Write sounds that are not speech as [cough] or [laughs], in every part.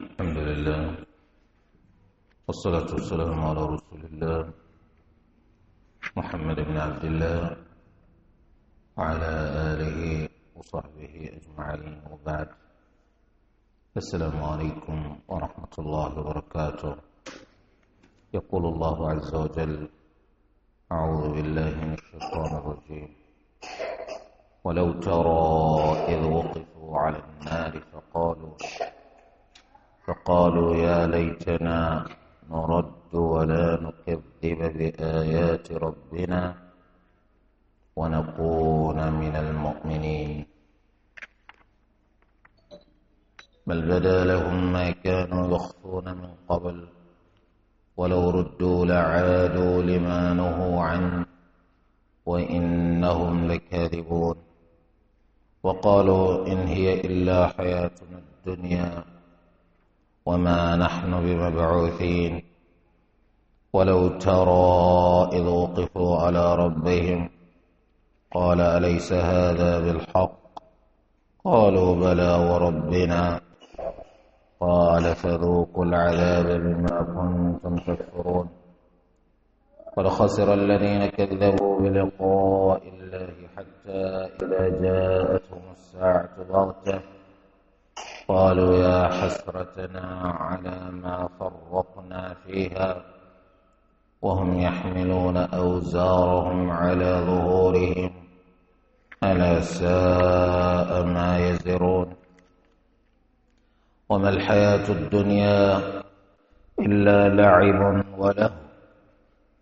الحمد لله والصلاة والسلام على رسول الله محمد بن عبد الله وعلى آله وصحبه أجمعين وبعد السلام عليكم ورحمة الله وبركاته يقول الله عز وجل أعوذ بالله من الشيطان الرجيم ولو ترى إذ وقفوا على النار فقالوا فقالوا يا ليتنا نرد ولا نكذب بآيات ربنا ونكون من المؤمنين بل بدا لهم ما كانوا يخفون من قبل ولو ردوا لعادوا لما نهوا عنه وإنهم لكاذبون وقالوا إن هي إلا حياتنا الدنيا وما نحن بمبعوثين ولو ترى إذ وقفوا على ربهم قال أليس هذا بالحق قالوا بلى وربنا قال فذوقوا العذاب بما كنتم تكفرون قد خسر الذين كذبوا بلقاء الله حتى إذا جاءتهم الساعة بغتة قالوا يا حسرتنا على ما فرطنا فيها وهم يحملون أوزارهم على ظهورهم ألا ساء ما يزرون وما الحياة الدنيا إلا لعب وله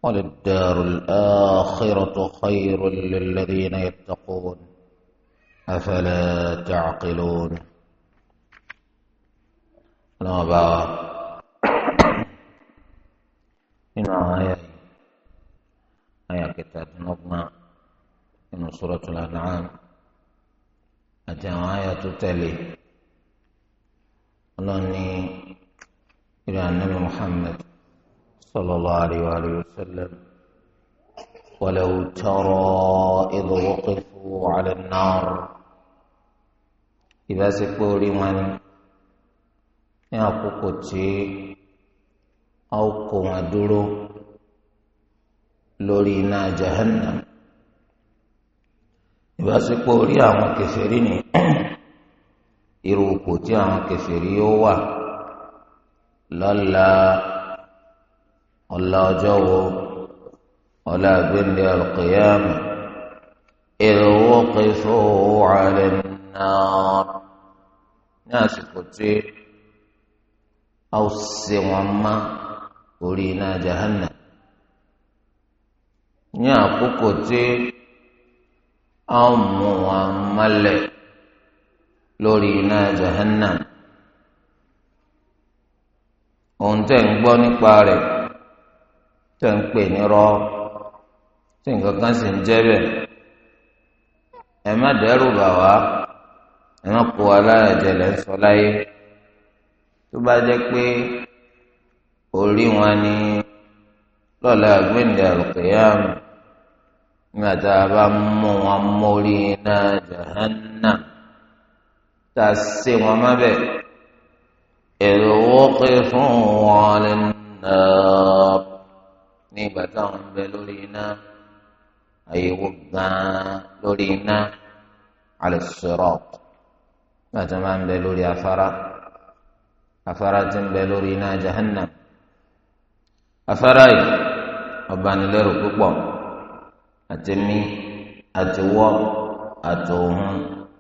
وللدار الآخرة خير للذين يتقون أفلا تعقلون ọlọ́run bá wa nínú àwọn ayé ayé kẹtàdínlọ́gbọ̀n nínú Suratul An'am àti àwọn ayé tó tẹ̀lé ọlọ́run ní ìrìn ànábì Muhammad sallallahu alayhi wa sallam walau tara idh waqifu ala an-nar ìbáṣepọ̀ orí wọn ni. ní àkókò tí a ó kó wọn dúró lórí iná jahannam ìbáṣepọ̀ orí àwọn kèfèrí ni [clears throat] irú ipò tí àwọn kèfèrí yóò wà lọ́la ọ̀la ọjọ́ wo ọ̀la àgbẹ̀ndẹ̀ alqiyama idh waqifu 'ala an-nar ní àsìkò tí. a ó ṣe wọn má orí iná jahannam ní àkókò tí a mú wọn lórí iná ohun tẹ̀ ń gbọ́ nípa rẹ̀ tẹ̀ ń pè ní rọ́ tí nǹkan kan sì ń jẹ́ bẹ́ẹ̀ ẹ má dẹ́rù bà wá ẹ má kó tó bá jẹ́ pé orí wọn ni lọ́la gbẹ̀ndẹ̀ àlùkìyàm nígbà tá a bá mú wọn mórí iná jahannam tá a sé wọn má bẹ̀ èrò wọ́pẹ́ fún wọn lẹ́nà ní ìgbà táwọn bẹ lórí iná àyẹ̀wò gan-an lórí iná alẹ́ nígbà tá a máa ń bẹ lórí afárá afárá tí ń bẹ lórí iná jahannam afárá yìí ọbanilẹ́rù púpọ̀ àti mí àti wọ́ àti òun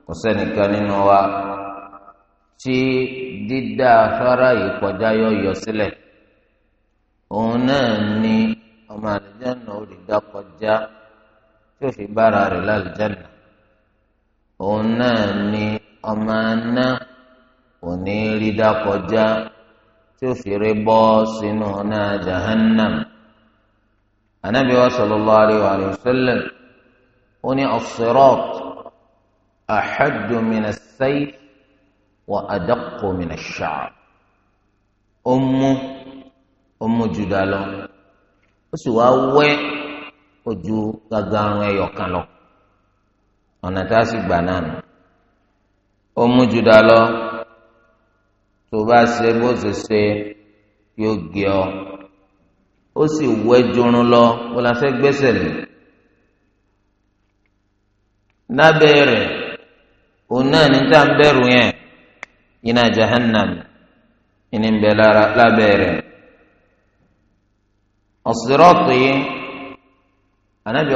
kò sẹ́nìkan nínú wa tí dídá afárá yìí kọjá yọ̀yọ̀ sílẹ̀ òun náà ni ọmọ àlùjáná ò kọjá tí ó fi bára rẹ̀ lálùjáná òun náà ni ọmọ aná òní rí dákọjá tí ó fi rí bọ́ sínú náà jahannam anabi wa sallallahu alayhi wa sallam ó ní as-sirat ahaddu min as-sayf wa adaqqu min ash-sha'r ó mú ó mú jùdá lọ ó sì wá wẹ́ ojú gagarun ẹyọ kan lọ ọ̀nà tá a sì gbà náà ó mú jùdá lọ. tó bá ṣe bó ṣe ṣe yóò gé ọ ó sì wẹjọrun lọ wọn la fẹ́ gbẹ́sẹ̀ lé lábẹ́ rẹ̀ òun náà ní tá ń yẹn jahannam ìní yìí anabi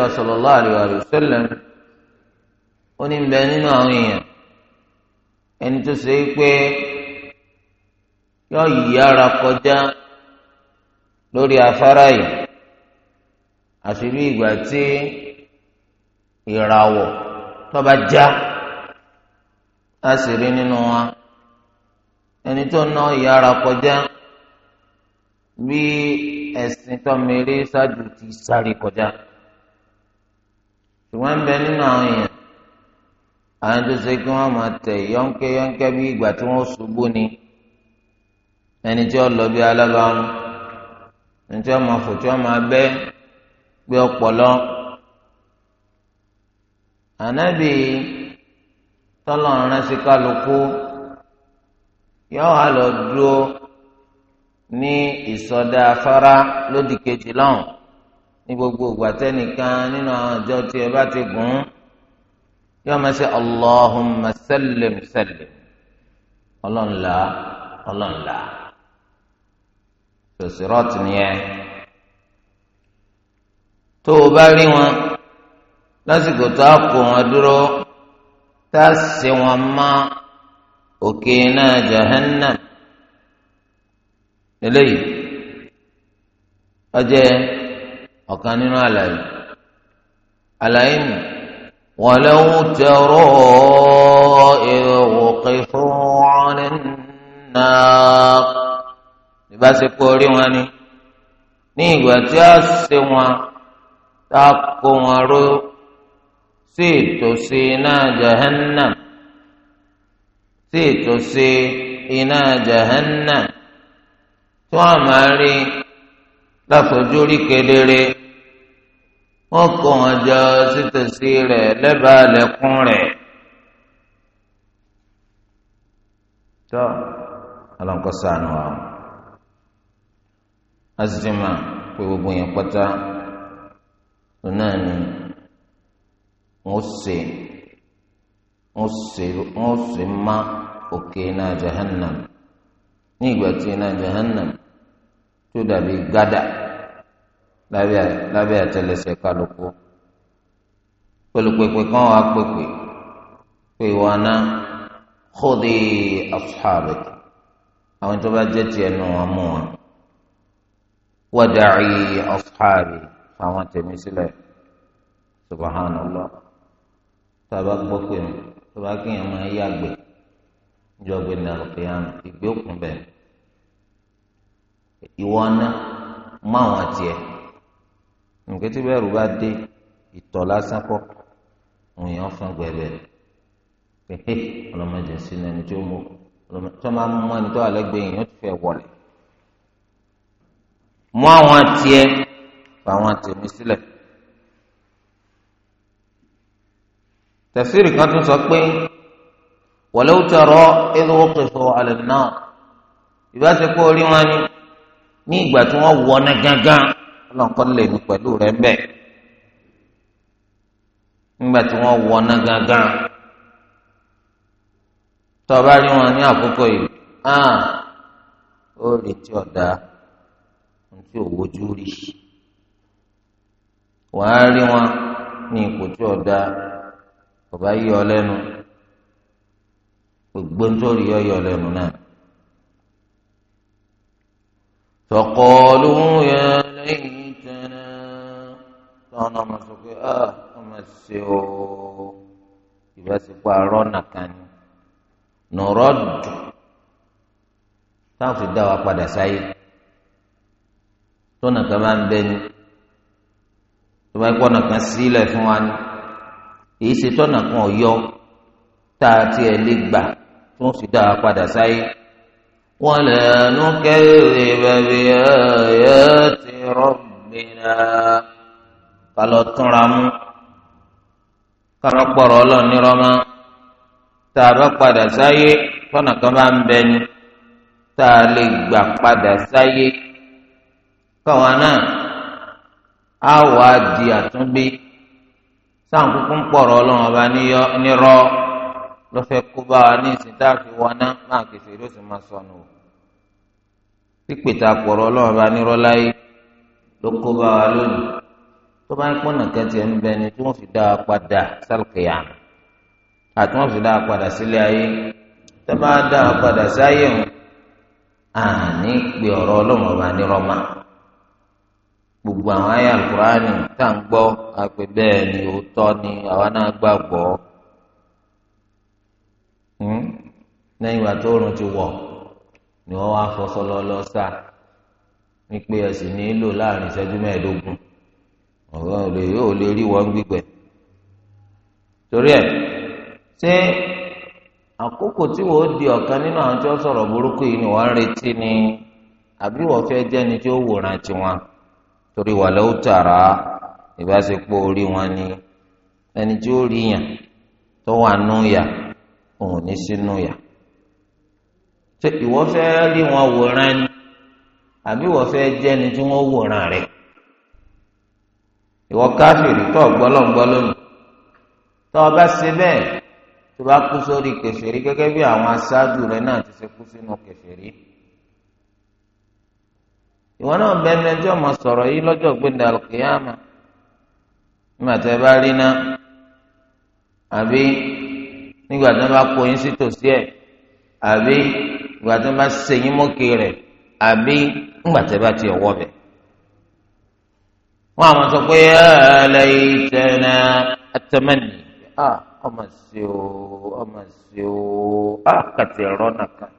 ó ní bẹ nínú àwọn èèyàn ẹni yóò yára kọjá lórí afárá yìí àfi bí ìgbà tí ìràwọ̀ tọ́ba já a sì rí nínú wa ẹni tó ná ìyára kọjá bí ẹ̀sìn tọ́mẹ̀rẹ́ ṣáájú ti sáré kọjá ṣùgbọ́n ń bẹ nínú àwọn èèyàn àwọn tó ṣe kí wọ́n máa tẹ̀ yọ́nkẹ́yọ́nkẹ́ bí ìgbà tí wọ́n ṣubú ni. ẹni tí ó lọ bí alábàárùn ẹni tí ó máa fò tí ó máa gbé ọpọlọ ànábì tọ́lọ̀ ránṣẹ́ kálukú yóò hà lọ dúró ní ìsọdá afárá lódì kejì ní gbogbo ìgbà nínú àwọn ọjọ́ tí ẹ bá ti gùn ún yóò máa ṣe allahumma sallim ọlọ́nla ọlọ́nla. sòsìrọ́ọ̀tì nìyẹn tó o bá rí wọn lásìkò tó a kó wọn dúró tá a sì wọn mọ́ òkè náà jahannam eléyìí ọjẹ ọ̀kan nínú àlàyé àlàyé mi walaw tara idh wuqifu 'ala an-nar ìbáṣepọ̀ orí wọn ni ní ìgbà tí a ṣe wọn tá a kó wọn ró sí ìtòsí iná jahannam sí ìtòsí iná jahannam tí wọn máa rí láfojúrí kedere wọn kó wọn jọ sítòsí rẹ̀ lẹ́bàá lẹ̀kùn rẹ̀. tó ọlọ́nkọ́ àwọn azima pé gbogbo yẹn pátá òun náà ni wọn ṣe wọn ṣe wọn ṣe má òkè iná jahannam ní ìgbà tí iná jahannam tó dàbí gádà lábẹ́ àtẹlẹsẹ̀ kálukú pẹ̀lúpẹ̀pẹ̀ kan wà pẹ̀pẹ̀ pé wọn náà kóde asuhaabẹ àwọn tó bá jẹ́ tiẹ̀ nù wọn mú wọn. ودعي أصحابي فما تمثله سبحان الله تبقى بكم تبقى يما يقبل جواب القيامة يقبلكم بين ìwọ́nà máwọn tiẹ̀ nǹkan tí bẹ́ẹ̀ rú bá dé ìtọ̀ lásán kọ́ òyìn ọ̀fọ̀n gbẹ̀bẹ̀ pépé ọlọ́mọdé sínú ẹni tí mú ọlọ́mọdé tó máa mú ẹni tó wà lẹ́gbẹ̀ẹ́ yìí ó wọlé mú àwọn tiẹ̀ pa àwọn tèmi sílẹ̀. tafsiri kan tún sọ pé walau tara idh wuqifu ala an-nar ìbáṣepọ̀ orí wọn ni ní ìgbà tí wọ́n wọ ọ́nà gángan ọlọ́nkọ́ lè ní pẹ̀lú rẹ̀ bẹ́ẹ̀ nígbà tí wọ́n wọ ọ́nà gángan tọ́ba rí wọn ní àkókò yìí ah, ó rí tí ọ̀dà tí ò wojú rí wàá rí wọn ní ipò tí ọ̀dà bàbá yí ọ lẹ́nu gbogbo nítorí yọ yọ lẹ́nu náà. فقالوا يا ليتنا tọ́nà ọmọ sọ pé ah, ọ ọmọ ṣe o ìbáṣepọ̀ àárọ̀ nàkan ni dùn táwọn fi dá wa padà sáyé tọ́nà kan máa ń bẹ ni tó bá gbọ́nà kan sílẹ̀ fún wa ni èyí ṣe tọ́nà kan ọ̀yọ́ tá a tiẹ̀ lè gbà tó ń sì dá a padà sáyé. wọ́n lè nu kẹ́rì bàbí ẹ̀yẹ́ ti rọ́bìnà kálọ̀ mú kálọ̀ pọ̀rọ̀ tá a bá padà sáyé tọ́nà kan máa ń bẹ ni tá a lè gbà padà sáyé káwa náà á wà á di àtúnbí sáà kúkú ń pọ̀rọ̀ ọlọ́run ọba nírọ́ ló fẹ́ kó bá wa ní ìsìn tá a fi wọná máa kẹsì ló sì máa sọnù o pípètà pọ̀rọ̀ ọlọ́run ọba nírọ́ láyé ló kó bá wa lónìí tó bá ń pọ̀nà kẹtì ẹ̀ ń bẹ ni tí wọ́n fi dá a padà sálùkìyà àti wọ́n fi dá a padà sílé ayé tó bá dá a padà sáyé wọn àní pé ọ̀rọ̀ ọlọ́run ọba nírọ́ máa. gbogbo àwọn ayé alukurani tá à ń gbọ́ àpè bẹ́ẹ̀ ni òótọ́ ni àwa náà gbàgbọ́ hmm? lẹ́yìn ìgbà tó ti wọ̀ ni wọ́n wá fọṣọ lọ́lọ́ sá wípé ẹ̀sìn nílò láàrin ìṣẹ́jú mẹ́ẹ̀ẹ́dógún ọ̀rọ̀ yóò lè rí wọn gbígbẹ́ torí ẹ̀ ṣé àkókò tí wọ́n di ọ̀kan nínú àwọn tí wọ́n torí wà lọ́wọ́ tààrà ìbáṣepọ̀ orí wọn ni ẹni tí ó rí yàn tó wà nù yà òun ní sínú yà ṣé ìwọ fẹ́ rí wọn wòran ni àbí ìwọ fẹ́ jẹ́ ni tí wọ́n wòran rẹ̀ ìwọ káfíìrì tó gbọ́lọ́ngbọ́ lónìí tó o bá ṣe bẹ́ẹ̀ tó bá kú sórí kèfèrí gẹ́gẹ́ bí àwọn aṣáájú rẹ̀ náà ti ṣe kú sínú kèfèrí. ìwọ náà bẹ́ẹ̀ mẹ́jọ ọmọ sọ̀rọ̀ yìí lọ́jọ́ gbẹ̀dẹ̀ alùkìyàmà nígbà tẹ́ bá rí náà àbí nígbà tí bá kó yín sí tòsí ẹ̀ àbí nígbà tí bá sèyín mọ́kè àbí nígbà bá ti ọmọ sí o ọmọ sí o kàtì ẹ̀rọ nàkan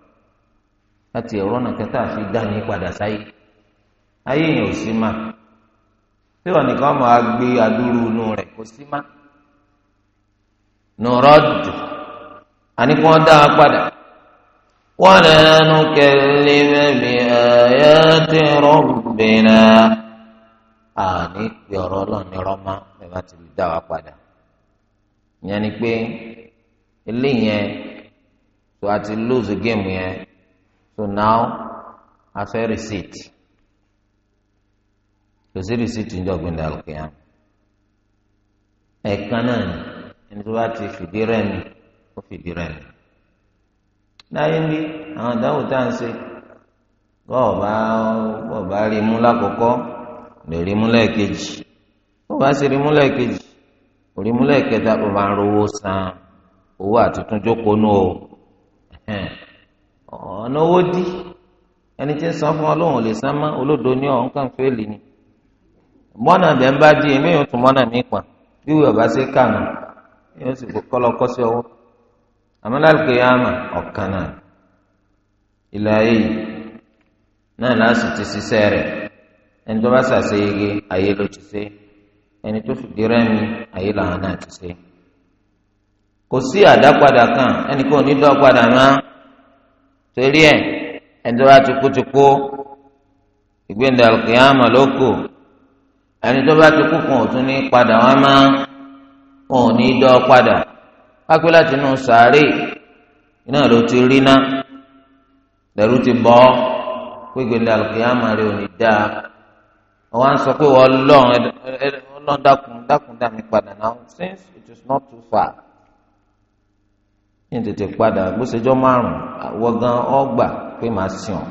kàtì ẹ̀rọ nàkan tá a fi dá ní padà ayé yẹn ò sí mà tí wọn nìkan máa gbé adúrú inú rẹ̀ kò sí mà nùrọ̀dù àní kí wọ́n dá a padà wọ́n lẹ́nu kẹ́lẹ́ ndị ẹ̀yẹ́ tí a. àní pé ọrọ ọlọ́ọ̀ni rọ́mà ẹ̀ bá ti dá padà ìyẹn ni pé eléyìí yẹn tó a ti lose game yẹn so now a fẹ́ receipt. kò sí rìsíìtì ń jọ̀gbìn dàlùkìyà ẹ̀ẹ̀kan náà ni ẹni tó bá ti fìdí rẹmi ó fìdí rẹmi láyé ń bí àwọn àdáwò tá à ń ṣe bọ́ọ̀ bá bọ́ọ̀ bá rí mú lákòókò lè rí mú lẹ́ẹ̀kejì bọ́ọ̀ bá sì rí mú lẹ́ẹ̀kejì kò rí mú lẹ́ẹ̀kẹta kò máa ń rówó san owó àtúntún jókòó nù o ọ̀nà owó dí ẹni tí ń san fún ọlọ́run ò lè san mọ́ olódo ní ọ̀hún kàn fẹ́ẹ́lì ni. mọ́nà bẹ́ẹ̀ ń bá di èmi yóò tún mọ́nà mi pa bí wíwọ̀ bá ṣe kànú yóò sì kọ́ lọ kọ́ sí ọwọ́ àmọ́ lálùkè mà ọ̀kan náà ilẹ̀ ayé yìí náà ti ṣiṣẹ́ rẹ̀ ẹni tó bá ṣàṣeyege ayé ló ti ṣe ẹni tó rẹ́mi ayé ṣe kò sí àdápadà kan ẹni tó bá ti kú kan ò tún ní padà wọn máa ò ní dọ́ padà pápẹ́ láti inú sàárè iná ló ti rí ná lẹ́rú ti bọ́ pégbé ní alùpùpù rẹ̀ ò dá àwọn à sọ pé wọ́n lọ́n ọlọ́n dákun dákun dá mi padà náà since it is not too far ní tètè padà gbósejọ́ márùn-ún àwọ̀gán ọgbà pé màá sìn ọ́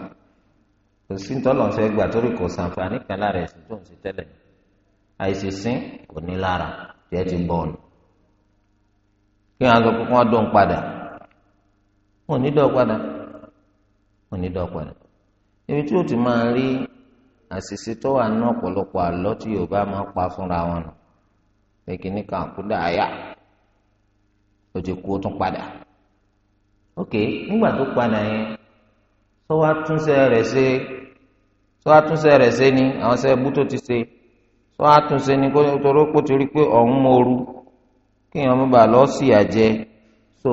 kò sí ní tọ́lọ̀ ń fẹ́ gbà torí kò sàǹfààní kan lára ẹ̀sìn tó ń ṣe tẹ́lẹ̀ ní. àìsísín kò ní lára tí ẹ ti bọ̀ ọ̀nà kí wọn sọ pé wọn dùn padà wọn ò ní dọ̀ padà wọn ò ní padà ibi tí o ti máa rí àṣìṣe tó wà ní ọ̀pọ̀lọpọ̀ àlọ́ tí Yorùbá máa pa fúnra wọn nù pé kí ní àyà ti kú tún padà ok nígbà tó padà yẹn sọ wá túnṣe ṣe ni àwọn ṣe bú ti ṣe. tó a tún ṣe ni kó torí kó torí pé ọ̀hún mooru kéèyàn mú bàa lọ́ọ́ sí àjẹ so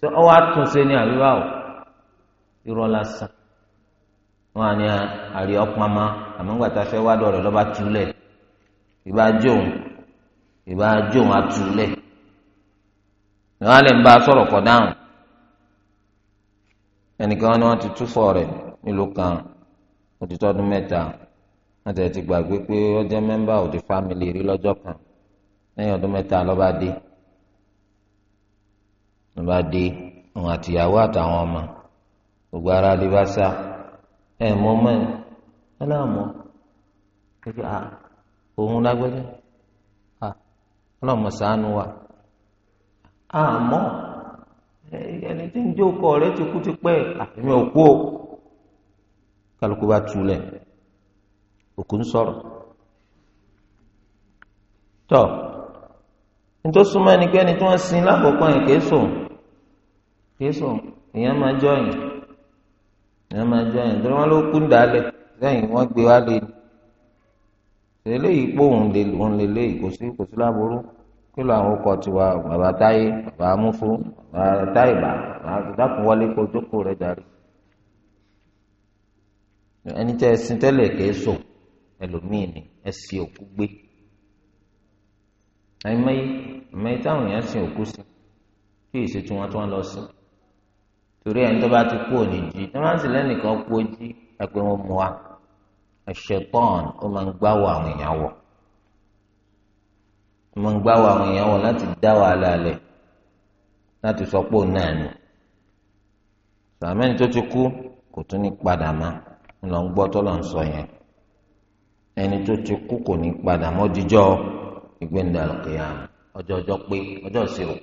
ṣé ọ wá tún ṣe ni àbí báwo irọ́ lásán wọn àní àrí ọpamọ àmọ́ ńgbà tá a fẹ́ wá dọ̀rẹ́ lọ́ba túlẹ̀ ìbá jóun ìbá jóun àtúlẹ̀ ìwọ́n á ń bá a sọ̀rọ̀ kọ̀ dáhùn ẹnìkan ni wọ́n ti túfọ̀ rẹ̀ nílùú kan ó ti mẹ́ta wọn tẹ̀ ti gbàgbé pé ó jẹ́ mẹ́mbà of the family rí lọ́jọ́ kan lẹ́yìn ọdún mẹ́ta lọ́ba dé lọ́ba dé òun àtìyàwó àtàwọn ọmọ gbogbo ara lè bá sá ẹ mọ ọmọ ẹ ẹ náà mọ pé à òun lágbẹ́jẹ́ à ọlọ́mọ ṣàánú wa àmọ́ ẹni tí ń jókòó rẹ ti kú ti pẹ́ àmì òkú o kálukú bá túlẹ̀ òkú ń sọ̀rọ̀ tọ́ nítorí súnmọ́ ẹnikẹ́ni tí wọ́n sin lákòókò yẹn kìí sùn kìí sùn èèyàn máa jọ yẹn èèyàn máa jọ yẹn torí wọ́n ló kú ń dálẹ̀ lẹ́yìn wọ́n gbé wá lé eléyìí pé òun lè òun lè lé kò sí kò sí láboró kí ló àwọn ọkọ tiwa bàbá táyé bàbá amúfó bàbá táyé bàbá dákun wọlé kó jókòó rẹ jàre ẹni tẹ ẹ sin tẹ́lẹ̀ kìí ẹlòmíì ni ẹ sì òkú gbé àìmọye àìmọye táwọn èèyàn sin òkú sí kí èsì tí wọn tó ń lọ sí torí ẹni tó bá ti kú òní jí tí wọn sì lẹ́nìkan kú ojí ẹgbẹ́ wọn mú wa ẹ̀ṣẹ̀tọ́n ó máa ń gbáwọ̀ àwọn èèyàn wọ̀ ó máa ń gbáwọ̀ àwọn èèyàn wọ̀ láti dá wàhálà lẹ̀ láti sọ pé òun náà ni sàmẹ́ni tó ti kú kò tún ní padà má ń lọ gbọ́ tó lọ ń sọ yẹn. ẹni tó ti kú kò ní padà mọ́jíjọ́ ìgbéǹda lọ́kìyàm pé ọjọ́ ìṣirò.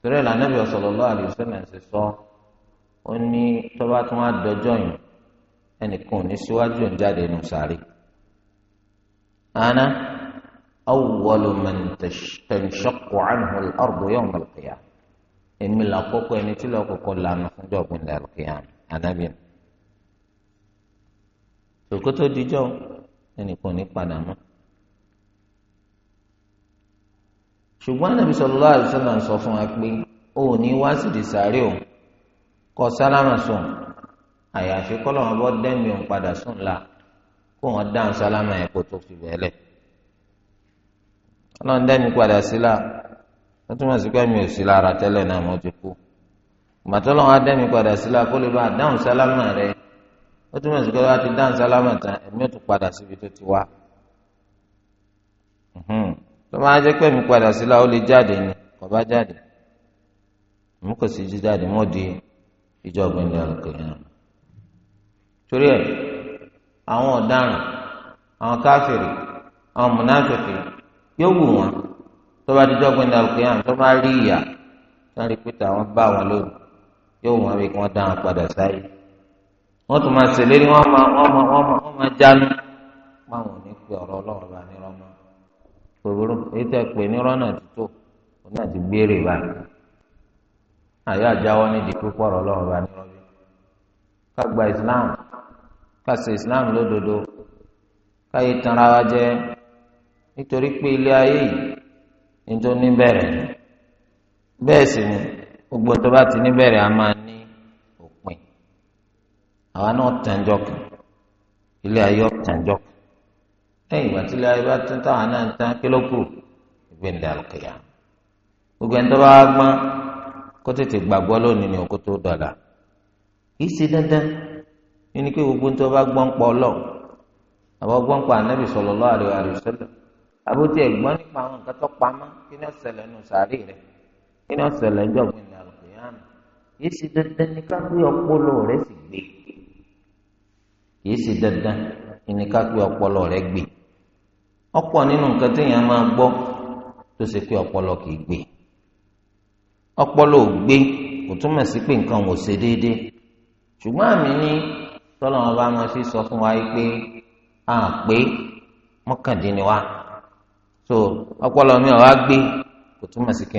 torí ẹ̀ lànà bí ṣe sọ ó ní tọ́ba tí wọ́n á dọjọ́ yìí ẹnìkan ò ní síwájú jáde nù sáré. ana al èmi làkọ́kọ́ ẹni tí lọ́kọ̀ọ́kọ́ lànà fúnjọ́ sòkò tó dijọ́ ẹnìkan ní padà mọ́. ṣùgbọ́n Ànábì sallallahu alaihi wasallam sọ fún wa pé o ò ní wá sídìí sáré o kọ sálámà sùn àyàfi kọ́lọ̀ wọn bọ́ dẹ́mi òun padà sùn la kó wọn dáhùn sálámà yẹn kó tó fi bẹ́ẹ̀lẹ̀. ọlọ́run dẹ́mi padà sí la wọ́n túmọ̀ sí pé mi ò sí lára tẹ́lẹ̀ náà mo ti kú. màtọ́lọ́wọ́n á dẹ́mi padà sí la kó lè bá a dáhùn sálámà rẹ̀ ó túmọ̀ sí pé wọ́n á ti dáhùn sálámà tán ẹ̀mí ó tún padà síbi tó ti wá tó máa jẹ́ pé mi padà sílá ó lè jáde ni kò bá jáde mú kò sí jíjáde mọ́ di ìjọba ìlú àlùkòyàn torí ẹ̀ àwọn ọ̀daràn àwọn káfìrì àwọn mùnáfìkì yóò wù wọ́n tó bá dijọ́ gbẹ̀ndà àlùkòyàn tó bá rí ìyà tó ń rí pété àwọn bá wọn lónìí yóò wù wọ́n bí wọ́n dá padà sáyé. wọ́n tún máa ṣèlérí wọ́n máa wọ́n máa wọ́n máa wọ́n máa jánu báwọn ò ní pe ọ̀rọ̀ bá ní rọ́mọ́ gbogbo tẹ́ ní rọ́nà títò òun ti gbére báyìí ní gba Islam ká ṣe Islam lódodo káyé tanra wa jẹ nítorí pé ilé ayé yìí ní tó ní bẹ̀rẹ̀ sì ni àwa náà tàǹjọ kan ilé ayé tàǹjọ kan lẹ́yìn ìgbà tí ilé ayé bá tán táwọn náà ń tán kílókù ìgbéǹda àlùkìyà gbogbo ẹni tó bá wá gbọ́n kó tètè gbàgbọ́ lónìí ní oko tó gbogbo tó bá gbọ́n pọ̀ lọ àbọ̀ gbọ́n pọ̀ ànábì àbótí ẹ̀gbọ́n nípa àwọn nǹkan tó pamọ́ kí ni ọ̀sẹ̀lẹ̀ nù sàárì rẹ̀ kí ni ọ̀sẹ̀lẹ̀ ń jọ̀gbìn ní àlùkìyà ṣe dandan ní kìí ṣe dandan ìní ká pé ọpọlọ rẹ gbé ọpọ nínú nǹkan téèyàn máa gbọ tó ṣe pé ọpọlọ kìí gbé ọpọlọ ò gbé kò túmọ̀ sí pé nǹkan ò ṣe déédéé ṣùgbọ́n àmì ní tọ́lọ́wọ́n bá sọ fún wa pé a pé mọ́kàndínníwá so ọpọlọ mi ò wá gbé kò túmọ̀ sí kí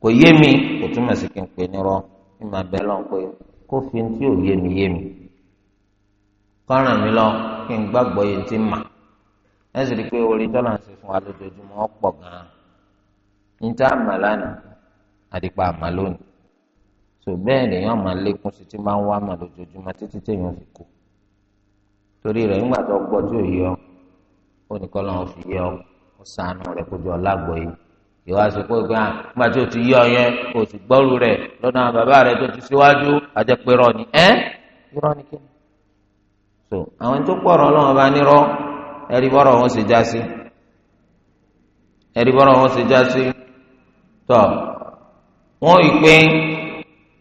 kò yé mi kò túmọ̀ sí kí n pè nírọ̀ ìmọ̀ kó fi ní ò yé mi yé mi kọ́ràn mi lọ kí n gbàgbọ́ yìí ti mà ẹ sì rí i pé orí tọ́lá ń ṣe fún wa lójoojúmọ́ ọ̀pọ̀ gan-an níta àmà lánàá àdìpá àmà lónìí tó bẹ́ẹ̀ lèyàn àmà lékún sí ti máa ń wá àmà lójoojúmọ́ títí téèyàn fi kú torí rẹ̀ nígbà tó gbọ́ tí ò yé ọ ó ní kọ́ lọ́wọ́ fi yé ọ ó sànù rẹ̀ kójú ọ lágbọ́ yìí ìwà àsìkò ìgbà nígbà tí o ti yí ọyẹn o ti gbọ́rù rẹ̀ lọ́dọ̀ àwọn bàbá rẹ̀ tó ti síwájú àjẹpẹ́rọ ni ẹ́ irọ́ ni kíni. so àwọn tó pọ̀ ọ̀rọ̀ ọlọ́run bá nírọ́ ẹ̀rí bọ́rọ̀ wọn ṣe já sí ẹ̀rí bọ́rọ̀ wọn ṣe já sí tọ́ wọ́n yìí pé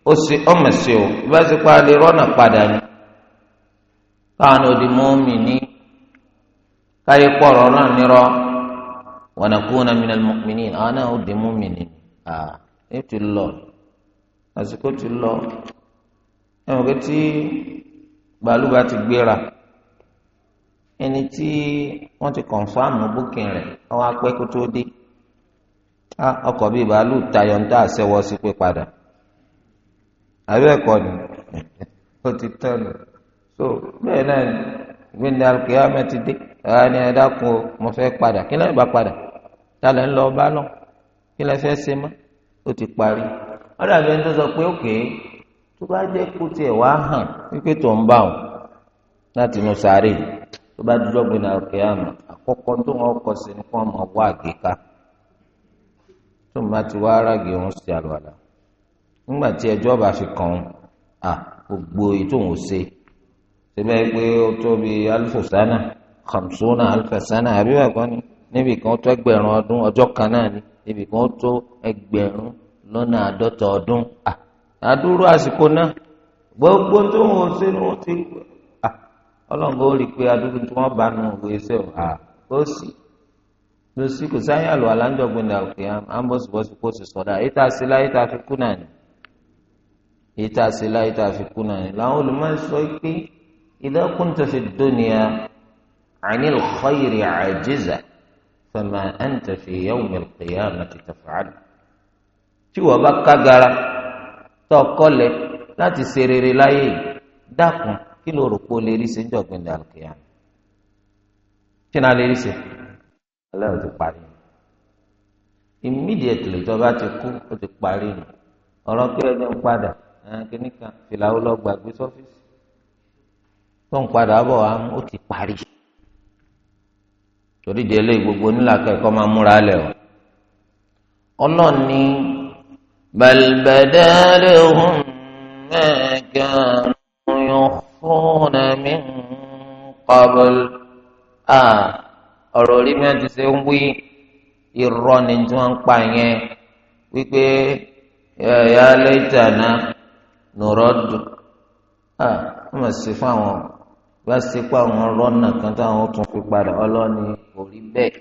ó ṣe ọmọ sí o ìbá ṣe pa lè rọ́nà padà ni káwọn ò di mọ́mì ní káyé pọ̀ ọ̀rọ̀ náà nírọ́. Wanakuna mina minal ana àwọn náà ó di mùmínì àà ní ti lọ àsìkò ti lọ ẹ̀wọ̀n kí tí bàálù bá ti gbéra ẹni tí wọ́n ti kọ̀nfàmù búkìn rẹ̀ wọ́n á pẹ́ kó tó dé ọkọ̀ bíi bàálù tayọ ń tà sẹ́wọ́ sí pé ni ó ti tán lọ so bẹ́ẹ̀ náà gbẹ̀ndé alùpùpù yà mẹ́tìdé ẹ̀ ẹ́ dákun mo kí náà bá padà tálẹ̀ ń lọ bá lọ kí lẹ fẹ́ ṣe mọ́ ó ti parí ọ̀dà bí ẹni tó sọ pé òkè tó bá jẹ́ kó tiẹ̀ wá hàn wípé tó ń bá wọn láti inú sáré tó bá dúró gbìnà òkè àmọ́ àkọ́kọ́ tó wọn kọ sí ni kó wọn máa wá àgéká tó ń bá ti wá aráàgé òun ṣe àlùwàlà nígbà tí ẹjọ́ bá fi kàn án à gbogbo èyí tó ń ṣe síbẹ̀ pé ó tóbi alifasana khamsuna alifasana àbí wà kọ́ni níbi kan tó ẹgbẹ̀rún ọdún ọjọ́ kan náà ni níbi kan tó ẹgbẹ̀rún lọ́nà àádọ́ta ọdún àdúró àsìkò náà gbogbo tó ń wọ́n sínú ti ọlọ́run ó rí i pé adúgbò tí wọ́n bá nu òwe ṣe ọ̀ kó sì kó sì kò sáyà lọ aláǹjọ̀gbìn ní àwòké ambọ̀sibọ̀sì kó sì sọ̀dá ètò àṣìlá ètò àfikún náà ni ètò àṣìlá ètò àfikún náà ni làwọn olùmọ̀ sọ pé idha kunta fi dunya 'anil khayri 'ajiza fama anta fi yawmi alqiyamati taf'al tí wọ́n bá kágara tó kọ́lẹ̀ láti ṣe rere láyé dákun kí ló rò pé o lè rí ṣe ń jọ̀gbìn ní alqiyam kí náà lè rí ṣe ọlọ́run ti parí immediately tó bá ti kú ó ti parí ni ọ̀rọ̀ kí ẹjọ́ ń padà kíníkan fìlà ó lọ gbàgbé sọ́fíìsì tó ń padà bọ̀ wá ó ti parí torí di eléyìí gbogbo onílàkà ẹ̀kọ́ máa múra lẹ̀ o ọlọ́run ní balùbẹ̀dẹ́ lè hùn mẹ́ẹ̀kẹ́ ọ̀yàn fún ẹ̀mí pàbẹ́lú à ọ̀rọ̀ orí mi ti ṣe ń wí irọ́ ni tí wọ́n ń pa yẹn wípé ẹ̀yà lẹ́tà náà nùrọ̀ dùn à wọ́n fún àwọn. wá sí pa àwọn rọ́nà kan táwọn tún fi padà ọlọ́ni orí bẹ́ẹ̀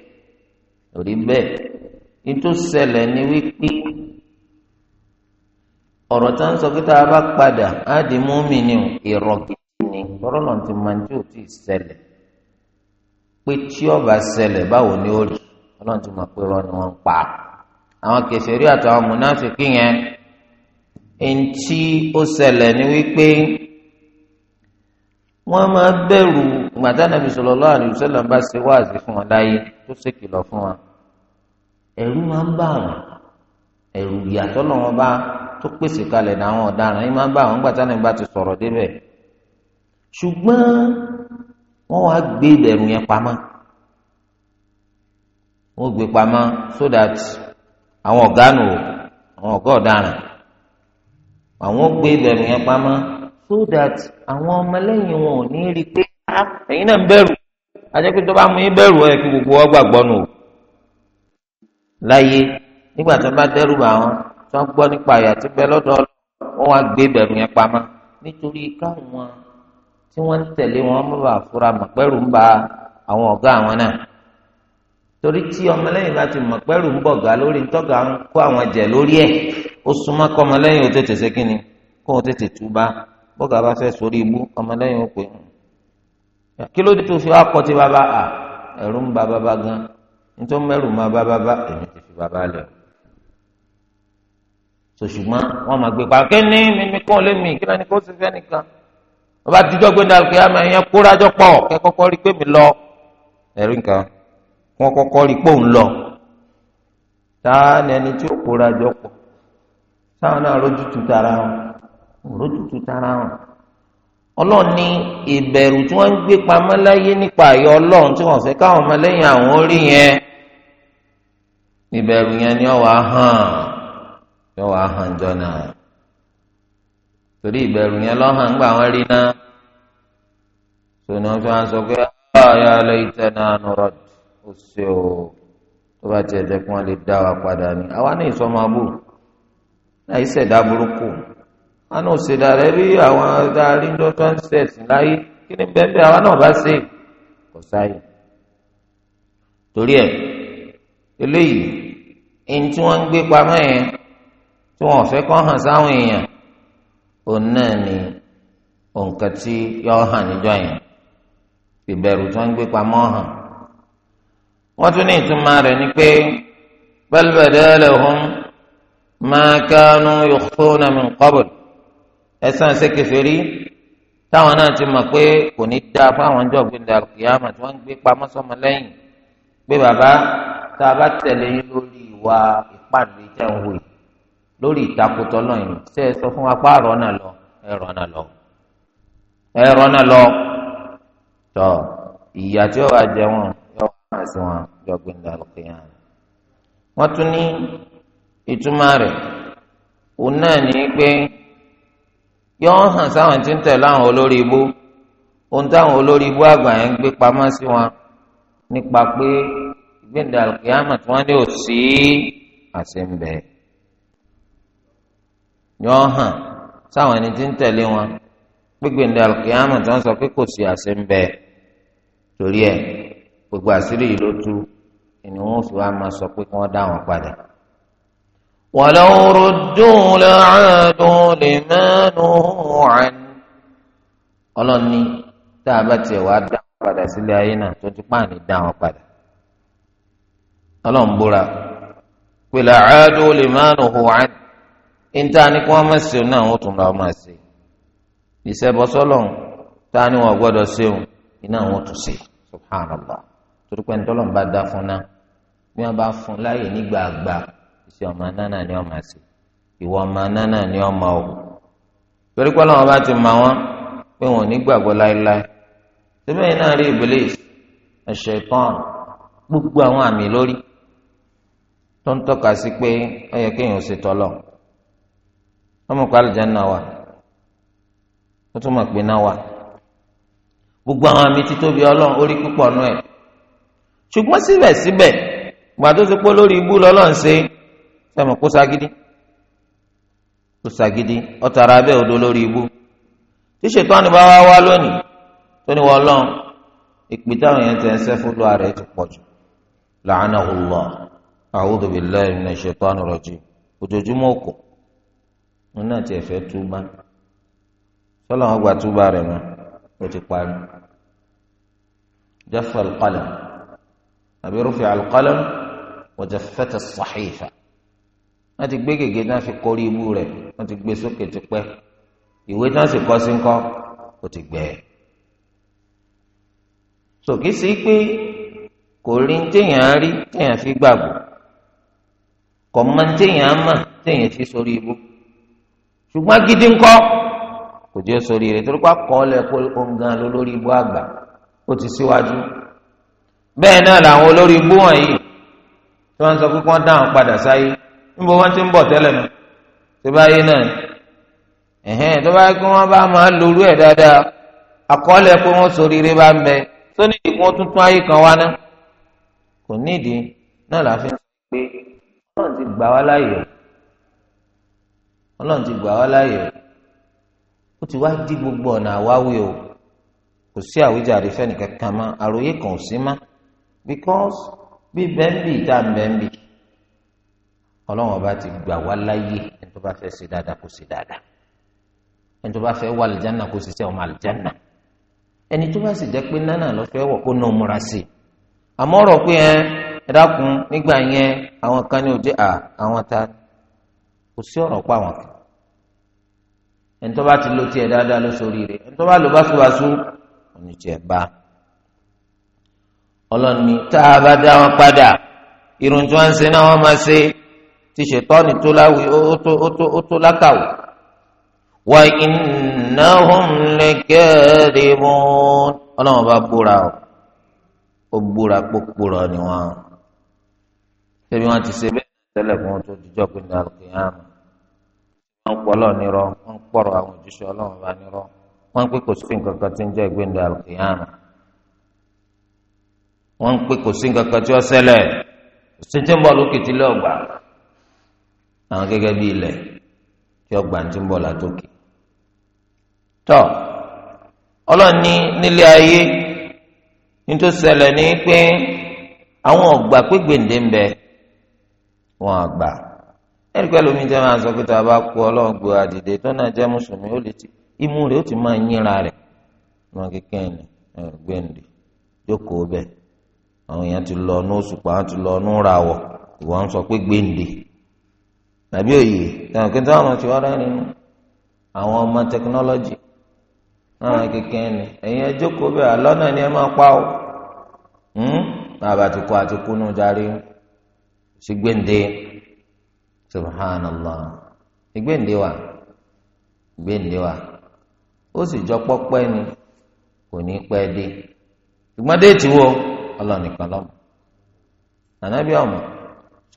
orí bẹ́ẹ̀ ni wípé ọ̀rọ̀ tá ń sọ pé tá a bá padà á di múmi ni ìrọ̀ ni tọ́rọ̀ náà ti máa ń tí ò tí ì ṣẹlẹ̀ pé tí wọ́n máa bẹ̀rù gbàtà nàbì sallallahu alaihi wasallam bá ṣe wáàzì fún wọn láyé tó ṣèkìlọ̀ fún wọn ẹ̀rù máa ń bà wọ́n ẹ̀rù ìyàtọ̀ náà wọ́n bá tó pèsè kalẹ̀ náà àwọn ọ̀daràn yìí máa ń bà wọ́n gbàtà nàbì ti sọ̀rọ̀ débẹ̀ ṣùgbọ́n wọ́n wá gbé ìbẹ̀rù yẹn pamọ́ wọ́n gbé pamọ́ so that àwọn ọ̀gá nù àwọn ọ̀gá ọ̀daràn àwọn gbé ìbẹ̀rù yẹn pamọ́ so that àwọn ọmọlẹ́yìn wọn ò ní rí i pé ah, ẹ̀yin náà ń bẹ̀rù àjẹpẹ́ tó bá mú yín gbogbo ọgbà o láyé nígbà tó bá dẹ́rù bà tó ń gbọ́ nípa àyà tó bẹ lọ́dọ̀ wọn wá gbé bẹ̀rù yẹn pamọ́ nítorí káwọn tí wọ́n ń tẹ̀lé wọn mú bàa fura mọ̀pẹ́rù ba àwọn ọ̀gá àwọn náà torí tí ọmọlẹ́yìn bá ti mọ̀pẹ́rù ń bọ̀gá lórí ntọ́gà ń kó àwọn jẹ lórí ẹ̀ ó kọ́ ó bọ́gà bá fẹ́ sórí ibú ọmọlẹ́yìn ó pè é kí ló dé tó fi akọ ti bàbá à ẹ̀rù ń ba bàbá gan nítorí mẹ́rù máa bá bàbá èmi ti fi bàbá lẹ̀ sòṣùgbọ́n wọ́n máa gbé pa kí ni mímí kàn lémi kí lóni kó sì fẹ́ nìkan wọ́n bá dijọ́ gbé dàrúkẹ́ àmọ́ ẹ̀yẹn kórajọ́ pọ̀ kẹ́ kọ́kọ́ rí pé mi lọ ẹ̀rí nǹkan wọ́n kọ́kọ́ rí pé òun lọ táà ní ẹni tí ó kórajọ́ pọ̀ táwọn náà rójútu tara wọn. òrótùtù tara hàn ọlọ́run ní ìbẹ̀rù tí wọ́n ń gbé pamọ́ láyé nípa àyọ ọlọ́run tí wọ́n fẹ́ káwọn ọmọlẹ́yìn àwọn orí yẹn ìbẹ̀rù yẹn ni ọwọ́ ahàn yọwọ́ ahàn jọ̀nà torí ìbẹ̀rù yẹn lọ́hàn gbà wọ́n rí náà sọ̀nà tí wọ́n sọ pé ọ̀yà laytana nurad ó ṣe o tó bá tiẹ̀ jẹ́ kí wọ́n lè dá wa padà ní àwa ní ìsọmọ abúrò náà ìṣẹ̀dá wọn náà ṣèdá rẹ rí àwọn adarí lọ́tọ́ ń ṣẹ̀sìn láyé kí ni bẹ́ẹ̀ àwọn náà bá ṣe kò sáyè torí ẹ eléyìí ẹni tí wọ́n ń gbé pamọ́ yẹn tí wọ́n fẹ́ kọ́ hàn sáwọn èèyàn òun náà ni òǹkà tí yọ hàn níjọ́ yẹn ìbẹ̀rù tí wọ́n ń gbé pamọ́ hàn wọ́n tún ní ìtumọ̀ rẹ̀ ni pé bal bada lahum ma kanu yukhfuna min qabl ẹ̀sán ṣèkèfèrí táwọn náà ti mọ̀ pé kò ní dáa fáwọn ọjọ́ gbẹ̀dẹ̀ àlùkìyàmọ̀ tí wọ́n ń gbé pamọ́ sọ́mọ lẹ́yìn pé bàbá tá a bá tẹ̀lé yín lórí ìwà ìpàdé tẹ̀ ń wò yìí lórí ìtakùtọ̀ lọ́yìn ṣé ẹ sọ fún wa pé àrọ́ náà lọ ẹ̀rọ náà lọ ẹ̀rọ náà lọ tọ́ ìyà tí ó wà jẹ wọn yóò wá sí wọn jọ gbẹ̀dẹ̀ àlùkìyàmọ̀ wọ́n tún ní ìtumọ̀ rẹ̀ òun náà ní pé yọ hàn sáwọn tí ń tẹ̀lé àwọn olórí ibú ohun táwọn olórí ibú àgbà yẹn ń gbé pamọ́ sí wọn nípa pé ìgbéǹda àlùkìyàmà tí wọ́n ní ò sí àṣẹǹbẹ yọ hàn sáwọn ẹni tí ń tẹ̀lé wọn gbégbéǹda àlùkìyàmà tí wọ́n sọ pé kò sí àṣẹǹbẹ torí ẹ̀ gbogbo àṣírí yìí ló tú ni wọ́n fi wá máa sọ pé kí wọ́n dá wọn padà. ولو ردوا لعادوا لما نهوا عنه Ọlọ́run ní tá a bá tiẹ̀ wàá dá wọn padà sílé ayé náà tó ti pààní dá wọn padà Ọlọ́run búra pé làádó lè má nù hù wá níta ni kí wọ́n má ṣe náà wọ́n tún lọ máa ṣe ìṣẹ́bọsọ́lọ̀ tá ni wọ́n gbọ́dọ̀ ṣeun iná wọ́n tún ṣe subhanallah torí pé ntọ́lọ́n bá dá fún náà bí wọ́n bá fún láyè nígbàgbà sí ọmọ nánà ni ọmọ sí ìwọ ọmọ nánà ni ọmọ o torí pé ọlọ́wọ́n bá ti mọ wọn pé wọn ò ní gbàgbọ́ láéláé síbẹ̀ yìí náà rí Iblis ẹ̀ṣẹ̀ kan gbogbo àwọn àmì lórí tó ń tọ́ka sí pé ó yẹ kéèyàn ṣe tọ́lọ̀ ọmọ pàlọ́ jẹ́ náà wà ó tún mọ̀ pé náà wà gbogbo àwọn àmì títóbi ọlọ́run orí púpọ̀ nú ẹ̀ ṣùgbọ́n síbẹ̀síbẹ̀ gbàdó ti pọ́ lórí ibú lọ́lọ́run ṣe sẹ́mi kó ságídí kó ságídí ọ̀tara abẹ́ òdo lórí ibú tí ṣètò ànibá wa wá lónìí tó ní wọ́n lọ́n ìpè táwọn yẹn tẹ̀ ń sẹ́ fún lóra rẹ̀ ti pọ̀ jù la'anahu Allah a'udhu billahi minash shaitani rajim ojoojúmọ́ òkò wọn náà tiẹ̀ fẹ́ túbá sọlá wọn gba túbá rẹ̀ mọ́ ó ti parí jaffa al àbí rufi al-qalam wa jaffata as wọ́n ti gbé gègé tí wọ́n fi kọrí ibú rẹ̀ wọ́n ti gbé sókè tipẹ́ ìwé tí wọ́n sì kọ sí ńkọ́ kò ti gbẹ. sòkè sí pé kò rí téèyàn rí téèyàn fi gbàgbọ́ kò mọ téèyàn mọ téèyàn fi sórí ibú ṣùgbọ́n gidi ńkọ́ kò jẹ́ sórí rẹ̀ torí pé àkọọ́lẹ̀ kó ngan lórí ibú àgbà ó ti síwájú bẹ́ẹ̀ náà làwọn olórí ibú wọ̀nyí tí wọ́n sọ pé kí wọ́n dáhùn padà sáyé níbo wọ́n ti ń bọ̀ tẹ́lẹ̀ nù ṣé báyìí náà ẹ̀hẹ́n tó bá yẹ kí wọ́n bá máa lòrú ẹ̀ dáadáa àkọọ́lẹ̀ pé wọ́n sòríire bá ń bẹ tó ní ìkún tuntun ayé kan wá ná kò nídìí náà láfi ń sọ pé ọlọ́run ti gbà wá láàyè ọlọ́run ti gbà wá láàyè ó ti wá dí gbogbo ọ̀nà àwáwí o kò sí àwíjàre fẹ́nìkan kan mọ́ àròyé kan ò sí mọ́ because bí bẹ́ẹ̀ ń bì tá à ń bẹ́ẹ̀ ń bì ọlọ́run ọba ti gbà wá láyè ẹni tó bá fẹ́ ṣe dáadáa kó ṣe dáadáa ẹni tó bá fẹ́ wà àlìjánà kó ṣiṣẹ́ ọmọ àlìjánà ẹni tó bá sì jẹ́ pé nánà lọ fẹ́ wọ̀ kó ná múra sí i àmọ́ ọ̀rọ̀ pé ẹ ẹ dákun nígbà yẹn àwọn kan ní òde à àwọn ta kò sí ọ̀rọ̀ pa àwọn kan ẹni tó bá ti lo tiẹ̀ dáadáa ló sórí rẹ̀ ẹni tó bá lò bá fi wá sún òní tiẹ̀ bá ọlọ́ni tá a bá dá wọn padà irun tí wọ́n ń ṣe náà wọ́n máa ṣe tí ṣètọ́ni tó láwí ó tó ó tó ó tó lákàwé. wà innahum lakadibun ọlọ́run bá búra o ó búra púpúrọ̀ ni wọ́n ṣé bí wọ́n ti ṣe bẹ́ẹ̀ tẹ́lẹ̀ fún wọn tó dijọ́ pé ní alùpùpù wọn pọ Ọlọ́run nírọ́ wọn pọrọ àwọn òjíṣẹ́ Ọlọ́run bá nírọ́ wọn ń pè kò sí nǹkan kan tí ń jẹ ìgbéǹde àlùkìyàn wọn ń pè kò sí nǹkan kan tí ó ṣẹlẹ̀ òṣìṣẹ́ lókè tí lọ́gbà àwọn gẹ́gẹ́ bí ilẹ̀ tí ọgbà tí ń bọ̀ látòkè. tọ́ ọlọ́ni nílé ayé nítorí ṣẹlẹ̀ ní pé àwọn ọ̀gbà pé gbèǹde ń bẹ wọn àgbà ẹ̀rí pẹ̀lú mi jẹ́ máa sọ pé tá a bá kú ọlọ́run gbò tó náà mùsùlùmí ó ti imú ó ti máa yínra wọn kékeré gbèǹde jókòó àwọn èèyàn ti lọ ní oṣù pa ti lọ ní ràwọ̀ ìwọ ń sọ pé gbèǹde. tàbí òye tàbí kí n táwọn ọmọ tí wọ́n rẹ́rìn nù àwọn ọmọ tẹkinọ́lọ́jì náà kékeré ni ẹ̀yin ẹjọ́ kó ni ẹ máa pa hmm? ti àti kú darí sí gbéǹde subhanallah ìgbéǹde wa wa ó sì jọ ni kò ní dé wo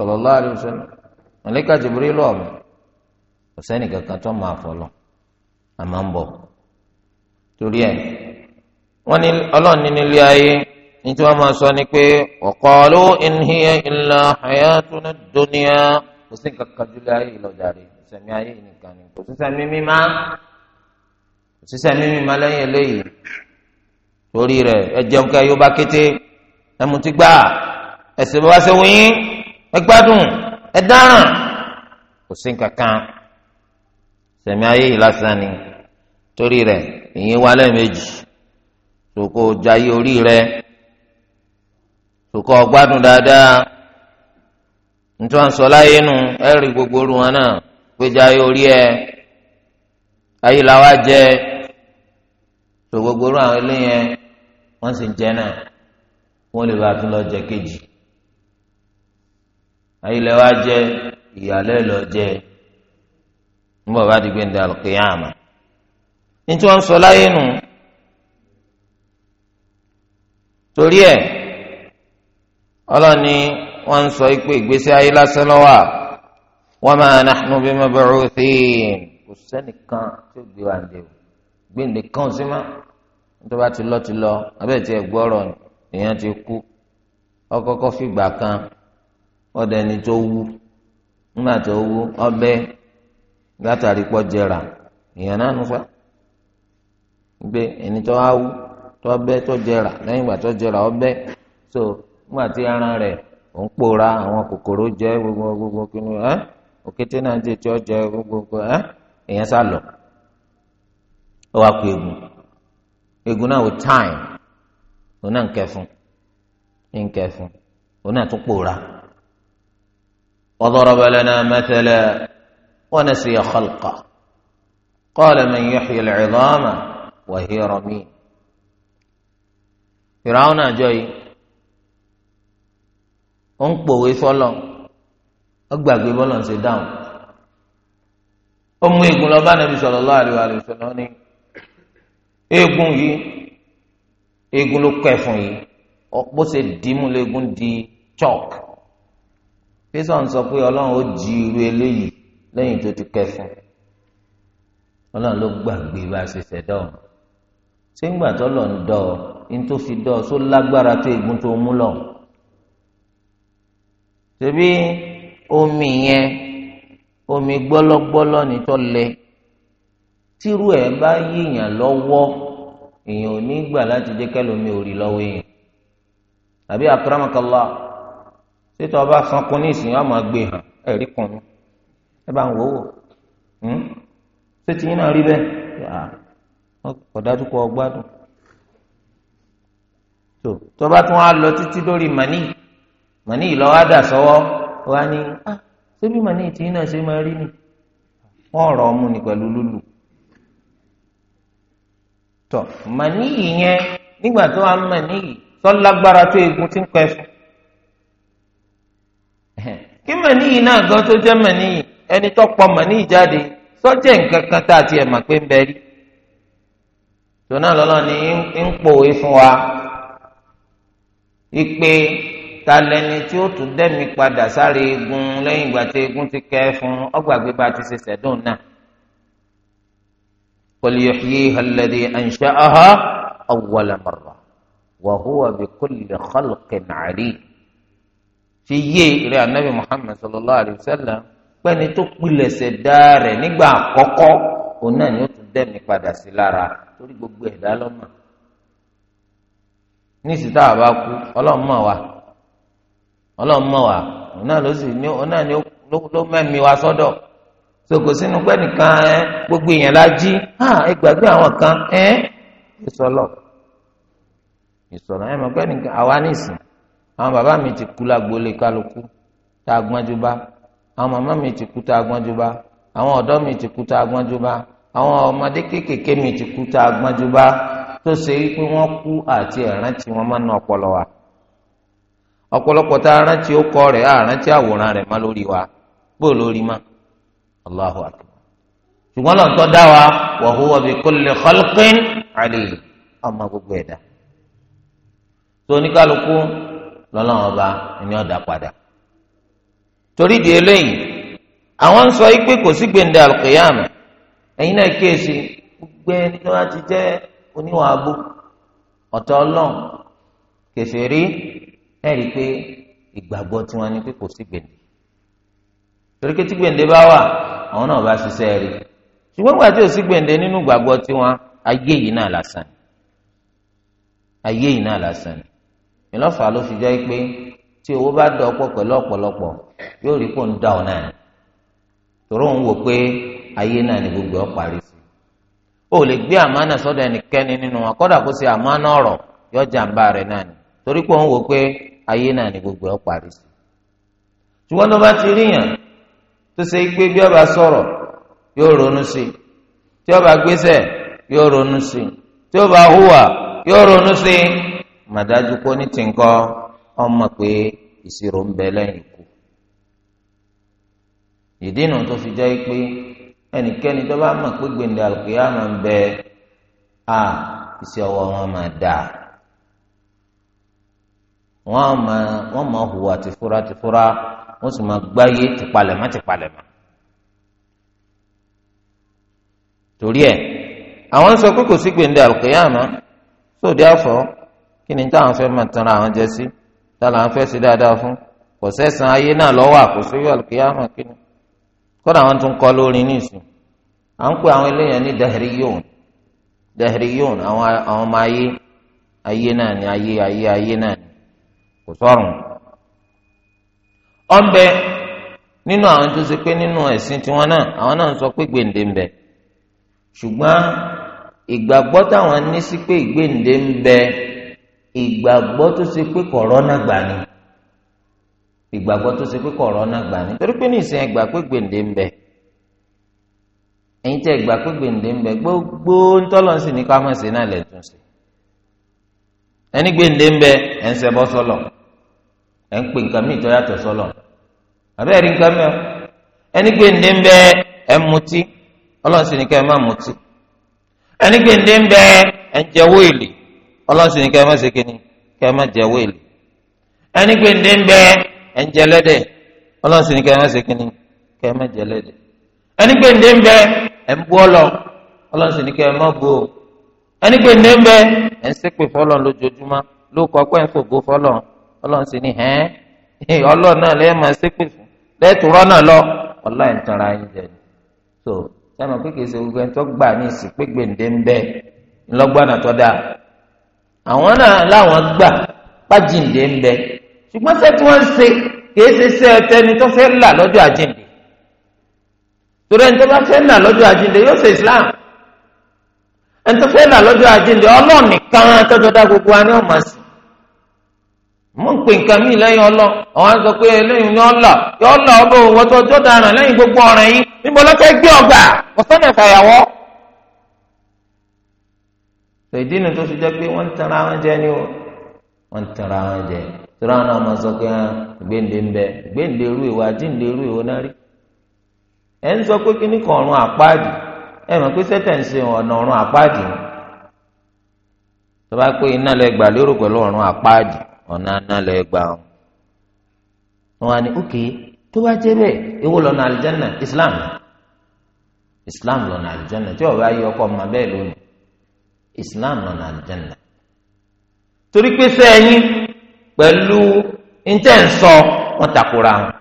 lọ́mọ mọ̀lẹ́kà jìbìrì lọ́ọ̀mù kò sẹ́ni kankan tó máa fọlọ́ àmọ́ ń bọ̀ torí ẹ̀ wọ́n ní ọlọ́run ní nílé ayé ní tí wọ́n máa sọ ni pé ọ̀kọ́ọ̀lù ìníhìyẹ ìlà àyàtúndà dúníà kò sí kankan jùlọ ayé ìlọjàre ìsẹ̀mí ayé nìkan ni kò sísẹ̀mí mímá kò sísẹ̀mí mímá lẹ́yìn eléyìí torí rẹ̀ ẹ jẹun kẹ́ yóò bá kété ẹ mutí gbà ẹ̀sìn bá wá sí wíyín ẹ gbádùn. ẹ dáràn kò sí kankan sẹ̀mí ayé yìí lásán ni torí rẹ ìyẹn wá lẹ́ẹ̀mejì tòkò jayé orí rẹ tòkò ọgbádùn dáadáa nítorí wọn láyé nu ẹ rí gbogbo orun wọn náà pé jayé orí ẹ ayé làwa jẹ tòkò gbogbo orun àwọn eléyẹn wọn sì jẹ náà wọn lè bá a tún lọ jẹ kejì. ayílẹ̀ wa jẹ́ ìyàlẹ́ lọ jẹ́ nígbà bá di gbẹ̀ndẹ̀ alùkìyàmà ní tí wọ́n ń sọ láyé nù torí ẹ̀ ọlọ́ni wọ́n ń sọ pé ìgbésí ayé lásán lọ́wọ́ wa ma nahnu bimab'uthin kò sẹ́nìkan tó gbé wa dé o gbẹ̀ndẹ̀ kan sí ma nítorí wọ́n ti lọ ti lọ abẹ́ẹ̀ tí ẹ gbọ́rọ̀ èèyàn ti kú ọkọ̀ọ̀kọ̀ fìgbà kan. ọdẹ ni tó wú nígbà tó wú ọbẹ látàrí pọ jẹrà èèyàn náà nufa gbé ẹni tó wá wú bẹ tó jẹrà lẹ́yìn ìgbà tó jẹrà ọbẹ so nígbà tí ẹran rẹ ò ń pòórá àwọn kòkòrò jẹ gbogbo gbogbo kínní ẹ òkété náà jẹ tí ó jẹ gbogbo ẹ èèyàn sá lọ ó wá ku egun egun náà wò táìm òun náà ń kẹfun ń kẹfun òun وضرب لنا مثلا ونسي خلقه قال من يحيي العظام وهي رميم فرعون جاي ó ń pòwe fọlọ ó gbàgbé bọlọ ń ṣe dáhùn ó mú eegun lọ bá nàbí sallallahu alaihi wa sallam ní eegun yìí eegun ló kọ ẹfun yìí bó ṣe dìímú leegun di chalk písọ̀n sọ pé ọlọ́run ó jí irú eléyìí lẹ́yìn tó ti kẹfún ọlọ́run ló gbàgbé bá a ṣe ṣẹ̀dá ọ̀hún ṣé ń gbà tó lọ ń dọ̀ ọ́ ní tó fi dọ̀ ọ́ só lágbára tó egun tó mú lọ. ṣebí omi yẹn omi gbọ́lọ́gbọ́lọ́ ni tó lẹ tírú ẹ̀ bá yíyàn lọ́wọ́ èèyàn ò ní gbà láti jẹ́ kẹ́lómi ò rí lọ́wọ́ èèyàn àbí akramakallah títí ọba sankun ní ìsìn ọmọ gbé e hàn ẹ̀rí kan ní ẹ bá ń wò wò hmm? ṣé tiyín náà rí bẹ́ẹ̀ ọ̀dájú kọ ọgbádùn tó tọba tún á lọ títí lórí mani mani ìlọ́wọ́ dà sọ́wọ́ wa ni ah, ṣé bí mani tiyín náà ṣe máa rí ni wọ́n rọ̀ ọmú ni pẹ̀lú lúlù tọ mani yìí yẹn nígbà tó wà mani yìí sọ lágbára tó egun tí ń pẹ́ fún kí màníyì náà gan tó jẹ́ màníyì ẹni tó pọ̀ màníyì jáde sọ́jẹ́ nǹkan kan tá a ti ẹ̀ mà pé ń bẹ rí tòná lọ́nà ni ń pòwe fún wa ìpè ta lẹni tí ó tún dẹ́mi padà sáré egun lẹ́yìn ìgbà tí egun ti kẹ́ fún ọgbàgbé bá ti ṣe sẹ́dùn náà qul yuhyiha alladhi ansha'aha awwala marra wa huwa bi fi yé ìrẹ́ anabi muhammed sallallahu alayhi wa sallam pẹ́ni tó pilẹ̀sẹ̀ dá rẹ̀ nígbà àkọ́kọ́ òun náà ni ó tún dẹ́mi padà sí lára torí gbogbo ẹ̀dá lọ́mọ ní ìsìtá àbá kú ọlọ́run mọ̀ wá ọlọ́run mọ̀ wá òun náà ló ni mẹ́mi àwọn bàbá mi ti kú lágboolé kálukú tá a gbọ́njú bá àwọn màmá mi ti kú tá a gbọ́njú bá àwọn ọ̀dọ́ mi ti kú tá a gbọ́njú bá àwọn ọmọdé kéékèèké mi ti kú tá a gbọ́njú bá tó ṣe pé wọ́n kú àti ẹ̀rántí wọn máa ń ná ọpọlọ wa ọ̀pọ̀lọpọ̀ tá a rántí ó kọ rẹ̀ a àwòrán rẹ̀ má lórí wa bó lórí má Allahu akbar ṣùgbọ́n lọ́n tó dá wa wa huwa bi kulli khalqin ọmọ gbogbo ẹ̀dá tó oníkálukú lọ́lọ́run ọba ni ọ̀dà padà. torí di eléyìí àwọn ń sọ pé kò sí gbèǹde àlùkìyàmù ẹ̀yin náà kíyèsí gbogbo ẹni tó bá ti jẹ́ oníwà abú ọ̀tọ̀ ọlọ́run kèsì rí ẹ̀rí pé ìgbàgbọ́ tiwọn ni pé kò sí gbèǹde torí pé tí gbèǹde bá wà àwọn náà bá ṣiṣẹ́ rí ṣùgbọ́n gbà tí ò sí gbèǹde nínú ìgbàgbọ́ tiwọn ayé yìí náà lásán ayé yìí náà lásán ni ìlọ́fà ló fi jẹ́ pé tí owó bá dọ̀ pẹ̀lú ọ̀pọ̀lọpọ̀ yóò rí kó ń da ọ̀nà ẹ̀ tòró wò pé ayé náà ni gbogbo ọ̀ parí o lè gbé àmánà sọ́dọ̀ ẹnikẹ́ni nínú wọn kọ́dà kó ṣe àmánà ọ̀rọ̀ yọ jàǹbá rẹ̀ náà ni torí wò pé gbogbo ọ̀ parí ṣùgbọ́n tó bá ti tó ṣe pé bí ọba sọ̀rọ̀ yóò ronú sí i tí màdájú kó ní ti ńkọ́ ọmọ pé ìṣirò ń bẹ lẹ́yìn Ìdí ìdínà tó fi jẹ́ pé ẹnikẹ́ni tó bá mọ̀ pé gbèndé àlùkìyámà ń bẹ a iṣẹ́ ọwọ́ wọn máa dà wọ́n máa wọ́n máa hùwà tìfura tìfura wọ́n sì máa gbáyé tìpalẹ̀mọ́ tìpalẹ̀mọ́ torí ẹ̀ àwọn sọ pé kò sí gbèndé àlùkìyámà sóde àfọ́. So kí ni táwọn fẹ́ máa tanra àwọn jẹ sí táwọn fẹ́ sí dáadáa fún kò sẹ́sàn ayé náà lọ́wọ́ àkóso yọ̀ọ̀kìyàmọ̀ kí ni kódà wọn tún kọ́ lórí nísìn à ń pè àwọn eléyàn ní dahriyon dahriyon àwọn àwọn ọmọ ayé ayé náà ni ayé ayé ayé náà ni kò sọ̀rùn ọ̀nbẹ nínú àwọn tó ṣe pé nínú ẹ̀sìn tiwọn náà àwọn náà ń sọ pé gbèǹde ń bẹ ṣùgbọ́n ìgbàgbọ́ táwọn ní sí pé gbèǹde ìgbàgbọ́ tó ṣe pé kọ̀rọ́nà gbà ni ìgbàgbọ́ tó ṣe pé kọ̀rọ́nà gbà ni torí pé ní ìsìn ẹgbà pé gbèǹde ń bẹ ẹ̀yin gbogbo ńtọ́lọ́sìn ní kámọ́sí náà lẹ́tún sí ẹni gbèǹde ń bẹ ẹ̀ ń ṣẹbọ sọ́lọ̀ ẹ̀ ń pè nǹkan míì yàtọ̀ sọ́lọ̀ àbẹ́ẹ̀rí nǹkan mẹ́ọ̀ ẹni gbèǹde ń bẹ ọlọ́sìn ní kẹ́ ẹ má ṣe kíni kẹ́ ẹ má jẹ wéèlì ẹni gbèǹde ń bẹ ẹ̀ ń jẹ lẹ́dẹ̀ ọlọ́sìn ní kẹ́ ẹ má ṣe kíni kẹ́ ẹ má jẹ lẹ́dẹ̀ ẹni gbèǹde ń bẹ ẹ̀ ń bú ọlọ ọlọ́sìn kẹ́ ẹ má bú o ẹni gbèǹde ń bẹ ẹ̀ ń ṣépè fọlọ́ lójoojúmọ́ ń fògo ọlọ́sìn hẹ́n [laughs] ọlọ́ náà àwọn náà láwọn gbà pàjíǹde ń bẹ ṣùgbọ́n sẹ́ tí wọ́n ṣe kìí ṣe sẹ́ ẹtẹni tó fẹ́ là lọ́jọ́ àjíǹde torí ẹni tó bá fẹ́ là lọ́jọ́ àjíǹde yóò ṣe Islam ẹni tó fẹ́ là lọ́jọ́ nìkan tọ́jọ́ dá gbogbo wa ní ọlọ́ àwọn sọ pé yọ ọjọ́ dáràn lẹ́yìn gbogbo ọ̀ràn ìdí nu tó fi jẹ́ pé wọ́n ń wọn jẹ ni o wọ́n ń tanra wọn jẹ tura wọn náà máa sọ pé ah, gbéǹde ń bẹ gbéǹde irú ìwà náà rí ẹ ń sọ pé kí àpáàdì ẹ mọ̀ pé ọ̀nà àpáàdì ni tó bá pé iná lẹ gbà lérò pẹ̀lú àpáàdì ọ̀nà iná lẹ Islam Islam tí islam lọ́nà àlùjẹ́nà torí pé sẹ́yìn pẹ̀lú intẹ́ǹsọ wọn takora wọn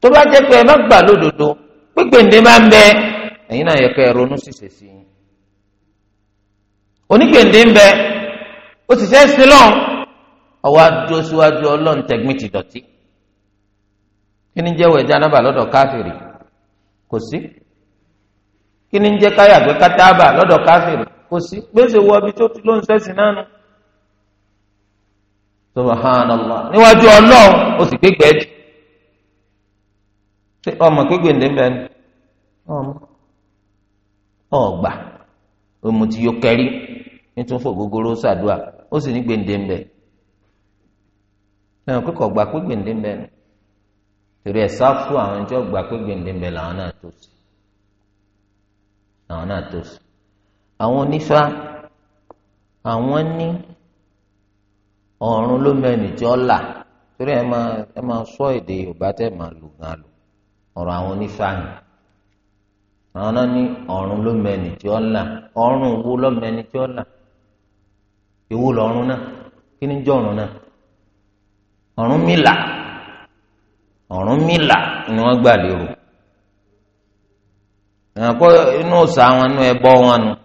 tó bá jẹ́ pé ẹ má gbà lódodo pípéǹde máa ń bẹ ẹ̀yin náà yẹ kẹ́ ẹ ronú ṣìṣe sí i onípéǹde ń bẹ ó sì fẹ́ sílọ̀ ọwọ́ adúró síwájú ọlọ́run tẹ̀gbìn ti dọ̀tí kí ni jẹ́ wẹ̀jẹ̀ anábà lọ́dọ̀ káfíìrì kò sí kí ni jẹ́ káyàgbé kátábà lọ́dọ̀ káfíìrì kò sí gbèsè wọ ibi tó ló ń sẹ́sìn náà nù. subhanallah níwájú ọlọ́run ó sì gbégbé ẹ̀jẹ̀ ṣé ọmọ gbégbé ǹdẹ́ ń ọmọ ọgbà òmù tí yóò kẹrí nítorí fò gbogbooro ṣàdúrà ó sì ní gbèǹdé ń bẹ ẹ̀hún kíkọ̀ gbà pé gbèǹdé ń bẹ ẹ̀ sá fún àwọn àwọn onífá àwọn ní ọ̀run ló mẹ́ni tí ó là torí ẹ máa sọ èdè yorùbá tẹ́ máa lò gan lò ọ̀rọ̀ àwọn onífá ni àwọn náà ní ọ̀run ló mẹ́ni tí ó là ọ̀run wo ló tí ó là èwo lọ́run náà kí ni jọ̀run náà ọ̀run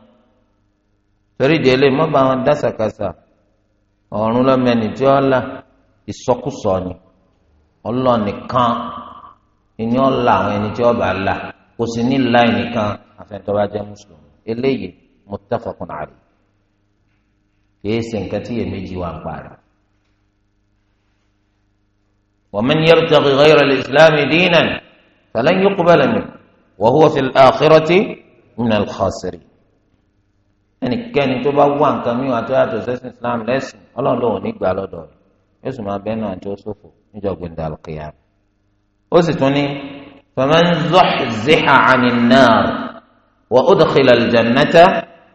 torí délé mọ́ bá wọn dásàkásà ọ̀run lọ́mẹ́ni tí ó là ìsọkúsọ ni ọlọ́nìkan ìní ọ̀la àwọn ẹni tí ó bá là kò sí ní là ẹnìkan àfẹnutọ́ba jẹ́ mùsùlùmí eléyìí muttafaqun alayh kìí ṣe nǹkan tí iyèméjì wà ń parí. wa man yartaghi ghayra al-islami dinan falan yuqbala minhu wa huwa fil ẹnikẹ́ni tó bá wá nǹkan mi wà tó yàtọ̀ sẹ́sìn islam lẹ́sìn ọlọ́run lòun ní gbà lọ́dọ̀ rẹ̀ yóò sì máa bẹ́ẹ̀ náà tó ṣòfò níjọba ìdàlùkìyà rẹ̀. ó sì tún ní wa udkhila al-jannata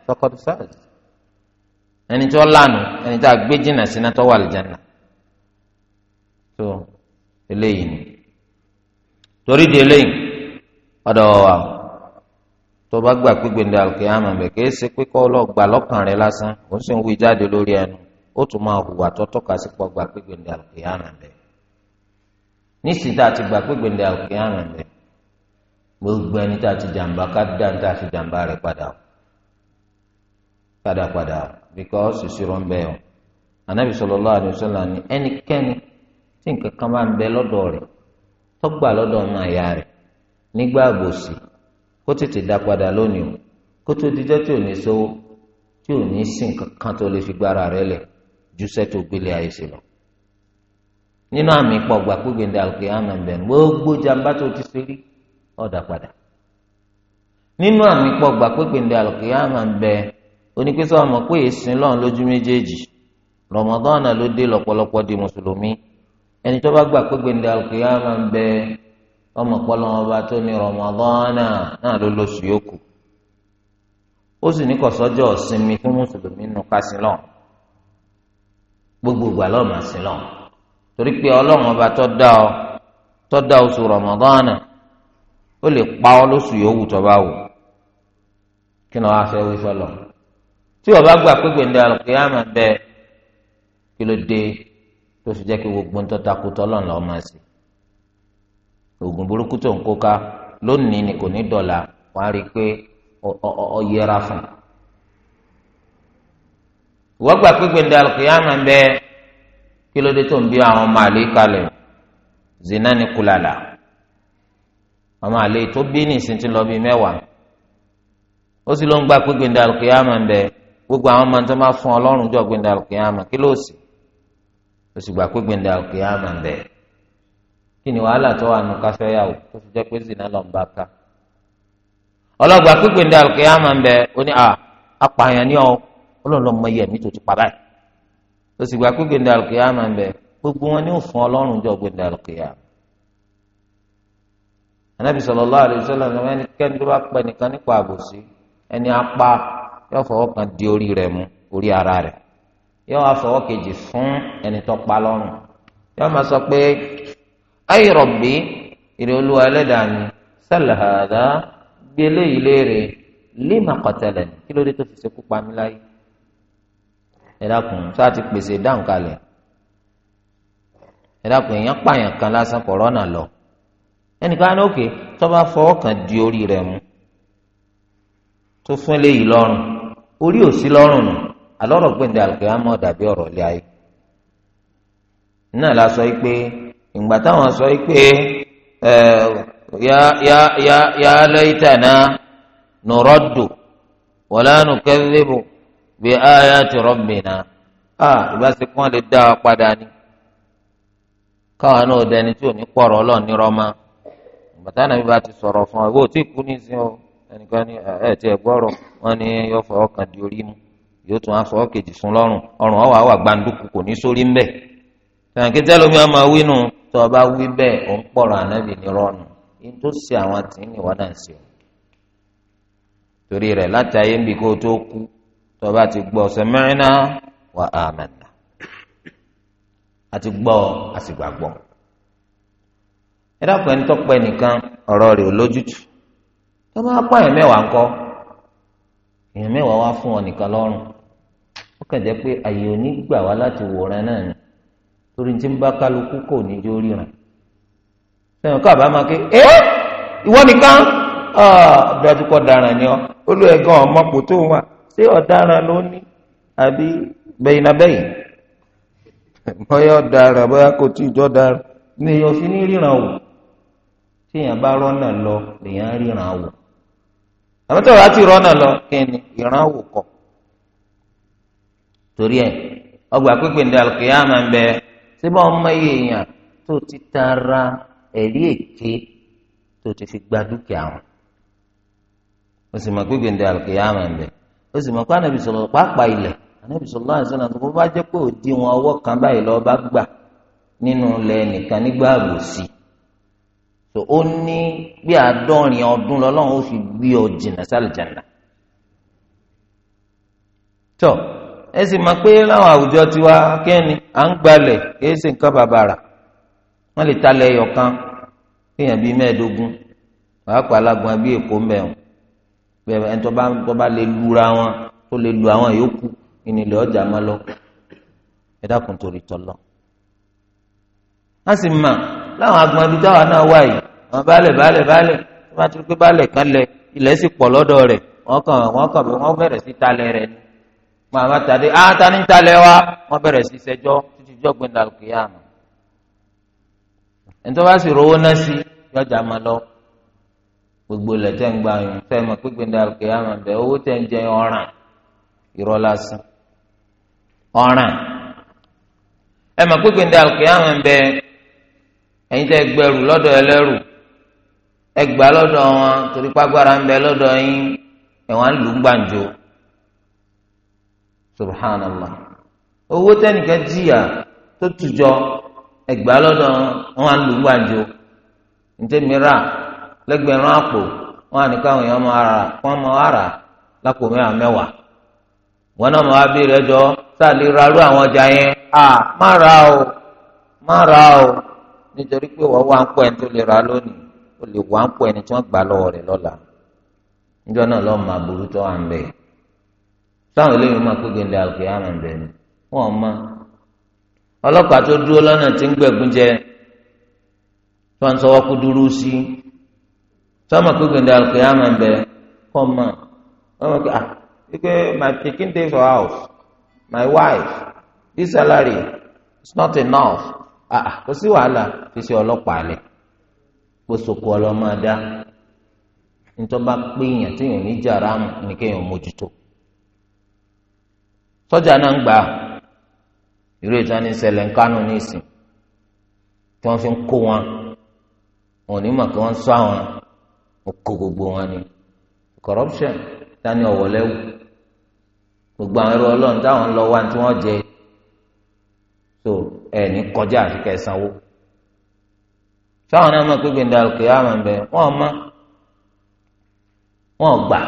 faqad faz. ẹni tó lànà ẹni tó gbé jìnnà sínú tó wà tó eléyìí ni torí di eléyìí ọ̀dọ̀ wà. tó bá gbà pé gbèndé alùkìyàmà bẹ̀ kì í ṣe pé kọ́ ọlọ́gbà lọ́kàn rẹ lásán ó sì ń wí jáde lórí ẹnu ó tún máa hùwà tó tọ́ka sí pọ̀ gbà pé gbèndé alùkìyàmà bẹ̀ nísìnyí tá a gbà pé gbèndé alùkìyàmà bẹ̀ gbogbo ẹni tá a ti jàǹbá ká dá ní tá jàǹbá rẹ padà padà padà o because ìṣirò ń bẹ o anabi sallallahu alaihi wasallam ni ẹnikẹ́ni tí nǹkan kan bá ń bẹ lọ́dọ̀ rẹ̀ tọ́gbà lọ́dọ̀ ọmọ àyà rẹ̀ nígbà àbòsí kó tètè dá padà lónìí o kó tó dijọ́ tí ò ní sówó tí ò ní sìn kankan tó lè fi gbára rẹ lẹ̀ ju sẹ́tò gbélé ayé ṣe lọ. nínú àmì pọ̀gbà gbígbèǹde àlùkè àmì bẹ̀rù gbogbo jàmbá tó ti ṣe padà. nínú àmì àmì ọmọ pé èsìn lójú méjèèjì ló dé lọ́pọ̀lọpọ̀ di mùsùlùmí ọmọ pọlọmọ ọba tó ní rọmọdánà náà ló lóṣù yòókù ó sì ní kọsọjọ ọsinmi fún mùsùlùmí nù kásílọ gbogbo ìgbà lọọ màá sílọ torí pé Ọlọ́run ọba tó dá ọ tó dá oṣù rọmọdánà ó lè pa ọ lóṣù yòówù tó bá kí ni wàá fẹ́ wí fọlọ tí wọn bá gbà pé gbèndé yá máa bẹ kí ló dé tó fi jẹ́ kí gbogbo ń tọ́ takò tọ́lọ́ ńlá ọ máa sè ogun burúkú tó ń kó lónìí ni kò ní dọ̀là wàá rí i pé ọ yẹra fún un. ìwọ́n gbà pé gbèndé alùkìyàmà ń bẹ kí ló dé tó ń bí àwọn ọmọ àlè kalẹ̀ ni kulala ọmọ àlè tó bí ní ìsìn tí lọ bí mẹ́wàá ó sì ló ń gbà pé gbèndé gbogbo àwọn ọmọ tó máa fún ọlọ́run jọ gbèndé kí ló sì ó sì gbà kí ni wàhálà tó wà nù káfẹ́yàwó tó fi jẹ́ pé zina lọ́n bá ká ọlọ́gba pípé ndé alùkìyàmà ń bẹ ó ní à apààyàn ọ mọ iye mi tó ti pa báyìí tó sì pípé ndé gbogbo wọn ní ọlọrụ jọ gbé ndé anabi ní wọn tó bá nìkan nípa àbòsí ẹni apá yóò fọwọ́ kan di orí orí ara yóò ayi rọ̀bì ìrè olúwa ẹlẹ́dàá ni sẹ́lẹ̀ àdá gbé eléyìí léèrè lima kọ̀tẹ̀lẹ̀ kí ló dé tó fi ṣekú pa mí láyé ẹ dákun sáà ti pèsè kan lọ ẹnìkan á ní òkè kan di orí rẹ̀ mú tó fún eléyìí lọ́rùn orí ò ìgbà táwọn sọ pé yà á laytana nuraddu wala nukadhibu bi ayati rabbina a ìbáṣepọ̀ lè dá wa padà ni káwọn náà dẹni tí ò ní pọ̀rọ̀ ọlọ́ọ̀ nírọ́ máa bàtà nàbí bá ti sọ̀rọ̀ fún ọ ìwọ tí kú ní sí ọ ẹnìkan ní ẹ ti ẹ gbọ́rọ̀ wọn ni yóò fọ ọkàn di orí mu yóò tún aṣọ kejì fún lọ́rùn ọrùn ọwọ́ àwọn àgbàndùkù kò ní sórí wínú tó o bá wí bẹ́ẹ̀ ò ń pọ̀rọ̀ ànábì ní rọ́ọ̀nù yín tó ṣe àwọn àti níwọ̀n náà ṣe o torí rẹ̀ láti ayé ń bì kó o tó kú tó o bá ti gbọ́ sami'na wa amanna àti gbọ́ àsìgbàgbọ́ ẹ dákun ẹni tọ́pẹ́ nìkan ọ̀rọ̀ rẹ̀ ò lójútù tó bá pààyàn mẹ́wàá ńkọ́ èèyàn mẹ́wàá wá fún ọ nìkan lọ́rùn ó kàn jẹ́ pé àyè ò ní gbà wá láti wòran náà ni torí tí ń bá kálukú kò ní jó ríran sẹ́yìn káàbá máa ké ẹ́ ìwọ nìkan dájú ni ọmọkò tó wà ṣé ọ̀daràn ló ní àbí bẹ́yìnabẹ́yìn [laughs] bóyá ọ̀daràn bóyá kò tí ìjọ daràn ni èèyàn ní ríran wò bá rọ́nà lọ ríran wò wàá ti rọ́nà lọ kí ni ìran wò torí ọgbà pípé alùpùpù yá síbẹ̀ ọmọ èèyàn tó ti tara ẹ̀rí èké tó ti fi gba dúkìá wọn ó sì mọ̀ pé gbèǹde àlùkìyà máa ń bẹ̀ ó sì mọ̀ pé ànábì sọ̀rọ̀ pàápàá ilẹ̀ ànábì sọ̀rọ̀ láti sọ̀rọ̀ tó bá jẹ́ pé òdi wọn ọwọ́ kan báyìí lọ́ọ́ bá gbà nínú ilẹ̀ nìkan nígbà àbòsí tó ó ní bí àádọ́rin ọdún lọ́lọ́run ó fi gbé ọ jìnnà sálìjànnà tó. So, ẹ sì máa pé láwọn àwùjọ tiwa kẹ́ni à ń gbalẹ̀ kìí ṣe nǹkan bàbàrà wọ́n lè talẹ̀ ẹyọ kan kéèyàn bíi mẹ́ẹ̀ẹ́dógún pàápàá alágbọ̀n bíi èkó mẹ́wọ̀n bẹ́ẹ̀ ẹni tó bá tó bá lè lura wọn tó lè lu àwọn yòókù ìnílẹ̀ ọjà máa lọ ẹ dákun torí tọ́lọ́ wọ́n sì mà láwọn agbọ̀n bíi táwa náà wà yìí wọ́n bálẹ̀ bálẹ̀ bálẹ̀ wọ́n bá ti rí pé bálẹ̀ kan lẹ̀ ilẹ̀ sì pọ̀ lọ́dọ̀ rẹ̀ wọ́n kàn wọ́n kàn wọ́n bẹ̀rẹ̀ sí talẹ̀ rẹ̀ ni wọn àwọn àtàdé ní talẹ wa wọn bẹ̀rẹ̀ sí sẹjọ títí jọ gbẹndà àlùkìyámà ẹnitọ́ rówó náà sí yọjà lọ gbogbo lẹ́tẹ̀ ń gba yòó fẹ́ mọ̀ pé gbẹndà àlùkìyámà bẹ́ẹ̀ owó tẹ̀ ń jẹ ọràn irọ́ lásán ẹ pé gbẹrù wọn torí pàgbára ń bẹ yín lù ú gbàǹjo. subhanallah owó tẹnìkan jìyà tó tùjọ ẹgbàá lọ́dọ̀ wọn à lù wájú ntẹmíra lẹ́gbẹ̀rún àpò wọn à ní káwọn èèyàn máa rà wọn máa rà lápò mẹ́wàá mẹ́wàá wọn náà máa béèrè ẹjọ sáàlì àwọn ọjà yẹn à má ra o má ra o nítorí pé wọn wá ń pọ ẹni tó lè ra lónìí o lè wá ń pọ ẹni tí wọn gbà táwọn eléyìí máa pé gèdè àlùkìyàmà ń bẹ ni wọn ọlọ́pàá tó dúró lọ́nà tí ń gbẹ̀gùn jẹ tó ń sọwọ́ kú dúró sí ń ọmọ kí ah pé my pikin dey for house my wife this salary is not enough ah, ah kò sí wàhálà fi ṣe ọlọ́pàá lẹ̀ ọlọ́mọ adá bá pé èèyàn tí èèyàn Sọjà náà ń gbà irú ìtàn ní ṣẹlẹ̀ ń kánú ní ìsìn tí wọ́n fi ń kó wọn òní mọ̀ kí wọ́n sọ àwọn wọn ni corruption tani ọ̀wọ́lẹ́wù gbogbo àwọn ẹrú ọlọ́run táwọn ń lọ jẹ so ní kọjá àti kẹsànwó sáwọn náà mọ̀ pé gbèndé alùkìyàmà ń wọ́n mọ̀ wọ́n gbà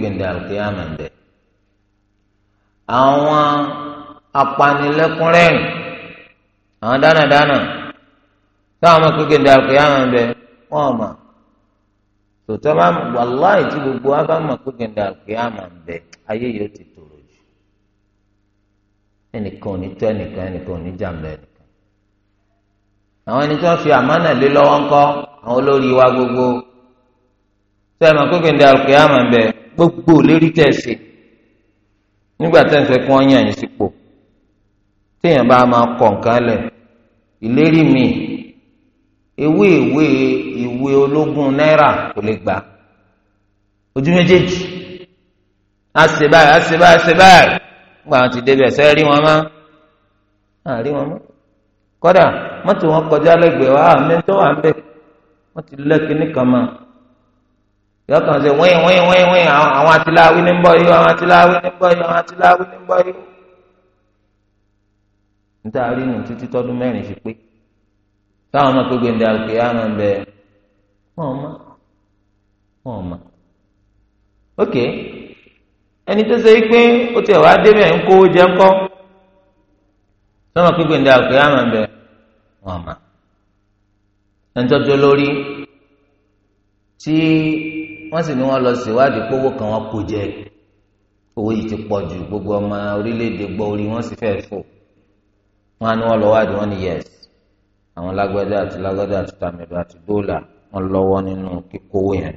gbèndé àwọn apanilẹ́kúnrẹ́rìn àwọn dánadáná táwọn ọmọ kékeré ní àlùkò yàrá ń bẹ wọn mà bá wàláì tí gbogbo wa bá mọ̀ bẹ ayé yóò ti tòrò jù ẹnìkan ò ní tọ́ ẹnìkan ẹnìkan gbogbo tẹ́ ẹ mọ̀ gbogbo lérí tẹ̀sí. nígbà tẹ́ǹfẹ́ kí wọ́n yàn yín sípò téèyàn bá máa kọ̀ nǹkan lẹ̀ ìlérí mi ewé ìwé ìwé ológun náírà kò lè gbà ojú méjèèjì á ṣe báyìí á ṣe báyìí á ṣe báyìí nígbà wọn ti débẹ̀ ṣẹ́ rí wọn mọ́ àrí wọn mọ́ kódà mọ́tò wọn kọjá lẹ́gbẹ̀ẹ́ wa àmì tó wà ń bẹ̀ wọ́n ti lẹ́kìnní kan máa yọ kàn ṣe wíìn wíìn wíìn wíìn àwọn àtìláwí ní bọ́ yìí àwọn àtìláwí ní bọ́ yìí àwọn àtìláwí ní bọ́ yìí. nítorí nù títí tọdún mẹ́rin fi pé táwọn ọmọ pé gbèndé àgbè á máa bẹ wọn ọmọ wọn ọmọ. ok ẹni tó ṣe é pé ó ti ẹ̀wá débẹ̀ ń kówó jẹ́ ńkọ́ táwọn pé gbèndé àgbè á máa bẹ wọn ọmọ. ẹni tó dó lórí tí wọ́n sì ní wọ́n lọ ṣèwádìí pé owó kan wọ́n kó jẹ owó yìí ti pọ̀ ju gbogbo ọmọ orílẹ̀-èdè gbọ́ orí wọ́n sì fẹ́ẹ́ fò wọ́n á ní wọ́n lọ wádìí wọ́n ní yẹs àwọn lágbádá àti lágbádá àti tàmẹ̀dọ̀ àti dọ́là wọ́n lọ́wọ́ nínú kíkówó yẹn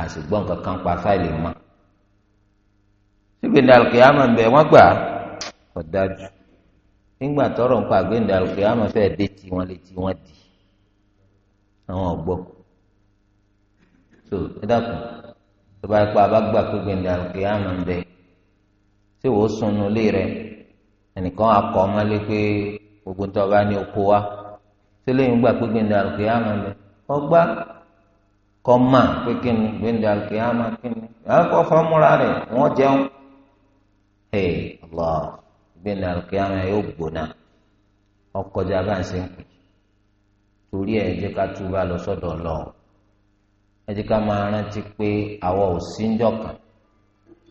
àṣìgbọ́n kankan pa fáìlì mọ́ sígbìndà alùkìyàmọ̀ ń bẹ̀ wọ́n gbà kọ́ dájú nígbà tọrọ ń pa àgbéǹdà alùkìyàmọ̀ fẹ́ẹ́ dé tí wọ́n lé tí wọ́n di àwọn ọ̀gbọ́n so ẹ dákun tó bá yẹ pé abágbà pé gbẹ̀ndẹ̀ àlùkè àmà ń bẹ tí wò ó sunu lé rẹ ẹnìkan akọ ọmọlé pé gbogbo tó bá ní oko wa tí lóyún gbà pé gbẹ̀ndẹ̀ àlùkè àmà ń bẹ ọgbà kọ mà pé kí ni gbẹ̀ndẹ̀ àlùkè àmà kí ni akọ fọmúra rẹ wọn jẹun ẹ lọ gbẹ̀ndẹ̀ àlùkè àmà yóò gbóná ọkọjà bá ń ṣe torí ẹ jẹ ká túbà lọ sọ́dọ̀ Ọlọ́run ẹ jẹ́ ká máa rántí pé àwa ò sí ń jọkàn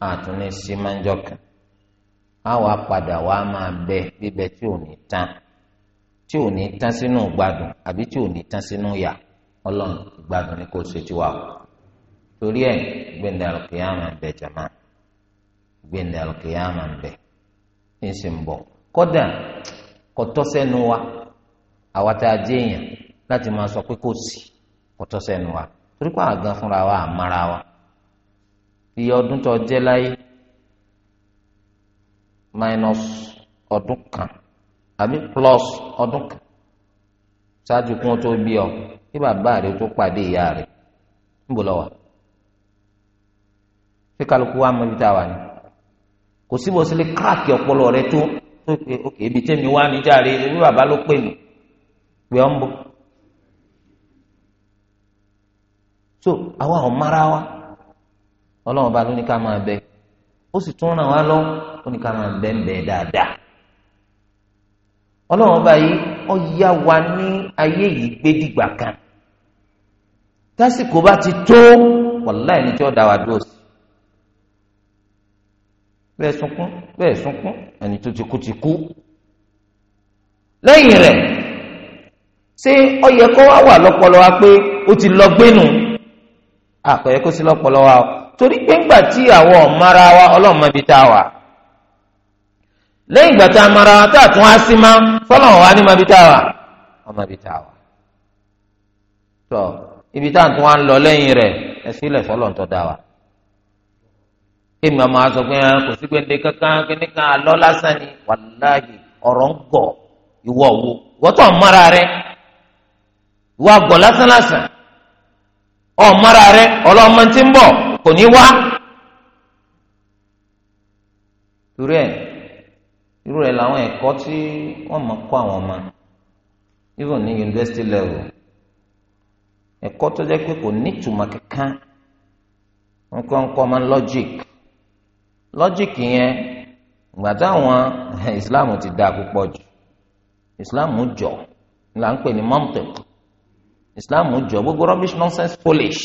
àtúní sí máa ń jọkàn àwa padà wá máa bẹ bíbẹ tí ò ní tán tí ò ní tán sínú gbádùn àbí tí ò ní tán sínú yà Ọlọ́run gbádùn ni kò ṣe tiwa o torí ẹ gbẹndẹ alùkìyàmà ń bẹ jama gbẹndẹ alùkìyàmà ń bẹ ń sì ń bọ kódà kò tọ́ wa àwa tá a jẹ́ èèyàn láti máa sọ pé kò sí kò tọ́ wa torí pé àwọn gan fúnra wa àmọ́ra wa iye ọdún tó jẹ́ láyé minus ọdún kan àbí plus ọdún kan ṣáájú kún tó bí ọ kí bàbá rẹ tó pàdé ìyá rẹ níbo lọ wà ṣé kálukú wa mọ ibi tá a wà ní kò síbò sílé káàkiri ọpọlọ rẹ tó tó pé ok tẹ́mi wá níjà rẹ ibi bàbá ló pè mí pé ọ́n bọ̀. so àwa ò mara wa ọlọ́run bá ló ní ká máa bẹ ó sì tún ràn wá lọ ó ní ká máa bẹ ń bẹ dáadáa ọlọ́run bá yìí ó yá wa ní ayé yìí gbé dìgbà kan tásìkò bá ti tó wàláì ní tí ó dá wa dúró sí bẹ́ẹ̀ sunkún bẹ́ẹ̀ sunkún ẹni tó ti kú ti kú lẹ́yìn rẹ̀ ṣé ó yẹ kó wá wà lọ́pọlọ pé ó ti lọ gbénu. àpẹẹrẹ kó sí lọ́pọlọ wa torí pé ńgbà tí àwọn ọ̀mára wa ọlọ́mọ ibi tá a wà lẹ́yìn ìgbà tá a mara wa tá a tún á sí ma fọlọ́n wa ní ma tá a wà lọ lẹ́yìn rẹ̀ ẹ sílẹ̀ fọlọ́n da wa ọmọ kò sí kankan kíní kan lásán ni wàláhì ọ̀rọ̀ ń gọ̀ mara àgọ̀ lásán ọmọra rẹ ọlọmọ tí ń bọ̀ kò ní wá. torí ẹ̀ irú rẹ̀ làwọn ẹ̀kọ́ tí wọ́n máa kọ́ àwọn ọmọ even ní university level ẹ̀kọ́ tó jẹ́ pé kò ní ìtumọ̀ kankan wọ́n Islam ti dáa akwụkwọ jù Islam jọ là ń islam jọ gbogbo rubbish nonsense polish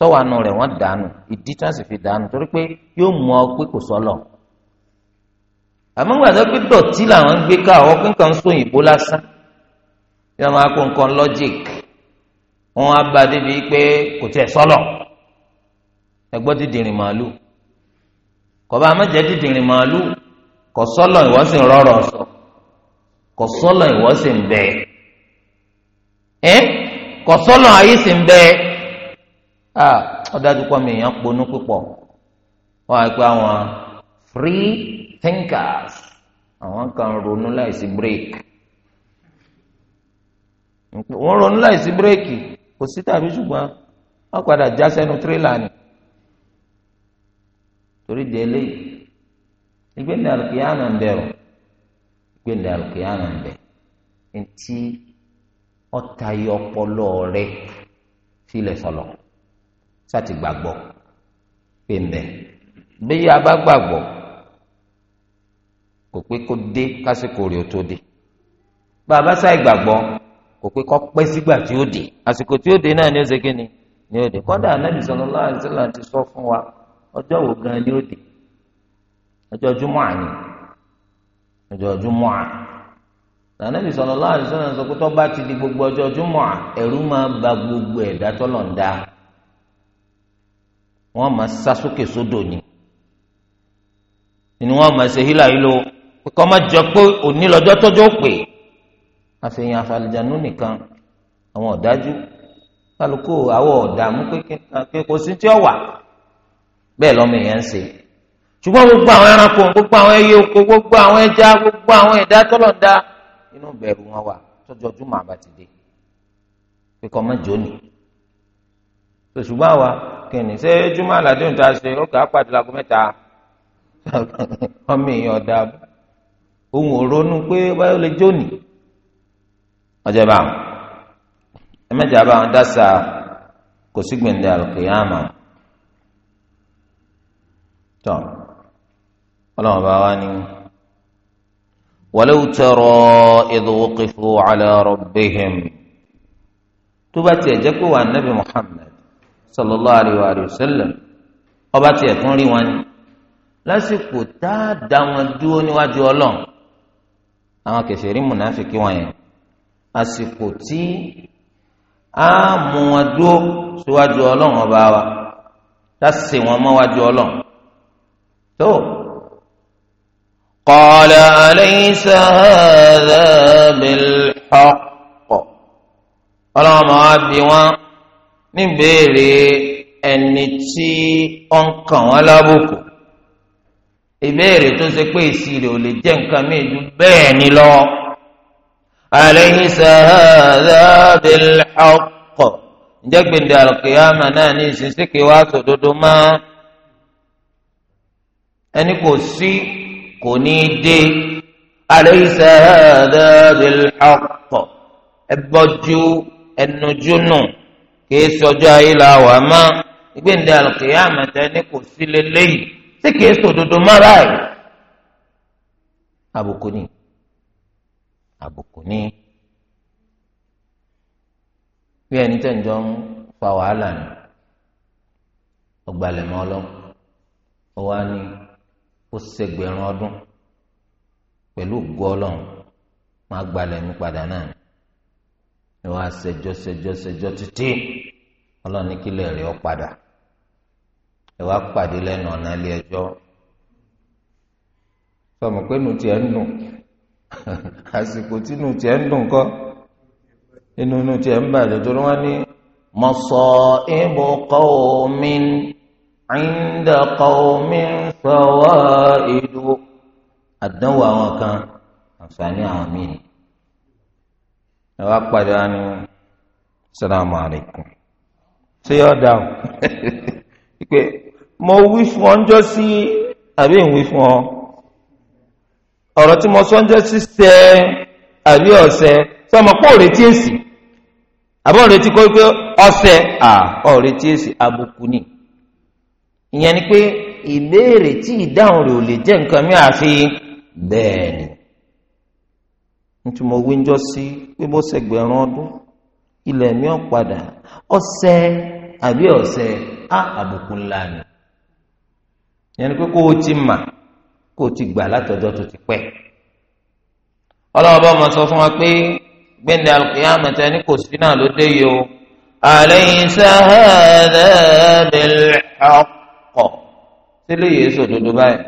tọ́wọ́ àánú rẹ̀ wọ́n dànù ìdí tí wọ́n sì fi dànù torí pé yóò mú ọ pé kò sọ́lọ̀ àmọ́ gbàdọ́ pé dọ̀tí làwọn ń gbé ká ọ pé sún òyìnbó lásán bí wọ́n máa kó nǹkan logic wọ́n á bá débi pé kò tiẹ̀ sọ́lọ̀ ẹgbọ́n ti dìrìn màálù kọba amẹjẹ ti dìrìn màálù kò sọ́lọ̀ ìwọ sì ń rọrọ̀ sọ kò sọ́lọ̀ ìwọ sì ń bẹ̀ ẹ́ kọ̀sọ́lọ̀ ayé sì ń bẹ ọ̀dájú kọ́ mi èèyàn ponú púpọ̀ wọ́n á àwọn free thinkers àwọn kan ronú láìsí bírèkì wọ́n ronú láìsí bírèkì kò sí tàbí ṣùgbọ́n wọ́n padà já sẹ́nu tírélà ni torí di eléyìí ìgbéǹde àlùkìyà náà ń bẹ̀rù ìgbéǹde àlùkìyà ń ọta yọ ọpọlọ rẹ sílẹ̀ sọlọ sátì gbàgbọ́ pé mbẹ bí a bá gbàgbọ́ kò pé kó dé kásìkò rẹ̀ ó tó dé bá a bá sáì gbàgbọ́ kò pé kó pẹ́ sígbà tí ó dé àsìkò tí ó dé náà ni ó ṣe kíni ni ó dé kódà anábì sallallahu alaihi wasallam ti sọ fún wa ọjọ́ wo gan ni ó dé ọjọ́ júmọ àná ọjọ́ júmọ àná nànàbì sallallahu alaihi wasallam sọ pé tó bá ti di gbogbo ọjọ́ júmọ ẹ̀rù máa ba gbogbo ẹ̀dá tọlọ ń dá wọn máa sá sókè sódò ni ni wọn máa ṣe hílà yìí lọ kọ́ má jọ pé òní lọ́jọ́ tọ́jọ́ pè àfihàn àfàlìjànú nìkan àwọn ọ̀dájú kálukú àwọ̀ ọ̀dààmú pé kò sí tí ó wà bẹ́ẹ̀ lọ́mọ èèyàn ń ṣe ṣùgbọ́n gbogbo àwọn ẹranko gbogbo àwọn ẹyẹ oko gbogbo àwọn ẹja gbogbo àwọn ẹ̀dá tọ́lọ̀ ń dá inú bẹ̀rù wọn wà tọ́jọ́ júmọ̀ àbátìdé pé kọ́ mọ́jọ́ ṣùgbọ́n àwa kìnnì ṣé júmọ̀ àlàdéhùn tá a ṣe ó kà á pàdé lago mẹ́ta [laughs] ọmọ èèyàn ọ̀dà ohun òrónú pé báyọ̀ lè jóni ọjọ́ bá walau tara idh wuqifu ala rabbihim tó bá tiẹ̀ jẹ́ pé wà nábì Muhammad sallallahu alayhi wa sallam ọba tiẹ̀ tún rí wọn ni lásìkò tá a dá wọn dúró níwájú Ọlọ́run àwọn kèfèrí múnáfíkì wọn yẹn àsìkò tí a mú wọn dúró síwájú Ọlọ́run ọba wa tá a sè wọn mọ́wájú Ọlọ́run tó. So, قال أليس هذا بالحق ọlọ́run máa bí wọn níbèrè ẹni tí ó ń kàn wọn lábùkù ìbéèrè tó ṣe pé èsì rẹ̀ ò lè jẹ́ nǹkan míì ju bẹ́ẹ̀ ni lọ. أليس هذا بالحق ǹjẹ́ gbèǹdé àlùkìyàmà náà ní ìsinsìnkì wá sòdodo máa ẹni kò sí kò ní í dé alaysa hadha bil haqq ẹgbọ́jú ẹnujú nù kìí sọjọ́ ayé la wà má ìgbéǹde al-qiyamah àmọ̀tẹ́ ní kò sí lélẹ́yìí tí kìí sòdodo má ráàyè àbùkù ni àbùkù ni bí ẹni tẹ̀ ń jọ ń fa wàhálà ni ọgbàlẹ̀ mọ́ ọlọ́ ọ wá ní. ó ṣègbèrún ọdún pẹ̀lú ògo ọlọ́run máa gbalẹ̀ mi padà náà ni wọ́n á ṣẹjọ́ ṣẹjọ́ ṣẹjọ́ títí ọlọ́run ní kílẹ̀ rẹ̀ ọ́ padà ẹ wá pàdé lẹ́nu ọ̀nà ilé ẹjọ́ sọmọ pé nu tiẹ̀ ń dùn [laughs] àsìkò tí nu nu tiẹ̀ ń bàjẹ́ torí wọ́n ní mọ̀sọ̀ ìbùkọ́ omi عند قوم فوائد àdánwò àwọn kan àǹfààní àwọn míì ẹ wá padà wá ní salamu alaykum ṣé yọ dà o [laughs] pé mo wí fún ọ ńjọ́ sí àbí ń wí fún ọ ọ̀rọ̀ tí mo sọ ńjọ́ sí ṣẹ àbí ọ̀sẹ̀ sọmọ pé òretí èsì àbọ̀ òretí kó pé ọ̀sẹ̀ à ọ̀retí èsì àbùkù ni. ìyẹn ni pé ìbéèrè tí ìdáhùn rẹ̀ ò lè jẹ nǹkan mi àfi bẹ́ẹ̀ ni nítorí mo wíjọ pé bó ṣẹgbẹ̀rún ọdún ilẹ̀ mi padà ọ̀sẹ̀ àbí ọ̀sẹ̀ á àbùkù ńlá ni ìyẹn ni pé kó o ti mà kó o ti gbà látọjọ́ tó ti pé gbẹ̀ndẹ̀ alùpùpù ní kò sí náà o pọ̀ sílé yìí èso òdodo báyìí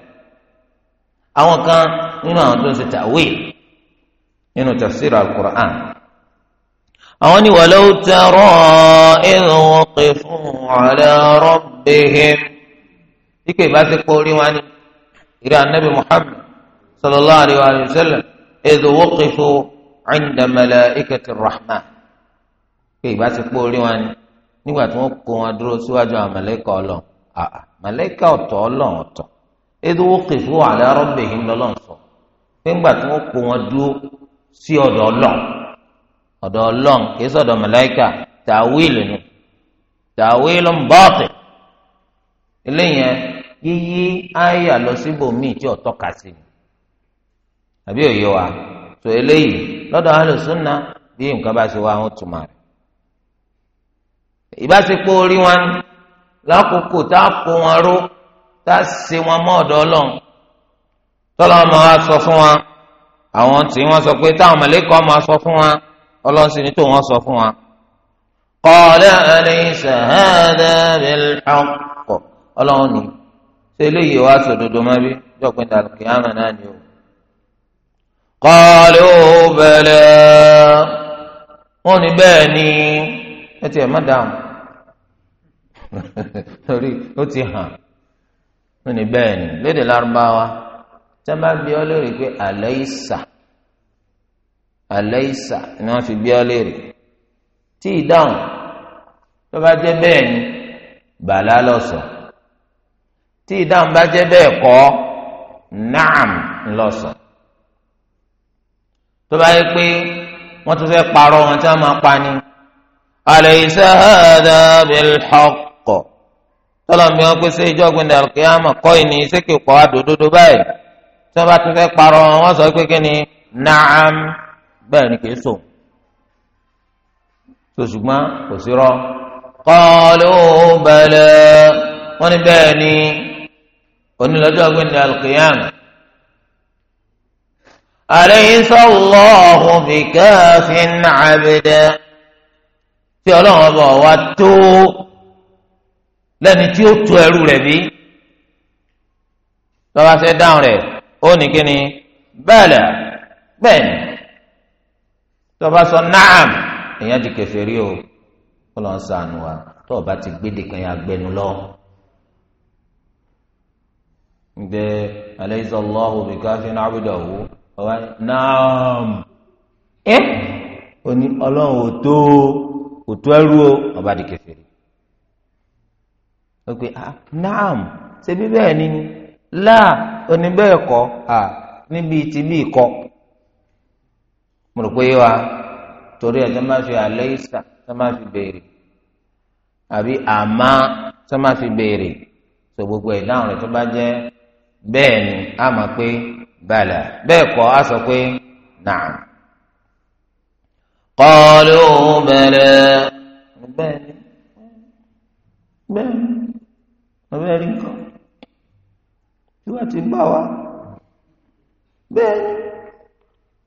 àwọn kan nínú àwọn tó ń ṣe tàwé nínú tafsir al-Qur'an àwọn ni walaw tara idh waqifu ala rabbihim ike ìbá ti kó orí wọn ni ìrẹ́ anabi Muhammad sallallahu alayhi wa sallam idh waqifu inda malaikati rahman ike ìbá ti kó orí wọn ni nígbà tí wọ́n kó wọn dúró síwájú àwọn màláíkà àà ah, ah. màlẹ́kà ọtọ ọlọ́run ọtọ edu wuqifu ala rabbihim lọ́lọ́run sọ pé tí wọ́n kó wọn dúró sí ọ̀dọ̀ ọlọ́run ọ̀dọ̀ ọlọ́run kìí sọ̀dọ̀ màlẹ́kà tàwíìlì nù tàwíìlì ń bọ́ọ̀tì eléyẹn yíyí síbòmíì tí ọtọ kà sí ni àbí òye wa tó eléyìí alùsùnà bí nǹkan bá ṣe wá wọn tùmọ̀ lákòókò tá a kó wọn ró tá a ṣe wọn mọ́ ọ̀dọ̀ ọlọ́run tọ́lọ́ ọmọ wa sọ fún wa àwọn tí wọ́n sọ pé táwọn mọ̀lẹ́kọ̀ ọmọ sọ fún wa ọlọ́run sì ní tó wọ́n sọ fún wa. qala alaysa hadha bil ọlọ́run ní ṣe eléyìí wá sòdodo má bí jọ̀pin tàbí àmà náà ni o. qalu bala wọ́n ní bẹ́ẹ̀ ni ẹ tiẹ̀ má dáhùn torí ó ti hàn ó ní bẹ́ẹ̀ ni lédè lárúbáwá tẹ́ bá bí ọ léèrè pé àlẹ́ ìsà àlẹ́ ìsà ni wọ́n fi bí ọ léèrè tí ìdáhùn tó bá jẹ́ bẹ́ẹ̀ ni bàlá lọ́sọ̀ tí ìdáhùn bá jẹ́ bẹ́ẹ̀ kọ́ naam lọ́sọ̀ tó bá yẹ pé wọ́n tún fẹ́ parọ́ wọn tí wọ́n máa pa ni àlẹ́ ìsà hàdà bil haqq tọ́lọ́mí wọn pèsè ìjọ́gbìn alùkìyàmọ̀ kọ́ ìní sékè pọ̀ àdòdodo báyìí tí wọ́n bá ti fẹ́ parọ́ wọn sọ pé kíni naam bẹ́ẹ̀ ni kìí sọ. sòṣùgbọ́n kò sí rọ kọ́ọ̀lù bẹ̀lẹ̀ wọ́n ní bẹ́ẹ̀ ni onílọ́jọ́gbìn alùkìyàmọ̀. أليس الله بكاف عبده tí ọlọ́run ọba ọ̀wá tó lẹ́ni tí ó tu ẹrú rẹ̀ bí tọ́ba ṣe dáhùn rẹ̀ ó ní kíni bẹ́ẹ̀lẹ̀ bẹ́ẹ̀ni tọ́ba sọ naam èèyàn di kèfèrí o kó lọ́n sànù wa tọ́ba ti gbéde kan yà gbẹnu lọ. gbẹ alaysa Allahu bikafin abdahu ọba naam ẹ ó ọlọ́run ò tó ò tó ẹrú o ọba di kèfèrí. ó ah naam ṣebí bẹ́ẹ̀ ni ni láà oníbẹ̀ẹ́ níbi ti kọ wa torí ẹ̀ tó fi fi béèrè àbí àmà tó fi béèrè gbogbo ẹ̀ láwọn tó bá jẹ́ bẹ́ẹ̀ ni naam. ọbẹ̀ rí nǹkan tí wọ́n ti bá wa bẹ́ẹ̀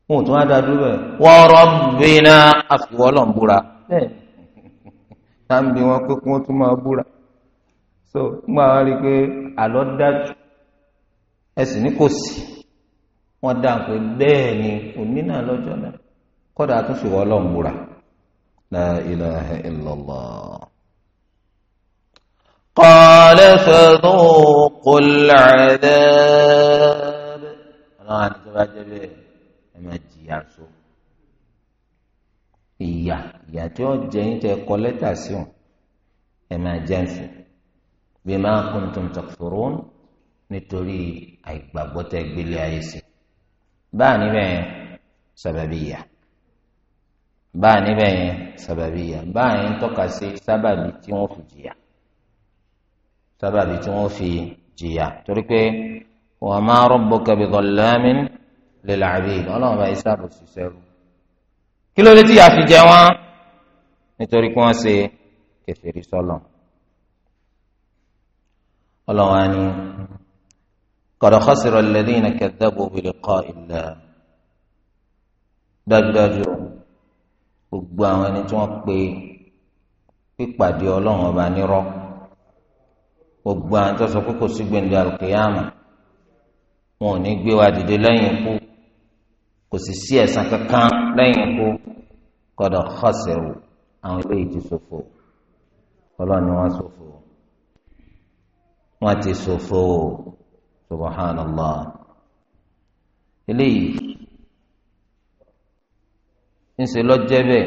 wọn tún á dáa bẹ́ẹ̀ wọ́n rọ bínú àfiwọ́ lọ́n búra bẹ́ẹ̀ tá ń bí pé kí wọ́n tún so rí i pé àlọ́ dájú ẹ̀sìn ní wọ́n dá pé bẹ́ẹ̀ ni òní náà lọ́jọ́ náà kọ́dà búra قال فذوقوا العذاب ọlọ́run àti tó bá jẹ́ bẹ́ẹ̀ ẹ máa jìyà so ìyà ìyà tí ó jẹ yín tẹ kọ lẹ́tà sí wọn ẹ máa jẹ́ nsì bima kuntum takfurun nítorí àìgbàgbọ́ tẹ gbélé ayé sí báà níbẹ̀ yẹn sababiyya báà níbẹ̀ yẹn sababiyya báà yẹn tọ́ka sí sábàbí tí wọ́n fi jìyà sábàbí tí wọ́n fi jìyà torí pé wa ma rabbuka bi dhallamin lil abid ọlọ́run bá isa bò ṣiṣẹ́ rú kí ló dé tí ìyà fi jẹ wọ́n nítorí pé wọ́n ṣe kèfèrí sọ́lọ̀ ọlọ́run á ní qad khasira alladhina kadhabu bi liqa'i llah dájúdájú gbogbo àwọn ẹni tí wọ́n pe pípàdé ọlọ́run ọba nírọ́. gbogbo àwọn tó sọ pé kò sí gbẹ̀ndé alùkìyàmù wọn ò ní gbé wa dìde lẹ́yìn ikú kò sì sí ẹ̀san kankan lẹ́yìn ikú kọ́dọ̀ khasiru àwọn eléyìí sọfọ ṣòfò ọlọ́run ni wọ́n ṣòfò wọ́n ti eléyìí ń lọ́jẹ́ bẹ́ẹ̀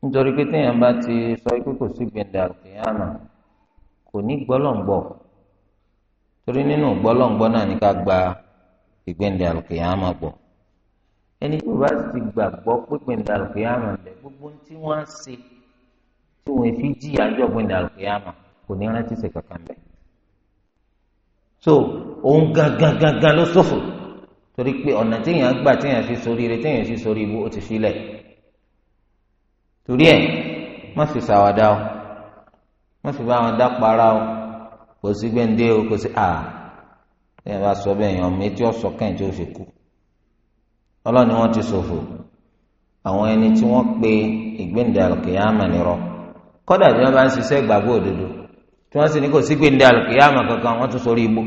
nítorí pé téèyàn kò ní gbọ́lọ́ngbọ́ torí nínú gbọ́lọ́ngbọ́ náà ní ká gba ìgbéǹde àlùkìyàmà gbọ́ ẹni tí bá ti gbàgbọ́ pípéǹde àlùkìyàmà lẹ̀ gbogbo tí wọ́n á ṣe tí wọ́n fi jìyà jọ pípéǹde àlùkìyàmà kò ní rántí ṣe kankan bẹ́ẹ̀ so òun gangan gangan ló ṣòfò torí pé ọ̀nà téèyàn gbà téèyàn fi sórí rẹ téèyàn fi sórí ibú ó ti filẹ̀ torí ẹ̀ má fi ṣàwàdà o. wọ́n fi bá wọn dá para o kò sí gbẹ̀ǹdé o kò sí a ẹ bá sọ bẹ́ẹ̀ yàn mí tí ó sọ kẹ́hìn tí ó fi kú ọlọ́ni wọn ti ṣòfò àwọn ẹni tí wọ́n pe ìgbẹ̀ǹdé àlùkìyàmà nírọ́ kọ́dà tí wọ́n bá ń ṣiṣẹ́ ìgbàgbọ́ òdodo tí sì ní kò sí kankan tún igbó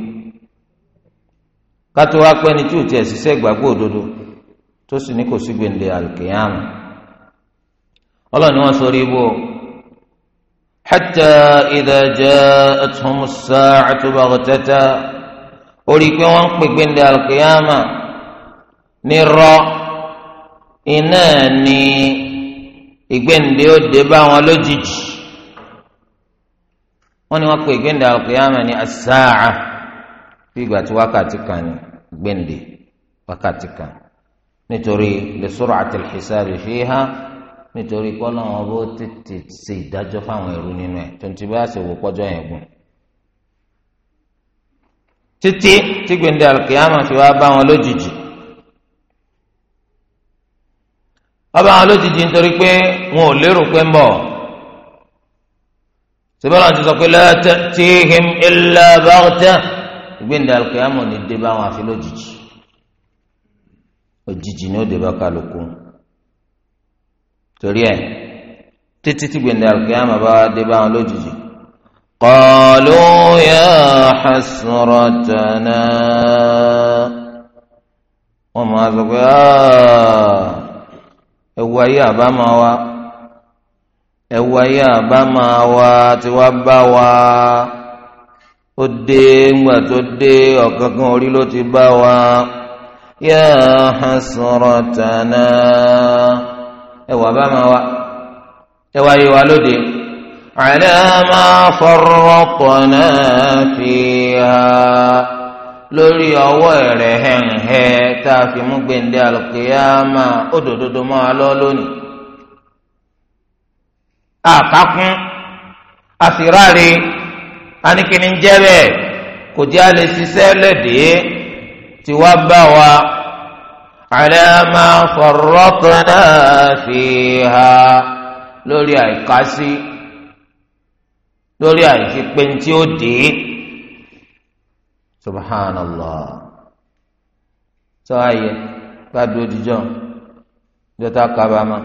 kátó wá pẹ́ni tí ò tiẹ̀ ṣiṣẹ́ ìgbàgbọ́ òdodo tó sì ní kò sí حتى إذا جاءتهم الساعة بغتة orí pé wọ́n ń pè pé ndé alùkìyàmà nírọ́ iná ni ìgbéǹde ó dé bá wọn lójijì wọ́n ní wọ́n pè gbéǹde alùkìyàmà ní asáà bí ìgbà tí wákàtí kan ní gbéǹde wákàtí kan nítorí lè sọ̀rọ̀ àtẹlẹ́sà rẹ̀ fi hàn nítorí pọ́lọ́ wọn bó tètè ṣe ìdájọ́ fáwọn ẹrú nínú ẹ̀ tuntun bá ṣe wò pọ́jọ́ yẹn gùn. títí tí gbèǹde alkiyama fi wá bá wọn lójijì ọba wọn lójijì nítorí pé wọn ò lérò pé ń bọ̀ sọ́bàlá ti sọ pé la ta'tihim illa baghta gbèǹde alkiyama ní dé bá wọn àfi lójijì òjijì ni ó dé bá kálukú torí ẹ̀ títí tí gbẹ̀ndẹ̀ àlùkìyàmà bá wá dé báwọn lójijì. قالوا يا حسرتنا وما ذكر ẹwà yìí àbá máa wá ẹwà yìí àbá máa wá tí wàá bá wá ó dé ńgbà tó dé ọ̀kánkán orí ló ti bá wá يا حسرتنا ẹwà bá máa wá ẹwà yìí wá lóde ala ma farratna fiha lórí ọwọ́ ẹ̀rẹ̀ hẹ̀ǹhẹ̀ tá a fi mú gbèǹde àlùkìyàmà òdòdó mọ́ lọ lónìí. àkàkún àsìráre anìkíní ń jẹ́ bẹ́ẹ̀ kò jẹ́ a ṣiṣẹ́ lẹ́dẹ̀ẹ́ tí wàá bá wa. على ما فرطنا فيها lórí àìkásí lórí àìfipin tí ó dé subhanallah sọ ayẹ gbàdúró dijọ jọta kábàámà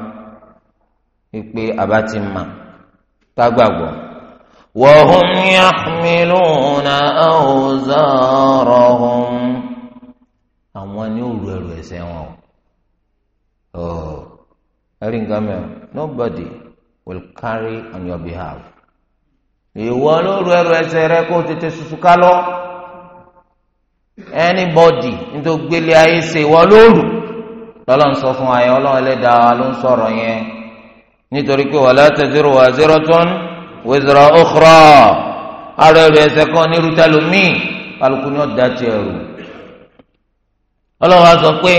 ìpè àbátí mà tágbàgbọ. وهم يحملون أوزارهم àwọn ni ó ẹrù ẹ̀ṣẹ̀ wọn o oh, ẹrí nǹkan mẹ́rin nobody will carry on your behalf ìwọ ló ẹrù ẹ̀ṣẹ̀ rẹ kó tètè ká lọ anybody nítorí gbélé ayé ṣe ìwọ ló lọlọ lọ́lọ́run sọ fún ayé ọlọ́run ẹlẹ́dàá ló ń sọ̀rọ̀ yẹn nítorí pé wala taziru waziratun ara ẹrù kan nírú tẹlómi alùpùpù ọlọ́wọ́ sọ pé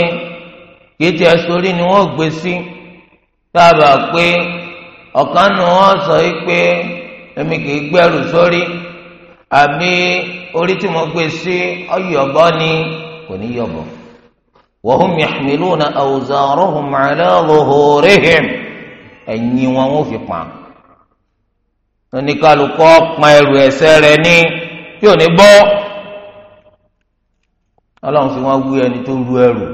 kéétì ẹ̀sọ́rí ni wọ́n gbé sí tábà pé ọ̀kan nù wọ́n sọ pé èmi kì gbẹ́rù sórí àbí orí tí mo gbé sí ọ̀yọ̀bọ ni kò ní wọ́n ala zuhurihim ẹ̀yìn wọn wọ́n fi pa oníkàlùkọ́ pa ẹrù ní ò ní bọ́. ọlọ́run fi wọ́n wú ẹni tó ru ẹrù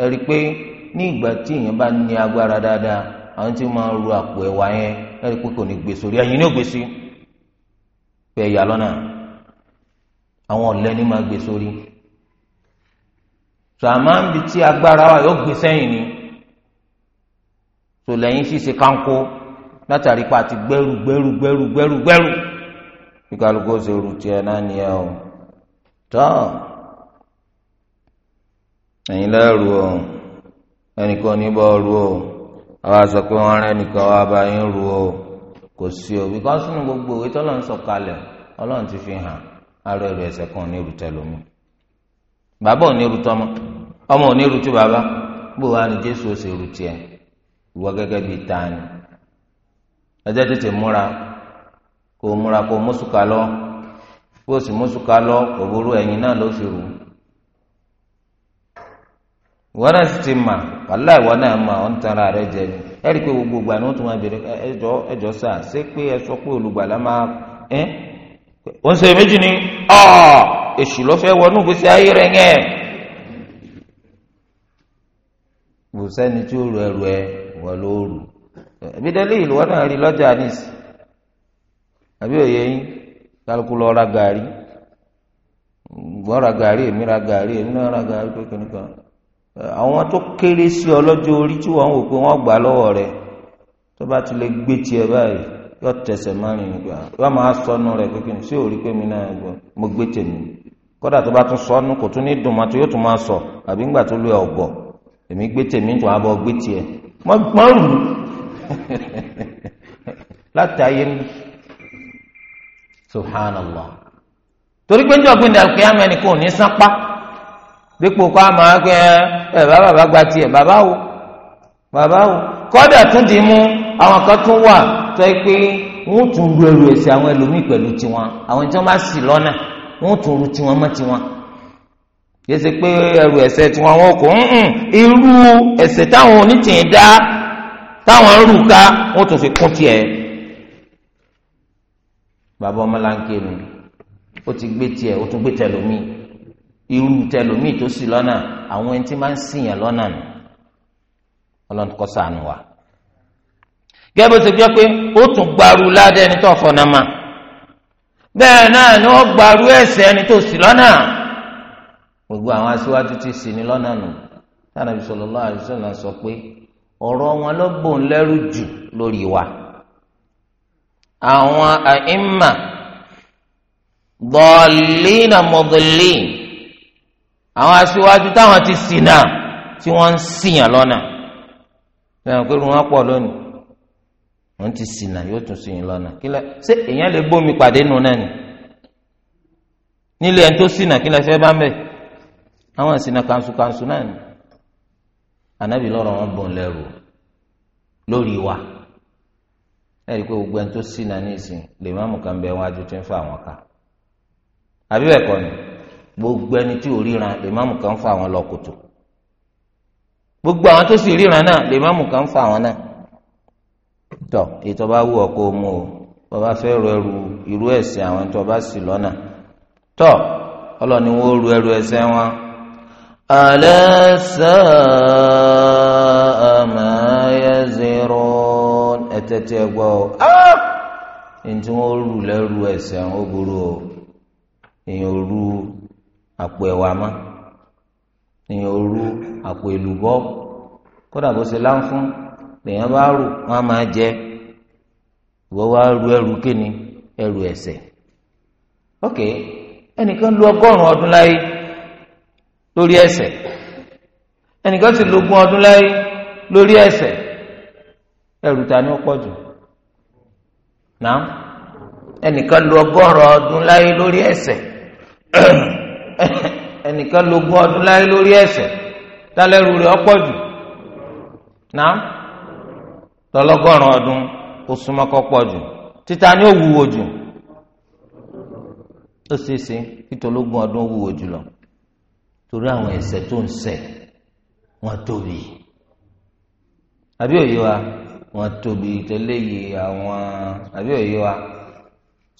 ẹ rí i pé ní ìgbà tí èèyàn bá ní agbára dáadáa àwọn tí máa ń ru àpò ẹ̀wà yẹn ẹ pé kò ní gbé sórí ẹ̀yìn ní ò gbé pé ẹ̀yà lọ́nà àwọn ọ̀lẹ ní máa gbé sórí sàmà ń bi tí agbára wa yóò gbé sẹ́yìn ni tòlẹ́yìn sì ṣe kánkó látàrí pa àti gbẹ́rù gbẹ́rù gbẹ́rù gbẹ́rù gbẹ́rù kí ṣe rú tiẹ̀ náà nìyẹn o tán. ẹ̀yin lẹ́rù o ẹnìkan oníbọ̀ rú ọ àwa sọ pé wọ́n rẹ́ nìkan wá bá yín rú o kò sí o bíkọ́ sínú gbogbo òwe tí ọlọ́run sọ kalẹ̀ ọlọ́run ti fi hàn arọ ẹrù ẹsẹ̀ kan ní irutẹ lómi bàbá ò ní irutọ ọmọ ọmọ ò ní irutu bàbá Jésù ó sì ẹ ìwọ bíi tani ẹjẹ tètè múra kò múra kò lọ o lọ náà ló fi rù ú. ìwọ náà sì ti mà wàhálà ìwọ náà mà ń rẹ jẹ ni ẹ rí i pé gbogbo ìgbà ni wọ́n tún máa bèrè ẹjọ́ ṣé pé ẹ sọ pé olùgbàlà máa ṣe méjì ni ọ̀ èṣù ló fẹ́ wọnú gbèsè ayé rẹ yẹn. kò sẹ́ni tí ó rù ẹrù ẹ wọ́n ló rù ìlú wọn náà rí lọ́jà àbí òye àwọn tó kéré sí ọlọ́jọ́ orí tí wọ́n wò pé wọ́n gbà lọ́wọ́ rẹ̀ tó bá ti lè gbé tiẹ̀ báyìí yóò tẹsẹ̀ márùn ún gbà yóò máa sọnù rẹ̀ pé kí ni sí òrí pé mi náà gbọ́ mo gbé tèmi kódà tó bá tún sọnù kò tún ní dùn mọ́ tó yóò tún máa sọ àbí ńgbà tó lu ọ̀gọ̀ èmi gbé tèmi tó abọ́ gbé tiẹ̀ mọ́ gbọ́n [laughs] láti ayé ní subhanallah torí pé ń jọ gbé ní alùpùpù yá mẹ́ni kò dípò kó a máa gbé ẹ bàbá bàbá gba tiẹ̀ bàbá wo bàbá wo kọ́dà tún ti mú àwọn kan tún wà tó yẹ pé wọ́n tún ru ẹrù ẹ̀sìn àwọn ẹlòmíì pẹ̀lú tiwọn àwọn tí wọ́n bá sì lọ́nà wọ́n tún ru tiwọn mọ́ tiwọn yìí ṣe pé ẹrù ẹ̀ṣẹ̀ tiwọn wọn kò ń irú ẹ̀ṣẹ̀ táwọn onítìyìn dá táwọn rù ká wọ́n tún fi kún tiẹ̀ bàbá ọmọláńkè ni ó ti gbé tiẹ̀ ó tún gbé tẹlómìí. irú tẹlomi tó sì lọ́nà àwọn ẹni tí máa ń sìyàn lọ́nà nù ọlọ́run kọ́ sànù wa. gẹ́gẹ́ bó gbaru ládé ẹni tó nama. mà bẹ́ẹ̀ náà ni wọ́n gbaru ẹni tó sì lọ́nà gbogbo àwọn aṣíwájú ti sì ní lọ́nà nù Ànábì sallallahu alaihi sọ pé ọ̀rọ̀ wọn ló lẹ́rù jù lórí wa àwọn àìmà àwọn aṣíwájú táwọn ti sìn náà tí wọ́n ń sìyàn lọ́nà fẹ́ràn pé wọ́n pọ̀ lónìí wọ́n ti sìn náà yóò tún sìyàn lọ́nà kílẹ̀ ṣé èèyàn lè gbómi pàdé nù náà ni nílé ẹni tó sìn náà kílẹ̀ ṣẹ́ bá ń bẹ̀ àwọn ìsìn náà kanṣukanṣu náà ni ànábì lọ́rọ̀ wọn bọ̀ lẹ́rù lórí wa ẹ̀rí pé gbogbo ẹni tó sìn náà ní ìsìn lè má mú kan bẹ́ẹ̀ wájú tí ń àwọn ká àbí bẹ́ẹ̀ kọ́ ni. gbogbo ẹni tí ò ríran lèmáàmù kan fa àwọn lọ kòtò gbogbo àwọn tó sì ríran náà ka kan fa àwọn náà tọ ètò bá wu ọ́ o mú fẹ́ ẹrù irú àwọn tó bá sì lọ́nà tọ ọlọ́ni wọn ó ẹrù ẹ̀ṣẹ̀ wọn. alẹ́ sáà máa zero gbọ́ o ah! ẹni tí wọ́n rù lẹ́rù ẹ̀ṣẹ̀ wọn ó àpò ẹ̀wà mọ́ ní òru àpò èlùbọ́ kódà bó ṣe láǹfún lèèyàn bá rù wọn máa jẹ ìwọ wá ru ẹrù kíni ẹrù ẹ̀ṣẹ̀ ok ẹnìkan lu ọgọ́rùn ọdún láyé lórí ẹ̀ṣẹ̀ ẹnìkan sì lu ogún ọdún láyé lórí ẹ̀ṣẹ̀ ẹrù ta ni ó pọ̀ jù náà ẹnìkan lu ọgọ́rùn ọdún láyé lórí ẹ̀ṣẹ̀ [clears throat] [laughs] ẹnìkan lo ogún ọdún láyé lórí ẹ̀ṣẹ̀ tálẹ́rù rẹ̀ ọ̀pọ̀ jù náà tọlọ́gọ́rùn ọdún ó pọ̀ jù títa ni ó wúwo jù ó ọdún ó wúwo jù lọ torí àwọn ẹsẹ̀ tó ń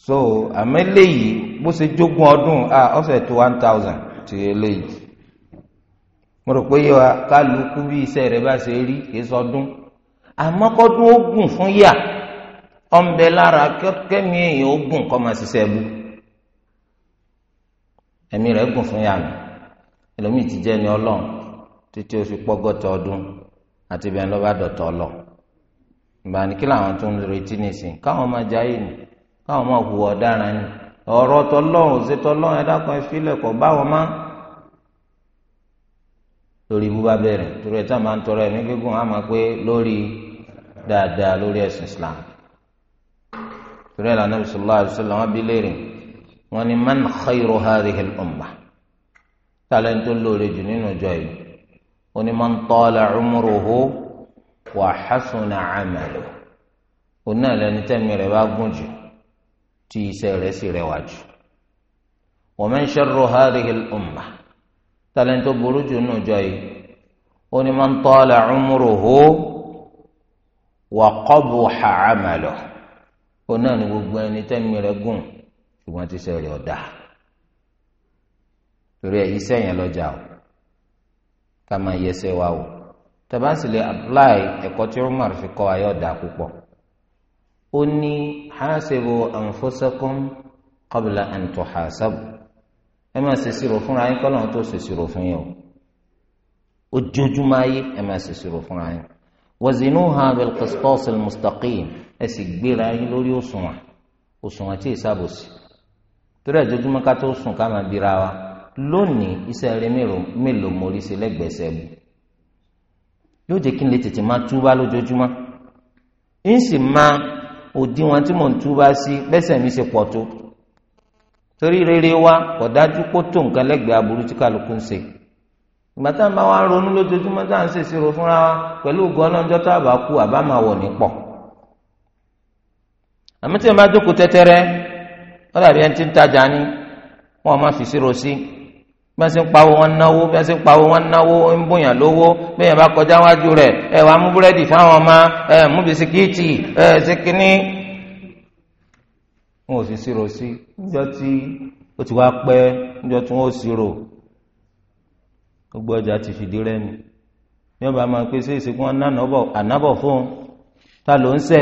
so àmọ́ eléyìí bó ṣe jogún ọdún a ọ̀sẹ̀ tó one thousand ti eléyìí mo rò pé yíwa kálukú bí iṣẹ́ rẹ̀ bá ṣe rí kì í sọdún àmọ́ kọ́dún ó gùn fún yà ọ̀nbẹ lára kẹ́mi èèyàn ó gùn kọ́ máa ṣiṣẹ́ bú ẹ̀mí rẹ̀ gùn fún yà mí ẹlòmíì ti jẹ́ ni ọlọ́run títí ó fi pọ́gọ́tọ̀ ọdún àti bẹ́ẹ̀ lọ́ba dọ̀tọ̀ ọlọ́ ìgbà làwọn tó ń retí nìsín káwọn máa jayé nìyí káwọn máa hùwà ọ̀daràn ni ọ̀rọ̀ tọlọ́run òṣètò ọlọ́run ẹ̀dákan ìfilẹ̀ kọ̀ bá wọn má lórí ibú bá bẹ̀rẹ̀ torí ẹ̀ tá a máa ń tọrọ ẹ̀mí gígùn á máa pé lórí dáadáa lórí ẹ̀sìn Islam torí ẹ̀ lànà bisalòlá àbísọ̀lá wọn bí léèrè wọn ni man khayru hadhihi al-ummah tálẹ̀ ń tó lóore jù nínú ìjọ yìí ó ní man tala umruhu wa hasuna amaluhu náà lẹni tí iṣẹ́ rẹ̀ sì rẹwà jù wa man sharru hadhihi al-ummah tálẹ́ńtò burú jù nù jọ yìí ó ní man tala umruhu wa qabuha amaluhu ó náà ní gbogbo ẹni tẹ́mi rẹ̀ gùn ṣùgbọ́n tí rẹ̀ ọ̀dà torí iṣẹ́ yẹn lọ́jà o ká máa yẹsẹ̀ wa o tàbá sì lè apply ẹ̀kọ́ tí Umar fi kọ́ ayọ̀ dà púpọ̀ ó ní hasibu anfusakum qabla an tuhasabu ẹ máa ṣèṣirò fúnra yín kọ́ lóun tó ṣèṣirò fún yín o ojoojúmọ́ ayé ẹ máa ṣèṣirò fúnra yín wazinuha bil qistas al mustaqim ẹ sì gbéra yín lórí òṣùwọ̀n òṣùwọ̀n tí ì torí ẹ̀jọ̀júmọ́ ká tó sùn ká máa bira wa lónìí iṣẹ́ rẹ mélòó mórí sí lẹ́gbẹ̀ẹ́sẹ̀ bù yóò jẹ́ kí n lè tètè máa túbá lójoojúmọ́ ń sì máa òdiwọ̀n tí mò ń túbá sí bẹ́sẹ̀ mi ṣe pọ̀ tó torí rere wa kò dájú kó tó nǹkan lẹ́gbẹ̀ẹ́ aburú tí kálukú ń ṣe ìgbà tá à ń bá wa ronú lójoojúmọ́ tá à ń ṣèṣirò fúnra wa pẹ̀lú ògùn ọlọ́njọ́ tá a bá kú àbá máa wọ̀ ní àmì tí wọn bá jókòó tẹ́tẹ́rẹ́ wọ́n ẹni tí ń tajà ní wọ́n máa fi ṣírò sí. Si bí wọ́n ṣe ń pawó wọn náwó bí wọ́n ṣe ń pawó wọn náwó ń bóyàn lówó bí wọ́n bá kọjá wájú rẹ̀ ẹ wàá mú búrẹ́dì fáwọn ọmọ ẹ mú bisikíìtì ẹ ṣe kínní. wọn ò sì ṣírò sí níjọ́ tí ó ti wá pẹ́ níjọ́ tí wọ́n ò ṣírò gbogbo ọjà ti fìdí rẹmi ní ọba máa pé ṣé ìsìnkú wọn ná ànábọ̀ fún ta ló ń ṣe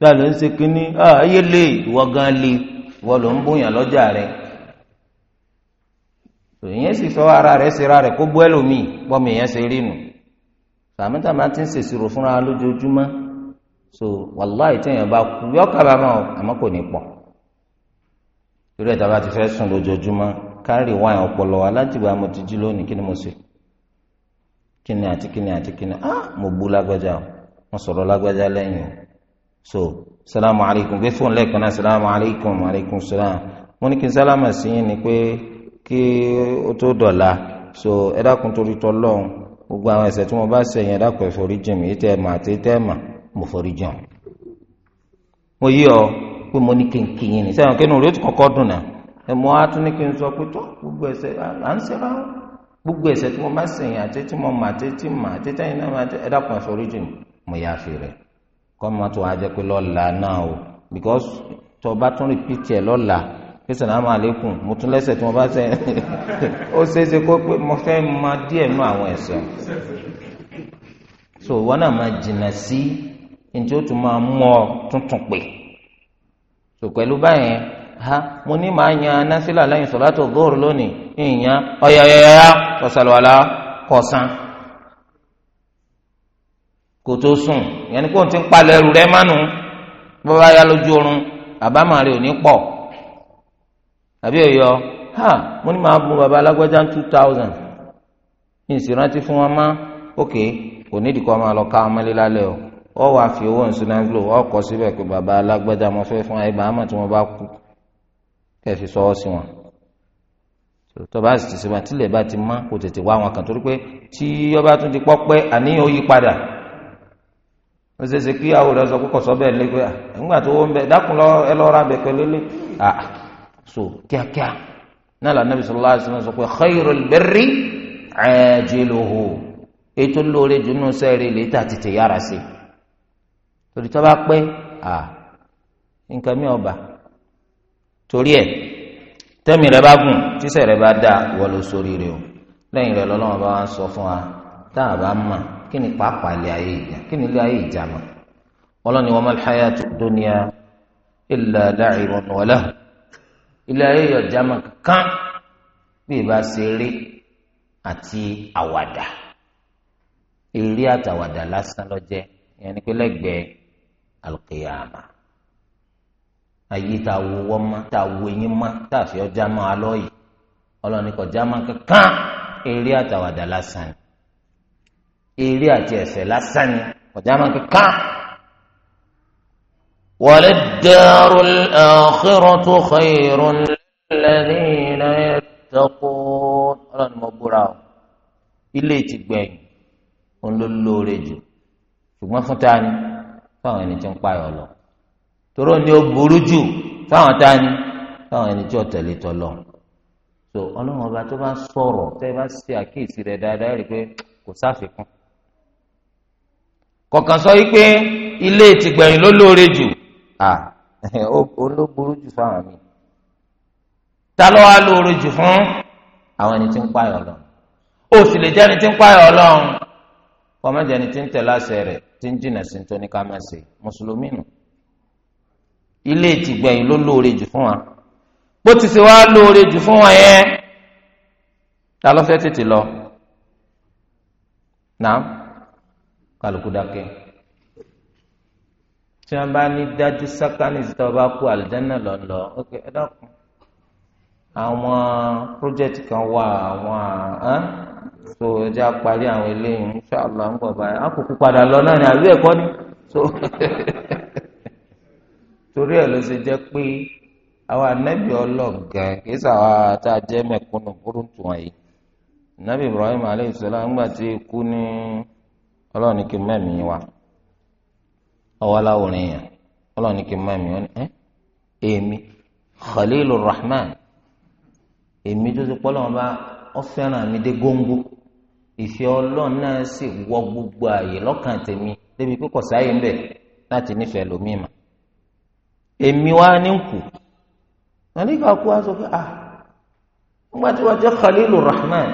ta ló ń ṣe kínní ah, ayé èyàn sì fẹ́ ara rẹ̀ ṣe ara rẹ̀ kó bú ẹlòmíì bọ́mọ èyàn ṣe rí nù sàmítà máa ti ń ṣèṣirò fúnra lójoojúmọ́ so wàláì téèyàn bá kú yọ kábàámọ̀ àmọ́ kò ní pọ̀ torí ẹ̀ta bá ti fẹ́ sùn lójoojúmọ́ kárì wáyà ọpọlọ wa mo ti jí lónìí kí ni mo ṣe kí ni àti ni mo bú lágbájá o mo sọ̀rọ̀ lágbájá lẹ́yìn o so salamu alaykum gbé lẹ́ẹ̀kan náà salamu alaykum alaykum salam mo ní kí n sálámà sí yín kí ó tó dọ̀la so ẹ torí tọlọ́run gbogbo àwọn ẹ̀ṣẹ̀ tí wọ́n bá ṣẹ̀ yẹn ẹ dákun mi tẹ́ ẹ mà àti tẹ́ ẹ mà mo foríjìn mo yí ọ pé mo ní kí n kí yín ni sẹ́wọ̀n kínú rẹ̀ ó kọ́kọ́ dùn náà ẹ mọ á tún ní kí n sọ pé tó gbogbo ẹ̀ṣẹ̀ à ń ṣẹlá gbogbo ẹ̀ṣẹ̀ tí wọ́n bá ṣẹ̀ yẹn àti tí mo mà àti tí mà àti tẹ́yìn náà pé sàlámù àlékún mo tún lẹ́sẹ̀ tí wọ́n bá sẹ́ ṣeéṣe kó pé mo fẹ́ ma díẹ̀ nú àwọn so wọn náà máa jìnnà sí tún mú ọ so báyẹn ha mo ní yan lónìí ìyàn kò tó sùn yẹn ni kò tí ń ẹrù rẹ mánu àbí ẹ̀yọ ha mo ní máa bu bàbá alágbájá two thousand ní ìsìrántí fún wọn má ok kò nídìí kọ́ máa lọ ká ọmọ lílá o ọ wà fi owó ìsúnáńgílò ọ kọ síbẹ̀ pé bàbá alágbájá mo fẹ́ fún ẹ bàámà tí wọ́n bá kú kẹ́ fi sọ́ọ́ sí wọn tọba sì ti sèwà tílẹ̀ bá ti má kó tètè wá wọn kàn torí pé tí ọba tún ti pọ́pẹ́ àníyàn ó yí padà ó ṣeéṣe kí àwọn sọ pé kọ̀sọ́ bẹ́ẹ̀ lé pé à ńgbà tó wọ́n bẹ́ẹ̀ dákun lọ ẹ lọ́ọ́ ra bẹ̀ pẹ̀lú lé à so kíákíá náà la nabi sallallahu alaihi wasallam sọ pé khayrul birri ajiluhu ètò lóore dunu sẹ́ẹ̀rì lẹ́tà tètè yára sí torí tó bá pẹ́ à nǹkan mi ọba torí ẹ̀ tẹ́mi rẹ bá gùn tíṣẹ́ rẹ bá dá wọ́n sórí rẹ o lẹ́yìn rẹ lọ́lọ́wọ́ bá wá sọ fún wa tá a bá mọ̀ kí ni pàápàá ilé ayé ìjà kí ni ilé ayé ìjà mọ̀ ọlọ́ni wa mal hayatu dunya illa la'ibun wa lahu ilé ayé yọ jama kankan bí ìbá ṣe eré àti àwàdà eré àtàwàdà lásán lọ́jẹ́ ìyẹn ni pé lẹ́gbẹ̀ẹ́ alùkìyàmà ayé tá a wo wọ́n mọ́ tá a wo eyín mọ́ tá a fi ọjà mọ́ alọ́ yìí ọlọ́ni kò jama kankan eré àtàwàdà lásán ni àti ẹ̀fẹ̀ lásán ni kò kankan. وللدار الآخرة خير للذين يتقون ọlọ́run ni mo búra o ilé ti gbẹ̀yìn òun ló lóore jù ṣùgbọ́n fún ta ni fáwọn ẹni tí ń payọ̀ lọ toró ni ó burú jù fáwọn ta ni fáwọn ẹni tí ó tẹ̀lé tọ́lọ̀ so ọlọ́run ọba tó bá sọ̀rọ̀ tẹ́ bá ṣe àkíyèsí rẹ̀ dáadáa rí i pé kò sáfikún kọ̀ọ̀kan sọ wípé ilé ti gbẹ̀yìn ló lóore jù à ah. ló [laughs] burú jù fáwọn mi ta ló wá lóore jù fún àwọn ẹni tí ń pààyàn ọlọrun. o sì lè jẹ́ ẹni tí ń pààyàn lọ ti ẹni tí ń tẹ̀ láṣẹ rẹ̀ tí ń jìnà sí tó lo mùsùlùmí nù ilé ló lóore jù fún wa bó ti ṣe wá lóore fún wa ta ló fẹ́ tètè lọ kálukú dákẹ́. tí wọn bá ní dájú sákánì tí wọn bá kú àlùjáná lọ́nlọ́ ok ẹ dákun àwọn project kan wà àwọn ẹ so ẹ jẹ́ àparí àwọn eléyìí inṣàlá ń bọ̀ báyìí àkókò padà lọ náà ni àbí ẹ̀kọ́ ni so [laughs] torí ẹ̀ ló ṣe jẹ́ pé àwọn anábì ọlọ́ọ̀gá kìí sàwọn tá a jẹ́ mẹ̀kúnnù burúkú wọ̀nyí anábì Ibrahim aleyhisselam ńgbà tí ikú ní ọlọ́ọ̀ni kì mẹ́mìí wa ọwọ́ aláwòrán yẹn ọlọ́run ní kí n má mi wọn ẹ èmi Khalilur Rahman èmi tó ti pọ́ lọ́wọ́ bá ọ fẹ́ràn mi dé góńgó ìfẹ́ ọlọ́run náà sì wọ gbogbo ààyè lọ́kàn tèmi débi pé kò sáyé ń bẹ̀ láti nífẹ̀ẹ́ lómi mà èmi wá ní kù nàníkà kú wá sọ pé ah nígbà tí wọ́n jẹ́ Khalilur Rahman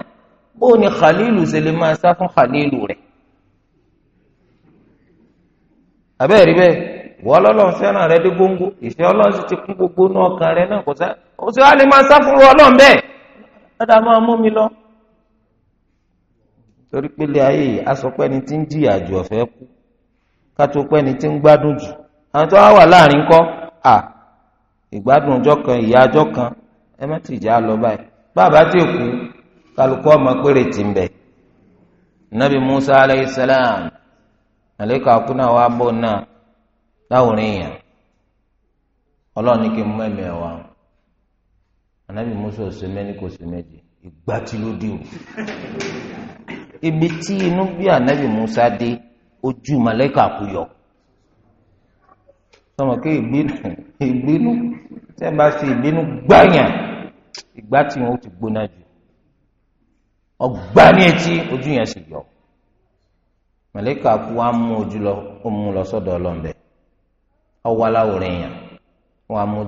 bóun ni Khalilu ṣe lè máa sá fún Khalilu rẹ̀ àbẹ́ẹ̀rí bẹ́ẹ̀ wọ́n lọ́lọ́run fẹ́ràn rẹ dé góńgó ìfẹ́ ọlọ́run sì ti kún gbogbo náà ọkàn rẹ náà kò sá o sì wá lè máa sá fún ọlọ́run bẹ́ẹ̀ mú mi lọ. torí pélé ayé asọpẹ́ni tí ń jìyà jù ọ̀fẹ́ kú ni pẹ́ni tí ń gbádùn jù àwọn tó wá wà láàrin kọ́ à ìgbádùn ọjọ́ kan ìyá ọjọ́ kan ẹ Nabi Musa alayhi àlékà kú náà wá bò náà láwùrín yẹn ọlọ́run ní kí n mú ẹ̀mí ẹ̀ wá anábì musa ọ̀sẹ̀ mẹ́ni kò sí méjì ìgbà tí ló dé o ibi tí inú bí anábì musa dé ojú màlẹ́kà kú yọ sọmọ kí ìbínú ìbínú tẹ́ bá fi ìbínú gbáyàn ìgbà tí wọn ti gbóná jù ọgbà ní etí ojú yẹn sì yọ. màlẹ́kà kú wa mú ojú lọ ó mú lọ sọ́dọ̀ ọlọ́ọ̀bẹ ọwọ́ aláwòrán èèyàn wọn àmú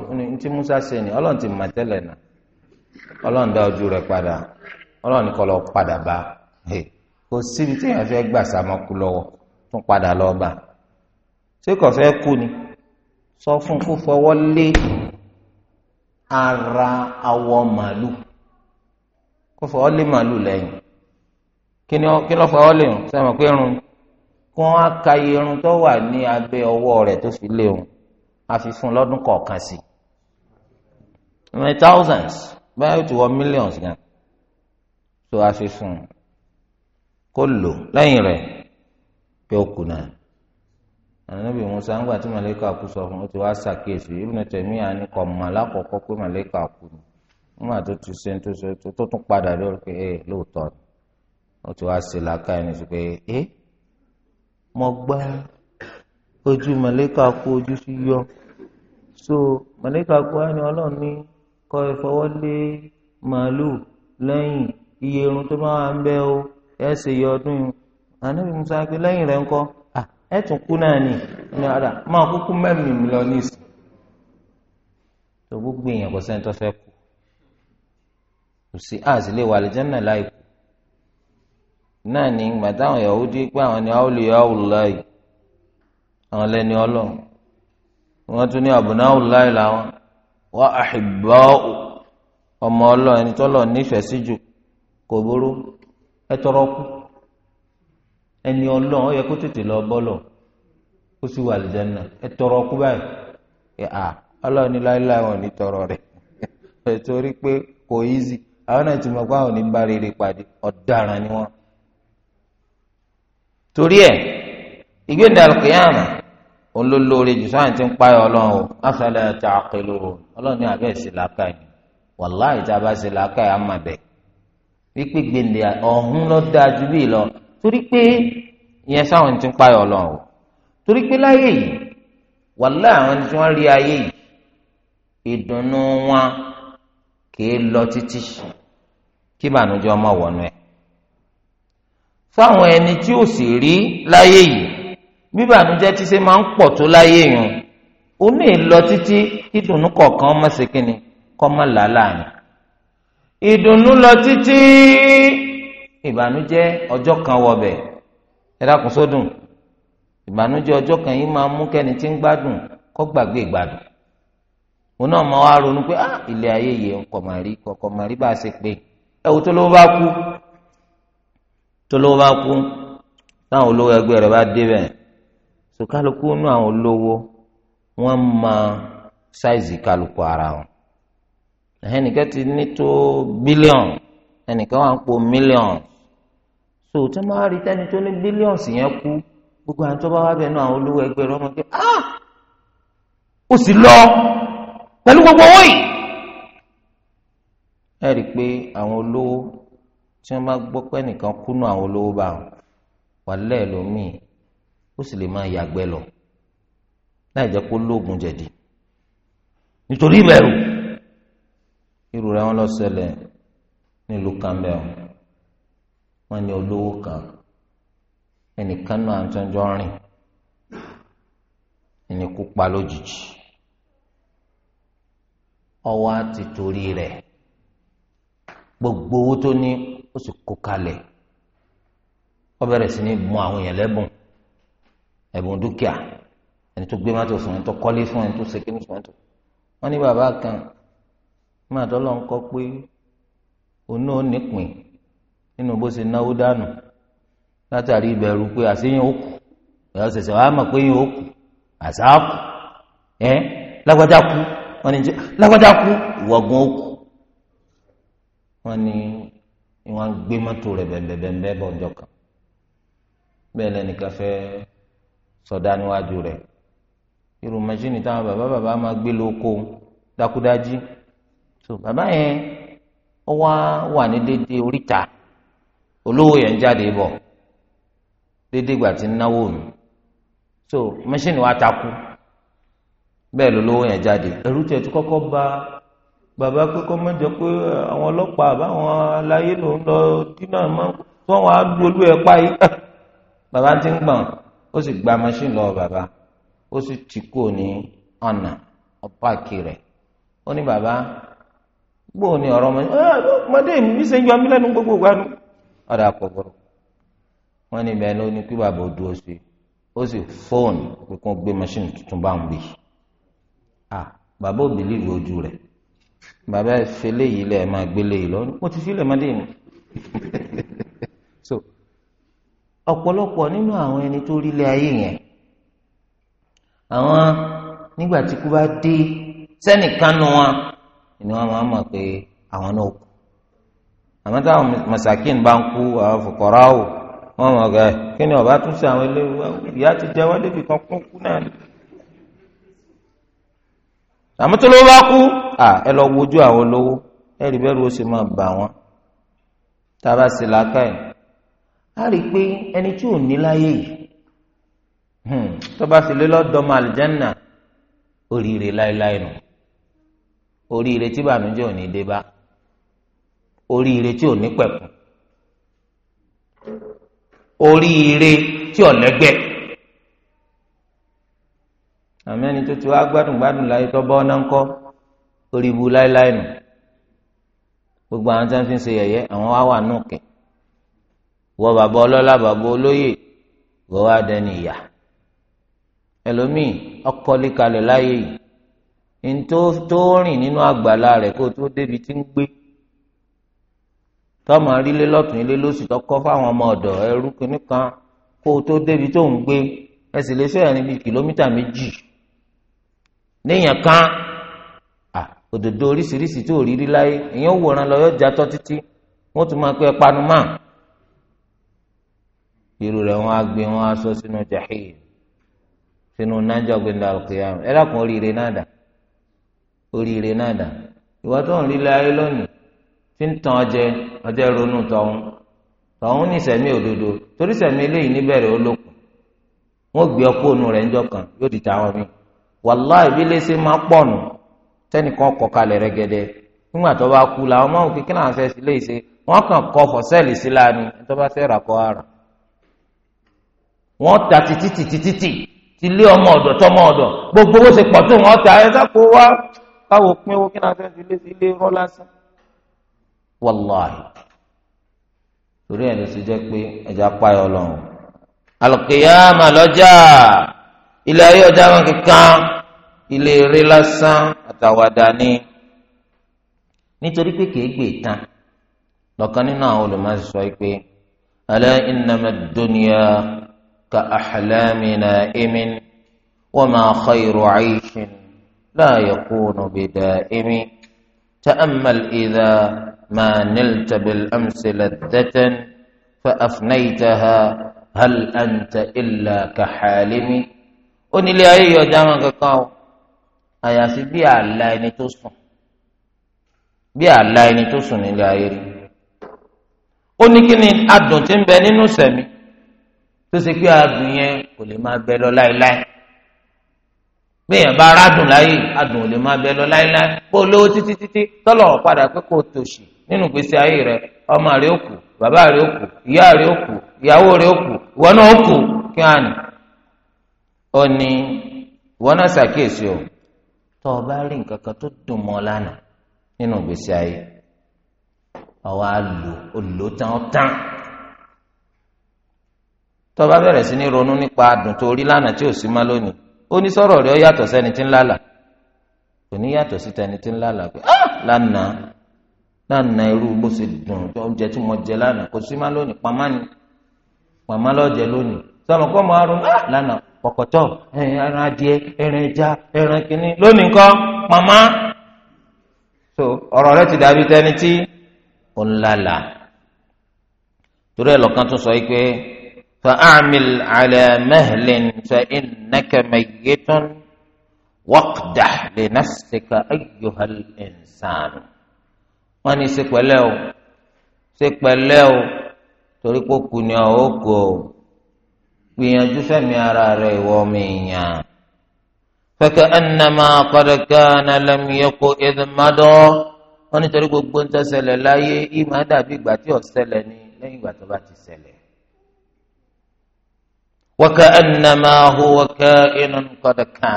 tí Musa ṣe ni ọlọ́run ti mà tẹ́lẹ̀ náà rẹ dá ojú padà ọlọ́run kọ́ lọ padà bá kò síbi tí èèyàn gbà tún padà lọ bá kò kú ni sọ fún kó lé ara awọ kó lé kí ni kí ló kó wọn á ka irun tó wà ní abẹ́ ọwọ́ rẹ̀ tó fi léwu a fi fún lọ́dún kọ̀ọ̀kan sí i thousands báyìí ó ti millions gan tó a fi fún un kó lò lẹ́yìn rẹ̀ pé ó kù náà ànábì musa ńgbà tí màlẹ́kà kú sọ fún un ó ti wá ṣàkíyèsí Ibn Taymiyyah ní kò mọ̀ lákọ̀ọ́kọ́ pé màlẹ́kà kú ni nígbà tó ti ṣe tó tún padà lórí pé ẹ eh, lóòótọ́ ó ti wá ṣe làákà ẹni sí pé ẹ eh, mo gbá ojú mọ̀lẹ́kà kú ojú sí yọ so mọ̀lẹ́kà kú ẹni ọlọ́run ní kọ́ ẹ fọwọ́ lé màálù lẹ́yìn iye irun tó bá wà ń bẹ́ o ẹ ṣe yọ ọdún yìí ànábì musa pé lẹ́yìn rẹ̀ ń kọ́ ẹ tún kú náà ni ní ọ̀dà máa kúkú mẹ́mì mi lọ ní ìsìn tó gbogbo èèyàn kò sẹ́ni tó fẹ́ kú kò sí àzìlẹ̀ wà lẹ́jẹ̀ náà náà ní ìgbà táwọn Yahudi pé àwọn ni awliya Allahi àwọn lẹ́ni Ọlọ́run wọ́n tún ní abnaa Allahi làwọn wa ahibba'u ọmọ Ọlọ́run ẹni tọ́lọ̀ nífẹ̀ẹ́ sí jù kò burú ẹ tọrọ kú ẹni Ọlọ́run ó yẹ kó tọrọ kú báyìí ẹ à [laughs] pé kò àwọn náà ti torí ẹ ìgbéǹde alùkìyàmà olólórí jù sáà ti ń payọ Ọlọ́run o afẹlẹ ta o Ọlọ́run ní abẹ ìsìn làákàyè wàláì tá a bá ṣe làákàyè bẹ wípé gbèǹde ọ̀hún lọ dáa ju bíi lọ torí pé ìyẹn sáwọn ti ń payọ Ọlọ́run o torí pé láyé yìí wàláì àwọn rí ayé yìí ìdùnnú wọn kì í lọ títí kí ọmọ wọnú fáwọn ẹni tí ò sì rí láyé yìí bíbànújẹ́ tí ṣe máa ń pọ̀ tó láyé yìí ó ní lọ títí ìdùnnú kọ̀ọ̀kan má ṣe kínni kọ́ má làálàá ìdùnnú lọ títí ìbànújẹ́ ọjọ́ kan wọbẹ̀ ẹ dákun sódùn ìbànújẹ́ ọjọ́ kan yìí máa mú kẹ́ni tí ń gbádùn kó gbàgbé ìgbádùn òun náà máa wá ronú pé ah ilé ayé yìí ọkọ màrí ọkọ màrí bá a ṣe pé ẹwù tó ló bá kú tó lówó bá kú táwọn olówó ẹgbẹ́ rẹ̀ bá débẹ̀ so kálukú nú àwọn olówó wọ́n máa ṣáìzì kálukú ara wọn ẹnìkan ti ní tó bílíọ̀nù ẹnìkan wà ń po mílíọ̀nù so tí wọ́n máa rí tẹ́ni tó ní bílíọ̀nù sì yẹn kú gbogbo àwọn tó bá wá bẹ̀ nú àwọn olówó ẹgbẹ́ rẹ̀ wọ́n kí ah ó sì lọ pẹ̀lú gbogbo owó yìí ẹ rí i pé àwọn olówó tí wọ́n bá gbọ́ pé nìkan kúnú àwọn olówó bá wọn wà lẹ́ẹ̀lómìn ó sì lè máa yàgbẹ́ lọ láì jẹ́ kó lóògùn jẹ̀dí nítorí ìbẹ̀rù irú rẹ̀ wọ́n lọ ṣẹlẹ̀ nílùú kambẹ́ọ̀ wọ́n ní olówó kan ẹnìkan náà ń jọ rìn ẹni kú pa lójijì ọwọ́ á ti torí rẹ̀ gbogbo owó tó ní ó sì kó kalẹ̀ ó bẹ̀rẹ̀ sí ní mọ àwọn èèyàn lẹ́bùn ẹ̀bùn dúkìá ẹni tó gbé mọ́tò fún ẹni tó kọ́lé fún ẹni tó ṣe kíní fún ẹni tó wọ́n ní bàbá kan máa tọ́lọ́ ń kọ́ pé òun náà nípìn nínú bó ṣe náwó dànù látàrí ìbẹ̀rù pé àṣeyàn ó kù ẹ̀yọ́ ṣẹ̀ṣẹ̀ wàá mọ̀ pé yóò kù àṣà kù ẹ́ lágbájá kú wọ́n ní lágbájá kú ìwọ̀gùn ó kù wọ́n ní ni wọ́n gbé mọ́tò rẹ̀ bẹ̀m̀bẹ̀m̀bẹ̀ bọ̀ ọjọ́ kan bẹ́ẹ̀ lẹ́nìkan fẹ́ sọ̀dá níwájú rẹ̀ irú mẹ́ṣíìnì táwọn bàbá bàbá máa gbé lóko dákúdájí so bàbá yẹn ó wá wà ní déédéé oríta olówó yẹn jáde bọ̀ déédéé gbà tí ń náwó mi so mẹ́ṣíìnì wa takú bẹ́ẹ̀ lolówó yẹn jáde ẹ̀rù tiẹ̀ tó kọ́kọ́ bá bàbá pé kọ́ mọ́jọ pé eh, àwọn ọlọ́pàá àbáwọn aláyé ló ń lọ dínà mọ́ tí wọ́n wàá lu olú ẹ̀ páyì [laughs] bàbá ti ń gbọ̀n ó sì gba machine lọ bàbá ó sì tì kú ní ọ̀nà ọ̀páàkì rẹ̀ ó ní bàbá gbóò ní ọ̀rọ̀ ah, ọmọdé mi ṣe ń yọ mí lẹ́nu gbogbo ìgbà nu ọ̀dà kọ̀ọ̀bọ̀rọ̀ wọ́n ní bẹ́ẹ̀ ló ní kí bàbá ó dúró sí ó sì fóònù pé kó gbé machine tuntun bá ń bì à ah, bàbá òbí lè lójú rẹ̀ bàbá ìfẹ́ léyìí lẹ máa gbé léyìí lọ mo ti sílẹ̀ máa dé mi so ọ̀pọ̀lọpọ̀ nínú àwọn ẹni tó rí ilé ayé yẹn àwọn nígbà tí kú bá dé sẹ́nìkan nu wọn ni wọn máa mọ̀ pé àwọn náà kú àmọ́ táwọn masakin bá ń kú àwọn fòkọ̀rọ̀ àwò wọn mọ̀ gẹ́ kí ni ọba tún ṣe àwọn eléwu ìyá ti jẹ́ wọ́n débi kan kún kú náà àmọ́ tó ló bá kú ẹ lọ wojú àwọn olówó ẹ rí bẹ́ẹ̀ ló ṣe máa bà wọ́n tá a bá ṣe làákàyè á rí i pé ẹni tí ò ní láyé yìí hmm, tó bá fi lé lọ́dọ̀ọ́mọ àlìjánà oríire láéláé nù oríire tí bànújẹ́ ò ní dé bá oríire tí ò ní pẹ̀kun oríire tí ò lẹ́gbẹ́ àmì ẹni tó ti wá gbádùn gbádùn láyé tó bọ́ náà ń kọ́ orí ibu láéláé nù gbogbo àwọn tí wọ́n fi ń ṣe yẹ̀yẹ́ àwọn wá wà nù kẹ̀ wọ bàbá ọlọ́lá bàbá olóyè wọ́n wá dẹni ìyà ẹlòmíì ọkọlé kalẹ̀ láyé yìí ntó tó rìn nínú àgbàlá rẹ̀ kó tó débi tí ń gbé tọmọ rílé lọ́tùn ilé lóṣù tó kọ́ fáwọn ọmọ ọ̀dọ̀ ẹrú kìnnìkan kó tó débi tó ń gbé ẹ lè fẹ́ẹ̀ níbi kìlómítà méjì léèyàn kan òdòdó oríṣiríṣi tó rí rí láyé èèyàn wòran lọ yọ jatọ títí wọ́n tún máa pẹ́ panu mọ́ irú rẹ̀ á gbé wọ́n á sọ sínú jahil sínú nájà gbẹ̀ndà al ẹ dákun oríire náà dà oríire náà dà ìwà tó ń rí láyé lónìí fi ń tan ọjẹ ọjẹ ronú tọhún tọhún ní òdodo torí eléyìí níbẹ̀rẹ̀ olókùn wọ́n gbé yóò di tàwọn wàláì bí léṣe máa nù tẹ́nìkan kọ̀ kalẹ̀ rẹ́gẹ́dẹ́ nígbà tó bá kú làwọn máa ń kí kíláà fẹ́ sí ise. wọ́n kàn kọ fọ̀sẹ́ẹ̀lì sí ní tó bá fẹ́ rà kọ́ ara wọ́n ta títí títí títí ti lé ọmọ ọ̀dọ̀ tọmọ ọ̀dọ̀ gbogbo owó ṣe pọ̀ tó wọ́n ta wá báwo pín owó kíláà fẹ́ ilé lásán wàláì torí ẹ̀ ló ṣe jẹ́ pé ẹja páyọ̀ ilé ayé ọjà wọn ilé eré lásán àtàwàdà ni nítorí pé kìí gbé tán lọ́kàn nínú àwọn olùmọ̀ọ́sí sọ pé alẹ́ ìnàmẹ́ dunya ka na ẹ̀mí ahlami na'imin wa ma khayru 'ayshin la yakunu bida'imin ta'ammal idha ma nilta bil amsi laddatan fa afnaytaha hal anta illa ka halimi onílé ayé yọjá wọn kankan o. àyàfi bí ala ẹni tó sùn bí ẹni tó sùn nílé ayé ó ní kí ni adùn tí ń bẹ nínú sẹ̀mí tó ṣe pé adùn yẹn kò lè máa bẹ lọ láéláé bá rádùn láyé adùn ò lè máa bẹ lọ láéláé kó lówó títí títí tọ́lọ̀ padà pé kó tòṣì nínú ayé rẹ ọmọ rẹ ó kù bàbá rẹ ó kù ìyá rẹ ó kù ìyàwó rẹ ó kù ìwọ náà ó kù kí á nì. ìwọ o. tó o bá rí nǹkan kan tó dùn mọ́ lánàá nínú ìgbésí ayé ọwọ́ á lò ó lò tán ó tán tó o bá bẹ̀rẹ̀ sí ní ronú nípa àdùn tó rí lánàá tí ò sí má lónìí ó ní sọ̀rọ̀ rẹ̀ ó yàtọ̀ sẹ́ni tí ń lálà kò ní yàtọ̀ sí tẹni tí ń lálà pé ah, lánàá lánàá irú bó ṣe dùn oúnjẹ tí mo jẹ lánàá kò sí má lónìí pamá ni pamá lọ́jẹ lónìí sọ̀rọ̀ kọ́ mọ́ àrùn lánàá kọ̀kọ̀tọ̀ ẹran adìẹ ẹran ẹja ẹran kìíní lónìí nǹkan màmá so ọ̀rọ̀ rẹ ti dàbí tẹni tí ó ń lálà torí ẹ̀ lọ́kàn tún sọ yìí pé fa'amil ala mahlin fa innaka mayyitun waqdah li nafsika ayyuhal insan wọ́n ní ṣe o ṣe o torí pé kùnìyàn ó kò o. gbìyànjú fẹmi ara rẹ ìwọ ọmọ èèyàn fẹkẹ ẹnàmà kọdẹkẹ nàlẹmìyẹkọ ẹdùnmádọ wọn nítorí gbogbo ń tẹsẹlẹ láyé ìmọ̀ dàbí ìgbà tí ó ṣẹlẹ̀ ni lẹ́yìn ìgbà tó bá ti ṣẹlẹ̀. wọ́kẹ́ ẹnàmà hó wọ́kẹ́ inú kọdẹkẹ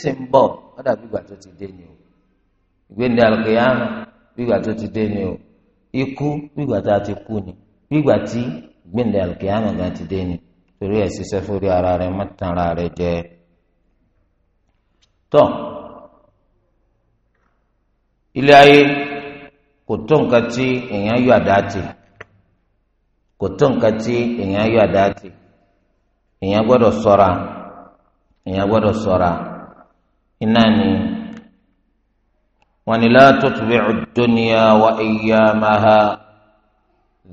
sì ń bọ̀ wọ́n ìgbà tó ti dé ni o ìgbéǹde àlùkìyàmù ìgbà tó ti dé ni o ikú ìgbà ti kú ni ìgbà tí torí e ṣiṣẹ́ ara rẹ má rẹ jẹ tọ ilé ayé kò tó nǹkan tí èèyàn yọ àdáàtì kò tó nǹkan tí èèyàn yọ àdáàtì èèyàn ni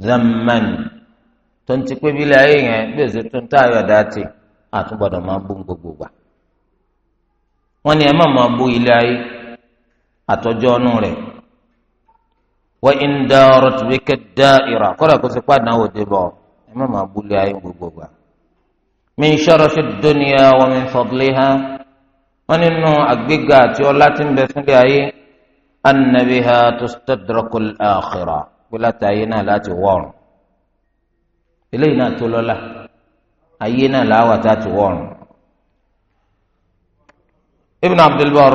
wọn ni tó ń ti pé bílẹ̀ ayé yẹn bí èsì tó ń tá ayọ̀ dá ti àtúgbọ̀dọ̀ máa bú gbogbo gbà wọ́n ní ẹ má máa bú ilé ayé àtọ́jọ́ ọ̀nù rẹ̀ wọ́n ń da ọ̀rọ̀ tó fi kẹ́ ìrà kọ́ra kó sì pàdánù òde bọ̀ ẹ má máa bú ilé ayé gbogbo gbà. min sharafi dunya wa min fadliha wọ́n nínú àgbéga àti ọlá tí ń bẹ fúnlẹ̀ ayé annabiha tustadrakul akhirah pé látàyé náà láti wọ̀rùn eléyìí náà tó lọ́la ayé náà làwọn àtàtù wọ̀rùn. ibn abdulbar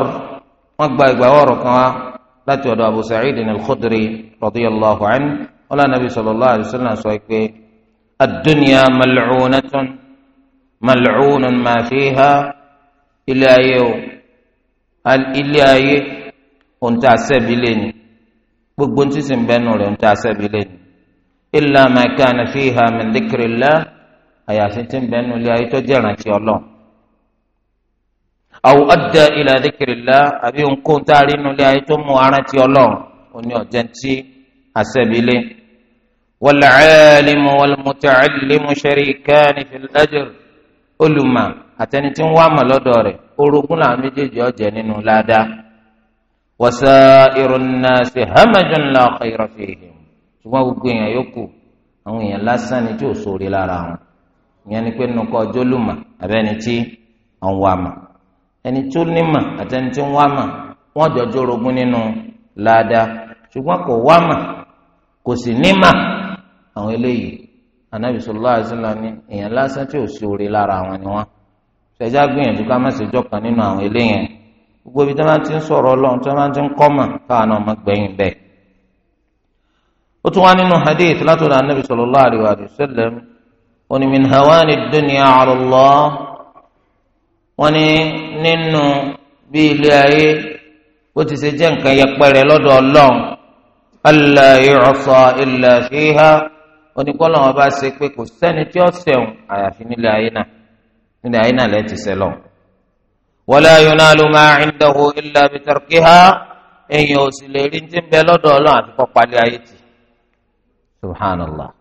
wọn gba ìgbà ọ̀rọ̀ kan wá láti ọ̀dọ̀ abu sa'id al-khudri radiyallahu anhu wọn lànà bí sallallahu alayhi wa sallam sọ pé ad-dunya mal'unatun mal'unun ma fiha ilé ayé o ilé ayé ohun tí a sẹ́bi lé gbogbo ohun tí sì ń bẹ́nu rẹ̀ ohun tí sẹ́bi lé إلا ما كان فيها من ذكر الله أي أسنتم بأنه لا يتجرنا في الله أو أدى إلى ذكر الله أبي أنكون تارين لا يتم وأنا في الله ونيو جنتي أسبيلي والعالم والمتعلم شريكان في الأجر ألما أتنتم وما لدوري أرغم لا مجيجي أجنين لا دا وسائر الناس همج لا خير فيهم ṣùgbọ́n gbogbo èèyàn yòókù àwọn èèyàn lásán ni tí ò sóore lára wọn ìyẹn ni pé nukọ jólùmọ̀ àbẹ́ni tí ń wá mà ẹni tó nima àtẹni tí ń mà wọ́n jọ jórogún nínú ládàá ṣùgbọ́n kò wá mà kò sì nímọ̀ àwọn eléyìí anabi sallallahu ni èèyàn lásán tí ò sóore lára wọn ni wọn ṣẹjá gbìyànjú ká má ó tún wá nínú hadith látọ̀dọ̀ anabi sallallahu alayhi wa sallam ó ní min hawani dunya ala Allah wọ́n ní nínú bí ilé ayé bó ti ṣe jẹ́ nǹkan yẹpẹrẹ lọ́dọ̀ Ọlọ́run alla yu'sa illa fiha wọ́n ní kọ́lọ́n ọba ṣe pé kò sẹ́ni tí ó sẹ̀wọ̀n àyàfi nílé ayé náà nílé ayé náà lẹ́ẹ̀ ti sẹ́lọ̀ wala yunalu ma indahu illa bitarkiha èèyàn ò sì lè rí ti ń bẹ lọ́dọ̀ Ọlọ́run àti kọ́pálí ayé tì subhanallah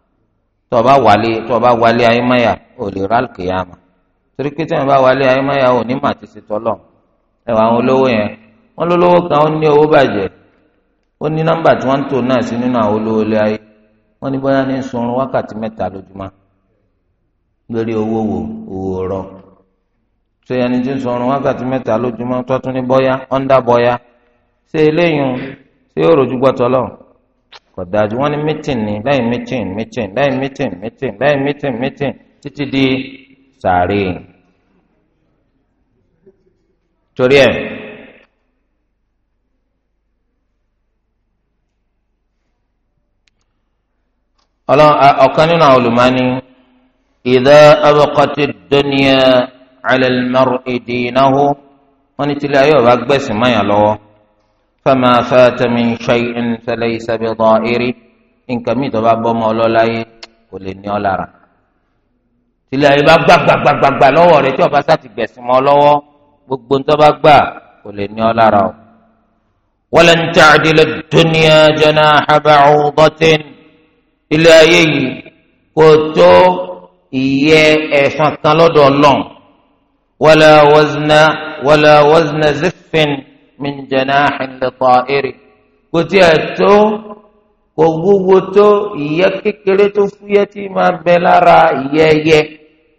tó o bá wálé tó o bá wálé ayémáyà ò lè ra kìyàmà torí pé tí wọn bá wálé ò ní tọlọ ẹwà àwọn yẹn wọn kan ó ní owó bàjẹ ó ní nọ́mbà tí wọn ń tò náà sí nínú àwọn olówó ilé wọn ní bóyá ní sunrun wákàtí mẹta lórí owó wo owó rọ wákàtí mẹta tó tún ní bóyá bóyá eléyìí kọ̀dájú wọ́n ní mítìn ní lẹ́yìn mítìn mítìn lẹ́yìn mítìn mítìn lẹ́yìn mítìn mítìn títí di sàárè. torí ẹ̀ ọ̀kan nínú àwọn olùmọ́ni ìdá abọ́kọ́tì dọ́níyà alẹ́ mọ́rọ̀ èdè náà wọ́n ní tílé ayé ọ̀bá gbẹ̀sìn máyà lọ́wọ́ fama fata min shay'in falaysa bi dha'iri nǹkan mi tó bá bọ́ ọmọ ọlọ́lá yìí kò lè ní ọ lára tilẹ̀ yìí bá gbà gbàgbàgbà lọ́wọ́ rẹ̀ tí ọba sá ti gbẹ̀sìn mọ́ lọ́wọ́ gbogbo ń tó bá gbà kò lè ní ọ lára o. walan ta'dila dunya janaha ba'udatin ilé ayé yìí kò tó ìyẹ́ ẹ̀fọn kan lọ́dọ̀ ọlọ́run wala wazna wala wazna ziffin min janahin li ta'iri kò tí ẹ tó kò wúwo tó ìyẹ́ kékeré tó fúyẹ́ tí máa bẹ lára ìyẹ́yẹ́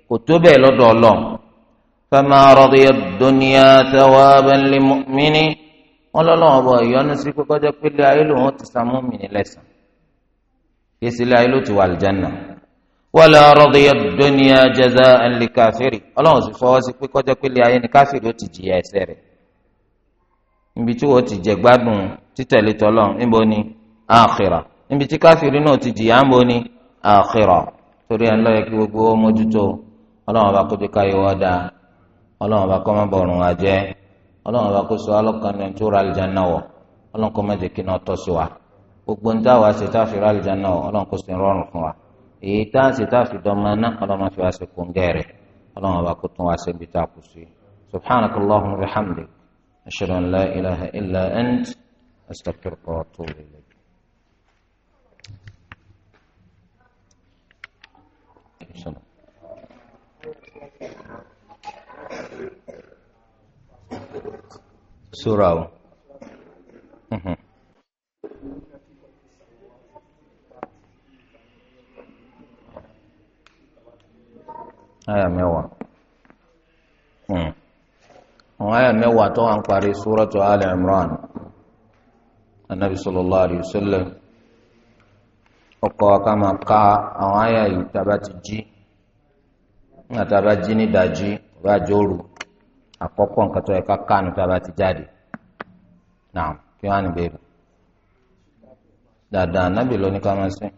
kò tó bẹ́ẹ̀ lọ́dọ̀ Ọlọ́run fama radiya ad-dunya thawaban lil mu'mini wọn lọ́lọ́run ọbọ ìyọnu sí pé kọjá pélé ayé lòun ti sàmú mi ní lẹ́sàn kí sílé ti wà lìjánà wala radiya ad-dunya jaza'an li kafiri Ọlọ́run sì fọwọ́ sí pé kọjá ayé ni káfíìrì ó ti jìyà ẹ̀ṣẹ̀ rẹ̀ níbi tí wọ́n ti jẹ gbádùn títẹ̀lé tọ́lọ̀ níbo ni àkìrà níbi tí káfíìrì náà ti jìyà níbo ni àkìrà torí ẹ̀ ń lọ́yẹ̀ kí gbogbo ó mójútó ọlọ́run ọba kó ti káyọ̀ wá dáa ọlọ́run ọba kó má bọ̀rùn wá jẹ́ ọlọ́run ọba kó sọ alọ́kan ní tó ra àlìjáná wọ̀ ọlọ́run kó má jẹ́ kí náà tọ́ sí wa gbogbo ń dá wa ṣe tá a fi ọlọ́run kó sì rọrùn fún wa èyí tá a ṣe tá a fi ọlọ́run fi wá sí kóńgẹ́rẹ́ ọlọ́run ọba kó tún wá sí ibi tá a kù sí subhanakallahumma wa bihamdik أشهد أن لا إله إلا أنت أستغفرك وأتوب إليك السلام surau. Ayah àwọn àyà mẹ́wàá tó wà ń parí suratu Ali Imran anabi sallallahu alayhi wa sallam ká ka àwọn àyà yìí tàbá ti jí nígbà tàbá jí ní ọba àjọrò àkọ́kọ́ nǹkan tó yẹ ká tàbá ti jáde náà kí wọ́n á níbẹ̀ rẹ̀ anabi ní ká máa sìn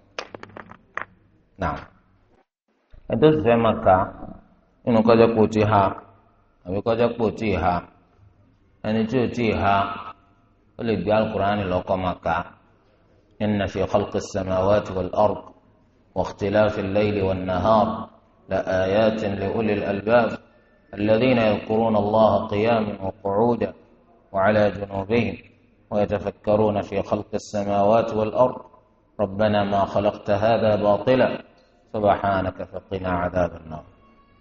náà ha. àbí kọjá pò tí ì ha ẹni tí ò tí ì ha ó lè gbé alukurani lọ́kọ́ máa kà ẹn na fi khalqi samawati wal ard wa ikhtilafi al-layli wan nahar la ayatin li ulil albab alladhina yadhkuruna allaha qiyaman wa qu'udan wa ala junubihim wa yatafakkaruna fi khalqi samawati wal ard ربنا ما خلقت هذا باطلا سبحانك فقنا عذاب النار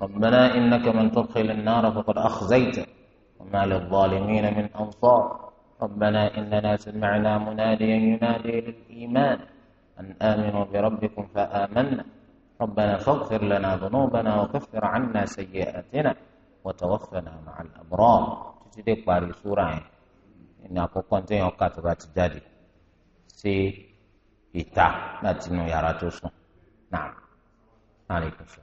ربنا إنك من تدخل النار فقد أخزيت وما للظالمين من أنصار ربنا إننا سمعنا مناديا ينادي للإيمان أن آمنوا بربكم فآمنا ربنا فاغفر لنا ذنوبنا وكفر عنا سيئاتنا وتوفنا مع الأبرار تجدك باري سورة إن أقوكم تنين وكاتبات الدادي سي إتا لا تنو يا راتوسو نعم عليكم السلام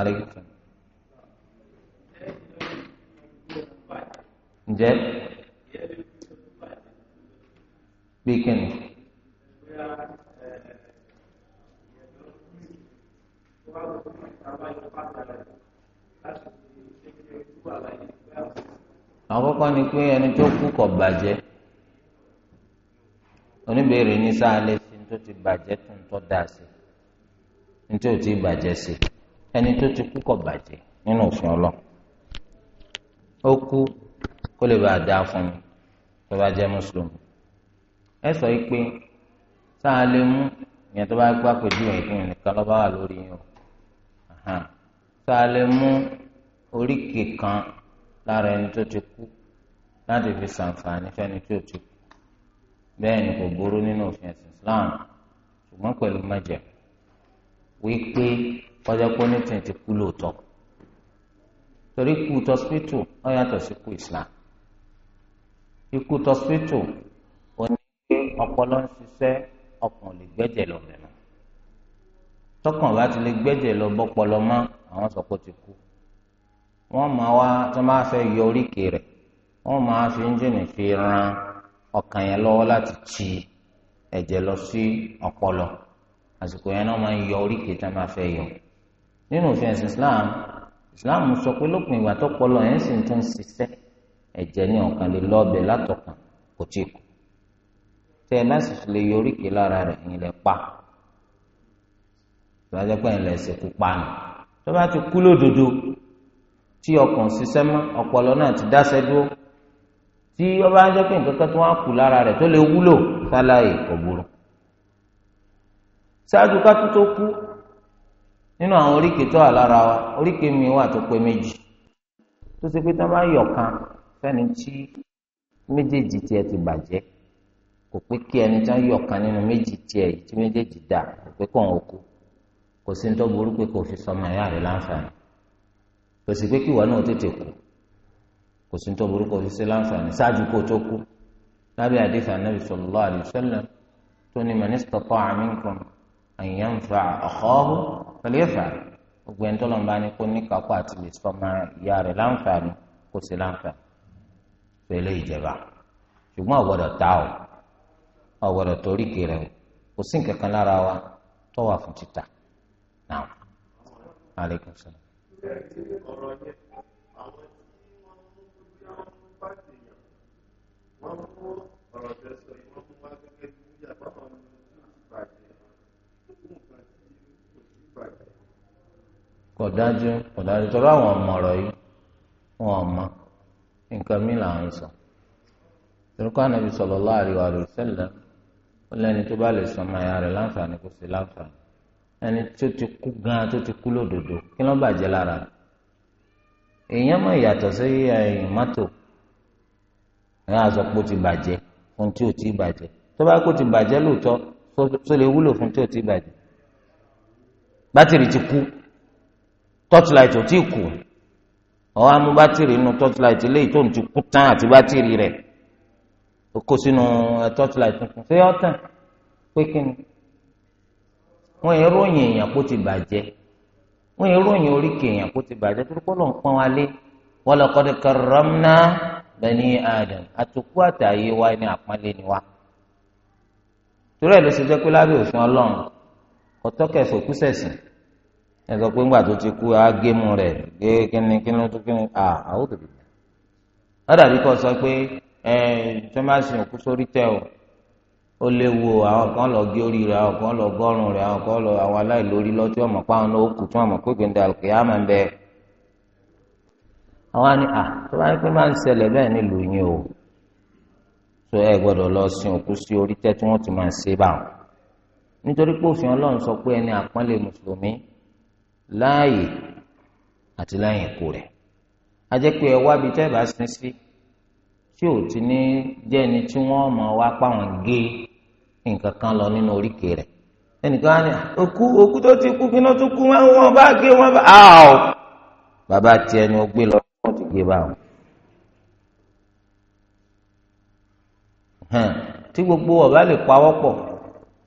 aleykum salaam. ǹjẹ́ bí kíni. àkọ́kọ́ ni pé ẹni tó kú kò bàjẹ́ oníbèrè ní sáà lè ṣe ní tó ti bàjẹ́ tó ń tọ́ da sí ní tó ti bàjẹ́ sí i. ẹni tó ti kú kò bàjẹ́ nínú òfin ọlọ́ ó kú kó lè bàa dáa fún mi tó bá jẹ́ mùsùlùmí ẹ sọ yìí pé tá a lè mú ìyẹn tó kan lára ẹni tó ti kú láti fi ṣàǹfààní fẹ́ni tó ti kú bẹ́ẹ̀ ni kò burú nínú òfin ẹ̀sìn kọjá pé onítìyìn ti kú lóòótọ́ torí kú tọ́sítù ó yàtọ̀ sí kú Islam ikú tọ́sítù ó ní pé ọpọlọ ń ṣiṣẹ́ ọkàn lè gbẹ́jẹ̀ lọ mẹ́rin tọkàn bá ti lè gbẹ́jẹ̀ lọ bọ́pọlọ mọ́ àwọn sọ pé ó ti kú wọ́n máa wá tó máa fẹ́ yọ oríkèé rẹ̀ wọ́n máa fi ẹ́ńjìnì fi ran ọkàn yẹn lọ́wọ́ láti tì ẹ̀jẹ̀ lọ sí ọpọlọ àsìkò yẹn náà máa ń yọ oríkèé tá máa fẹ́ yọ nínú òfin ẹ̀sìn islam islam sọ pé lópin ìgbà tó pọlọ ẹ̀ ń sì tún ṣiṣẹ́ ẹ̀jẹ̀ ní ọ̀kan lè lọ́ọ̀bẹ̀ látọ̀kan kò tí kù tẹ ẹ láti fi lè yọrí kí lára rẹ̀ ẹ̀yin lẹ pa ìbájẹ́ pé ẹ̀yin lẹ ṣekú pa ni tó bá ti kú lódodo tí ọkàn ṣiṣẹ́ mọ́ ọpọlọ náà ti dáṣẹ́ dúró tí ọba jẹ́ pé nǹkan tó wá kù lára rẹ̀ tó lè wúlò sálàyé kò ṣáájú ká tó tó kú nínú àwọn oríkèé tó wà lára wa oríkèé mi wà tó pé méjì tó ṣe pé tí wọ́n bá yọ̀ kan fẹ́ni tí méjèèjì tiẹ̀ ti bàjẹ́ kò pé kí ẹni tí wọ́n yọ̀ nínú méjì tiẹ̀ yìí tí méjèèjì dà kò pé kò ń kú kò sí ní burú pé kò fi sọmọ ẹ̀yà rẹ̀ láǹfààní kò sì pé kí ìwà náà tètè kú kò sí ní burú kò fi sí láǹfààní ṣáájú kó tó kú lábẹ́ àdéhùn anábì sallallahu alaihi tó ní man istata'a minkum فليفعل gbogbo ẹni tó lọ́n bá ní kó ní kakọ́ àti lè sọ ma ìyá rẹ̀ láǹfààní kó sí láǹfààní tó eléyìí ṣùgbọ́n ọ̀gbọ́dọ̀ ta ọ̀ ọ̀gbọ́dọ̀ torí kiri ọ̀ kò sí nǹkan lára wa tó wà kò dájú kò dájú tọ́lá àwọn ọmọ ọ̀rọ̀ yìí wọn ọmọ nǹkan mi là ń sọ tẹ̀lẹ́kọ́ ànábi sallallahu alaihi wasallam ó lẹ́ni tó bá lè sọ ọmọ ẹ̀yà rẹ̀ láǹfààní kò sí láǹfààní ẹni tó ti kú gan tó ti kú lódodo kí ló bàjẹ́ lára èèyàn mọ̀ ìyàtọ̀ sí ẹ̀yìn eh, mọ́tò ẹ̀yìn àzọpọ̀ ti bàjẹ́ fún tí ò tí bàjẹ́ tó bá kó ti bàjẹ́ lóòótọ́ tó lè wúlò fún tí ò tí bàjẹ́ bátìrì ti kú torchlight ò tí ì kù ọwọ́ amú bátìrì inú torchlight eléyìí tó ń ti kú tán àti bátìrì rẹ̀ ó kó sínú torchlight tuntun ṣé ọ́ tàn pé kí ni wọ́n yẹ ròyìn èèyàn kó ti bàjẹ́ wọ́n yẹ ròyìn oríkèé èèyàn kó ti bàjẹ́ torí kó lọ́n pọ́n wálé walaqad karramna bani adam àtòkú àtàyè wa ni àpọ́nlé ni wa torí ẹ̀ ló ṣe jẹ́ pé lábẹ́ òfin ọlọ́run kò fòkúsẹ̀sìn ẹ sọ pé ńgbà tó ti kú á gémù rẹ̀ gé kíni kíni tó kíni à àwọn òbí lọ́dà bí kò sọ pé ẹ tó má sìn òkú sórí tẹ o ó léwu o àwọn kan lọ gé orí rẹ̀ àwọn kan lọ gọrùn rẹ̀ àwọn kan lọ àwọn aláìlórí lọtí ọmọ páwọn náà ó kù tún ọmọ pé gbẹndé àlùkìyàmà ń bẹ àwọn ni à tó bá ní pé máa ń ṣẹlẹ̀ bẹ́ẹ̀ nílùú yín o tó ẹ gbọ́dọ̀ lọ sin òkú sí orí tẹ́ tí wọ́n ti máa ń ṣe báwọn nítorí pé òfin Ọlọ́run sọ pé ẹni àpọ́nlé mùsùlùmí láàyè àti láyè kú rẹ̀ a jẹ́ pé ẹ wá bíi tẹ́ bá sin sí tí ò ti ní jẹ́ ẹni tí wọ́n mọ̀ wá páwọn gé nǹkan kan lọ nínú oríkèé rẹ̀ ẹnìkan á ní òkú òkú tó ti kú kí náà tó kú wọn bá gé wọn bá àwọ bàbá tiẹ̀ ni ó gbé lọ wọn ti gé báwọn. tí gbogbo ọba lè pawọ́ pọ̀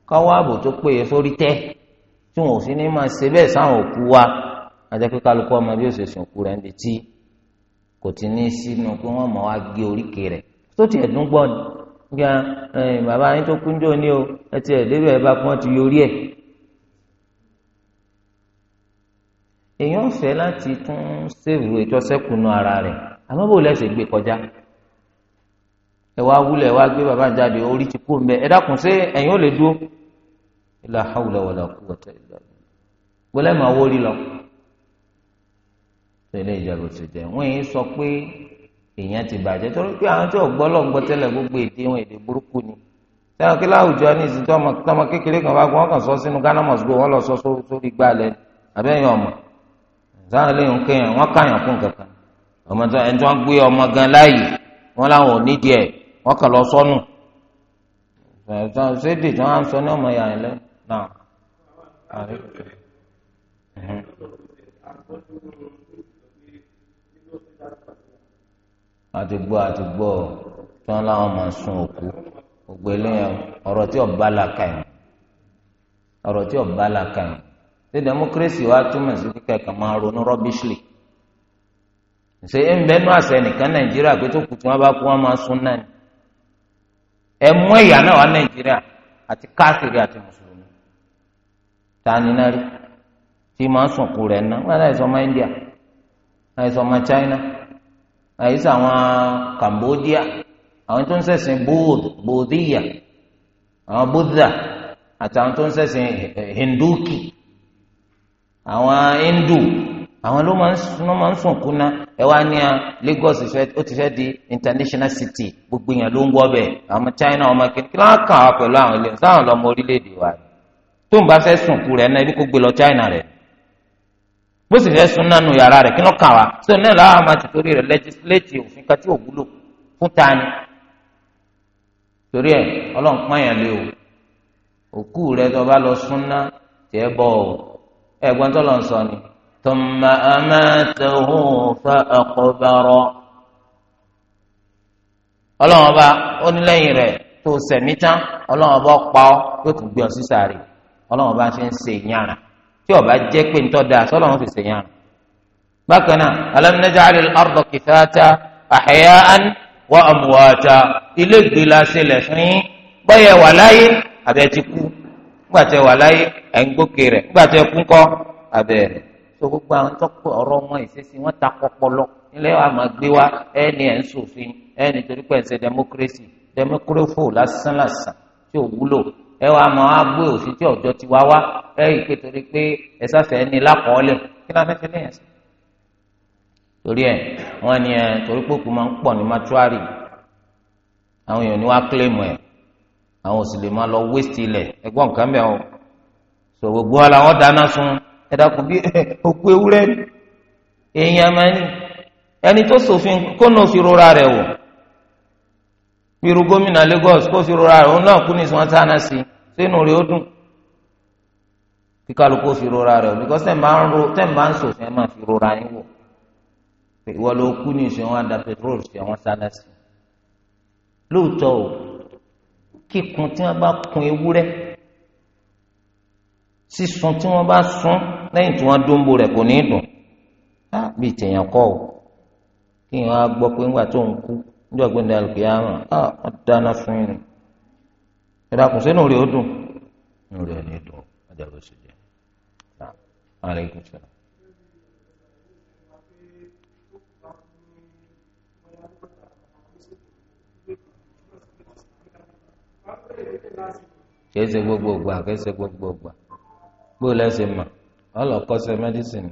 káwọ́ ààbò tó péye sórí tẹ́ tí wọn ò sí ní máa ṣe bẹ́ẹ̀ sáwọn òkú wa ajẹ́ pé kálukú ọmọ bí òṣèṣì òkú rẹ̀ ń bi tí kò ti ní sínú pé wọ́n mọ̀ wá gé oríkèé rẹ̀ tó tiẹ̀ dún gbọ́ ni gbà bàbá yín tó kúnjọ ní o ẹ tiẹ̀ lérò ẹ bá pọ́n ti yorí ẹ̀. èèyàn fẹ́ láti tún ṣèwù ètò ọ̀sẹ́kùnú ara rẹ̀ àmọ́ bò lẹ́sẹ̀ gbé kọjá ẹ wá wúlẹ̀ wá gbé bàbá jáde orí ti kú mbẹ ẹ dákun ṣé ẹ̀yin ò lè dúró ilà hawla wàlà quwwata ilà gbọ́dọ̀ máa wọ́ọ́rí lọ. tẹ̀lé ìjọba ti jẹ́ wọ́n yìí sọ pé èèyàn ti bàjẹ́ torí pé àwọn tí ò gbọ́ lọ́n gbọ́ tẹ́lẹ̀ gbogbo èdè wọn èdè burúkú ni sẹ́wọ̀n kí láwùjọ ní ìsìn tọmọ kékeré kan bá wọn kàn sọ sínú Ghana must go wọn lọ sọ sórí gbalẹ̀ abẹ́yẹn ọmọ sáwọn lẹ́yìn kẹyìn wọn káyàn fún kankan ọmọ tó ẹni tó ń gbé ọmọ gan láàyè wọn làwọn ò nídìí ẹ wọn kàn lọ sọnù ṣédè tí wọn á sọ ní ọmọ yàrá lẹ́nu نعم عليك àti gbọ́ àti gbọ́ tí wọ́n láwọn máa sun òkú ògbé lẹ́yìn ọ̀rọ̀ tí ọba làkà yìí ọ̀rọ̀ tí ọba làkà yìí ṣé democracy wa túmọ̀ sí kíkà kan máa ronú rọ́bíṣìlì ṣe ń bẹnu àṣẹ nìkan nàìjíríà pé tó kù tí wọ́n bá kú wọ́n máa sun náà ni ẹ mú ẹ̀yà náà wá nàìjíríà àti káàkiri àti tani náà rí tí màá sùnkù rẹ̀ ná wọn àìsàn ọmọ India àìsàn ọmọ China àìsàn àwọn Cambodia àwọn tó ń ṣẹ̀sìn Buddha Buddha àwọn Buddha àtàwọn tó ń ṣẹ̀sìn Hinduki àwọn Hindu àwọn ló máa ń sùnkù ná ẹ wá ní Lagos ó ti fẹ́ di international city gbogbo yẹn ló ń wọ́ bẹ̀ àwọn China ọmọ kìnnìkan kàn án pẹ̀lú àwọn ilé sáwọn lọ́mọ orílẹ̀-èdè wa ni. tó ń bá fẹ́ sùn kú rẹ̀ náà ibi kó gbé lọ China rẹ̀ bó sì fẹ́ sùn nánu yàrá rẹ̀ kí ló wá so náà làwọn àmà ti torí rẹ̀ lẹ́gísíléètì òfin kan tí ò wúlò fún tani torí ọlọ́run lé o òkú rẹ̀ tó bá lọ sùn ná tẹ́ bọ̀ ọ́ ẹ̀gbọ́n tó lọ sọ ni tọ́mà fa ọba ó ní lẹ́yìn rẹ̀ tó ọlọ́run bá ṣe ń ṣe yàrá tí ọba jẹ́ pé ntọ́ da sọlọ́run fi ṣe yàrá. bákan náà alam naj'alil arda kifata ahya'an wa amwata ilé ìgbé la ṣe lẹ̀ fún yín bọ́yẹ̀ wà láyé àbẹ̀ ti kú nígbà tẹ wà láyé ẹ̀ ń gbókè rẹ̀ nígbà tẹ kú kọ́ àbẹ̀ rẹ̀ tó gbogbo àwọn tó ọ̀rọ̀ wọn ìṣesí wọn ta kọpọlọ ilé wa máa gbé wa ẹni ẹ̀ ń ṣòfin ẹni torí pé ẹ̀ ń ṣe tí ò wúlò ẹ wàá mọ agbó òfin tí ọjọ ti wá wá ẹ ìpè torí pé ẹ sáfẹ́ ní kí náà fẹ́fẹ́ lẹ́yìn torí ẹ wọn ni ẹ torí pé máa ń ní mátúárì àwọn èèyàn ni ẹ àwọn òsì lè lọ wéṣì ilẹ ẹgbọ́n nǹkan dáná sun ẹ dákun bí [laughs] òkú irú gómìnà Lagos kó fi rora rẹ̀ òun náà kú ní ìsúná sáná sí i sínú rẹ̀ ó dùn kí kálukú fi rora rẹ̀ because tẹ̀ máa ń ro tẹ̀ máa ń sòfin ẹ̀ máa fi rora yín wò ìwọ ló kú ní ìṣẹ́ wọn á da petrol ṣe wọn sáná sí i lóòótọ́ o kíkun tí wọ́n bá kun ewúrẹ́ sísun tí wọ́n bá sun lẹ́yìn tí wọ́n dóńbò rẹ̀ kò ní dùn bíi tèèyàn kọ́ o kí wọ́n á gbọ́ pé ńgbà tó ń kú níjọ́ gbẹ̀ndẹ̀ alùpùpù ah wọ́n dáná fún yín ẹ̀dá kùn sínú rẹ̀ ó dùn inú rẹ̀ ní dùn ọjà ló ṣe jẹ́ ààrẹ ikú sọ̀rọ̀. kìí ṣe gbogbo gbà kìí ṣe gbogbo gbà gbóòlù mà ọlọ́kọ́sẹ̀ mẹ́dísìnì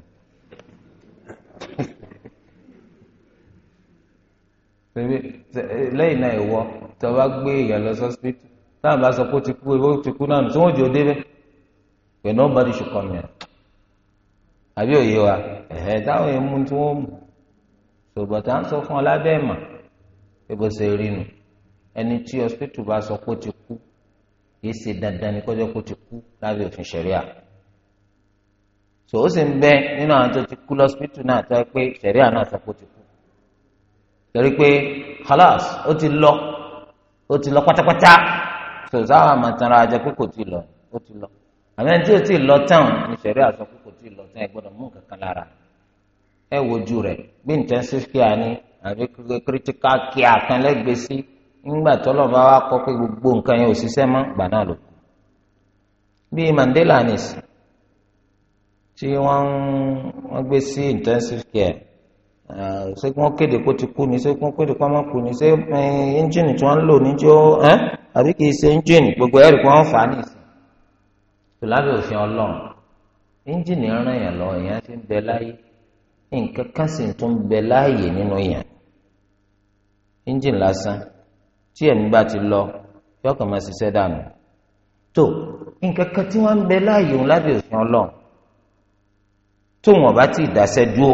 ṣebí lẹ́yìn náà ìwọ tí wọ́n bá gbé èèyàn lọ sọ́sibítù náà bá sọ pé ó ti kú ó ti kú náà tí wọ́n jò débẹ̀ pé nobody should come here àbí òye wa ẹ̀hẹ́ táwọn èèmú tí wọ́n mú ṣùgbọ́n tá à ń sọ fún ọ lábẹ́ ẹ̀mà pé bó ṣe rí ẹni tí hospital bá sọ pé ó ti kú kìí ṣe dandan ni kọjá kó ti kú lábẹ́ òfin ṣẹ̀ríà so ó sì ń bẹ nínú àwọn tó ti kú lọ́sibítù náà tó yẹ pé ṣẹ̀ríà náà sọ pé ó ti kú. torí pé khalas ó ti lọ ó ti lọ pátápátá sòsò àwọn àmàtàrà ajẹ pé kò lọ ó ti lọ àmì ẹni tí ò tí lọ tán ní sẹ̀rí àṣọ pé kò lọ tán ẹ gbọ́dọ̀ mú kankan lára ẹ wojú rẹ̀ bí intensive care ni àbí critical care kan lẹ́gbẹ̀ẹ́ sí nígbà tọ́lọ̀ bá wá kọ́ pé gbogbo nǹkan yẹn ò ṣiṣẹ́ mọ́ gbà náà lò kù bíi Mandela nìsí tí wọ́n gbé sí intensive care Eh, ṣé kí wọ́n kéde kó ti kú ni ṣé kí wọ́n kéde kó má kú ni ṣé eh, ẹ́ńjìnì tí wọ́n ń lò ní tí ó ẹ́ àbí kì í ṣe ẹ́ńjìnì gbogbo ẹ̀rì kí wọ́n fà á nìyí. tòlábẹ́ òfin ọlọ́run ẹ́ńjìnì ràn yàn lọ èèyàn ti ń bẹ láyé nǹkan kan sì tún ń bẹ láàyè nínú èèyàn ẹ́ńjìnì lásán tí ẹ̀mí bá ti lọ yọkàn máa ṣiṣẹ́ dànù tó nǹkan kan tí wọ́n ń bẹ láàyè òun lábẹ́ òfin ọlọ́run tó wọn bá ti dáṣẹ́ dúró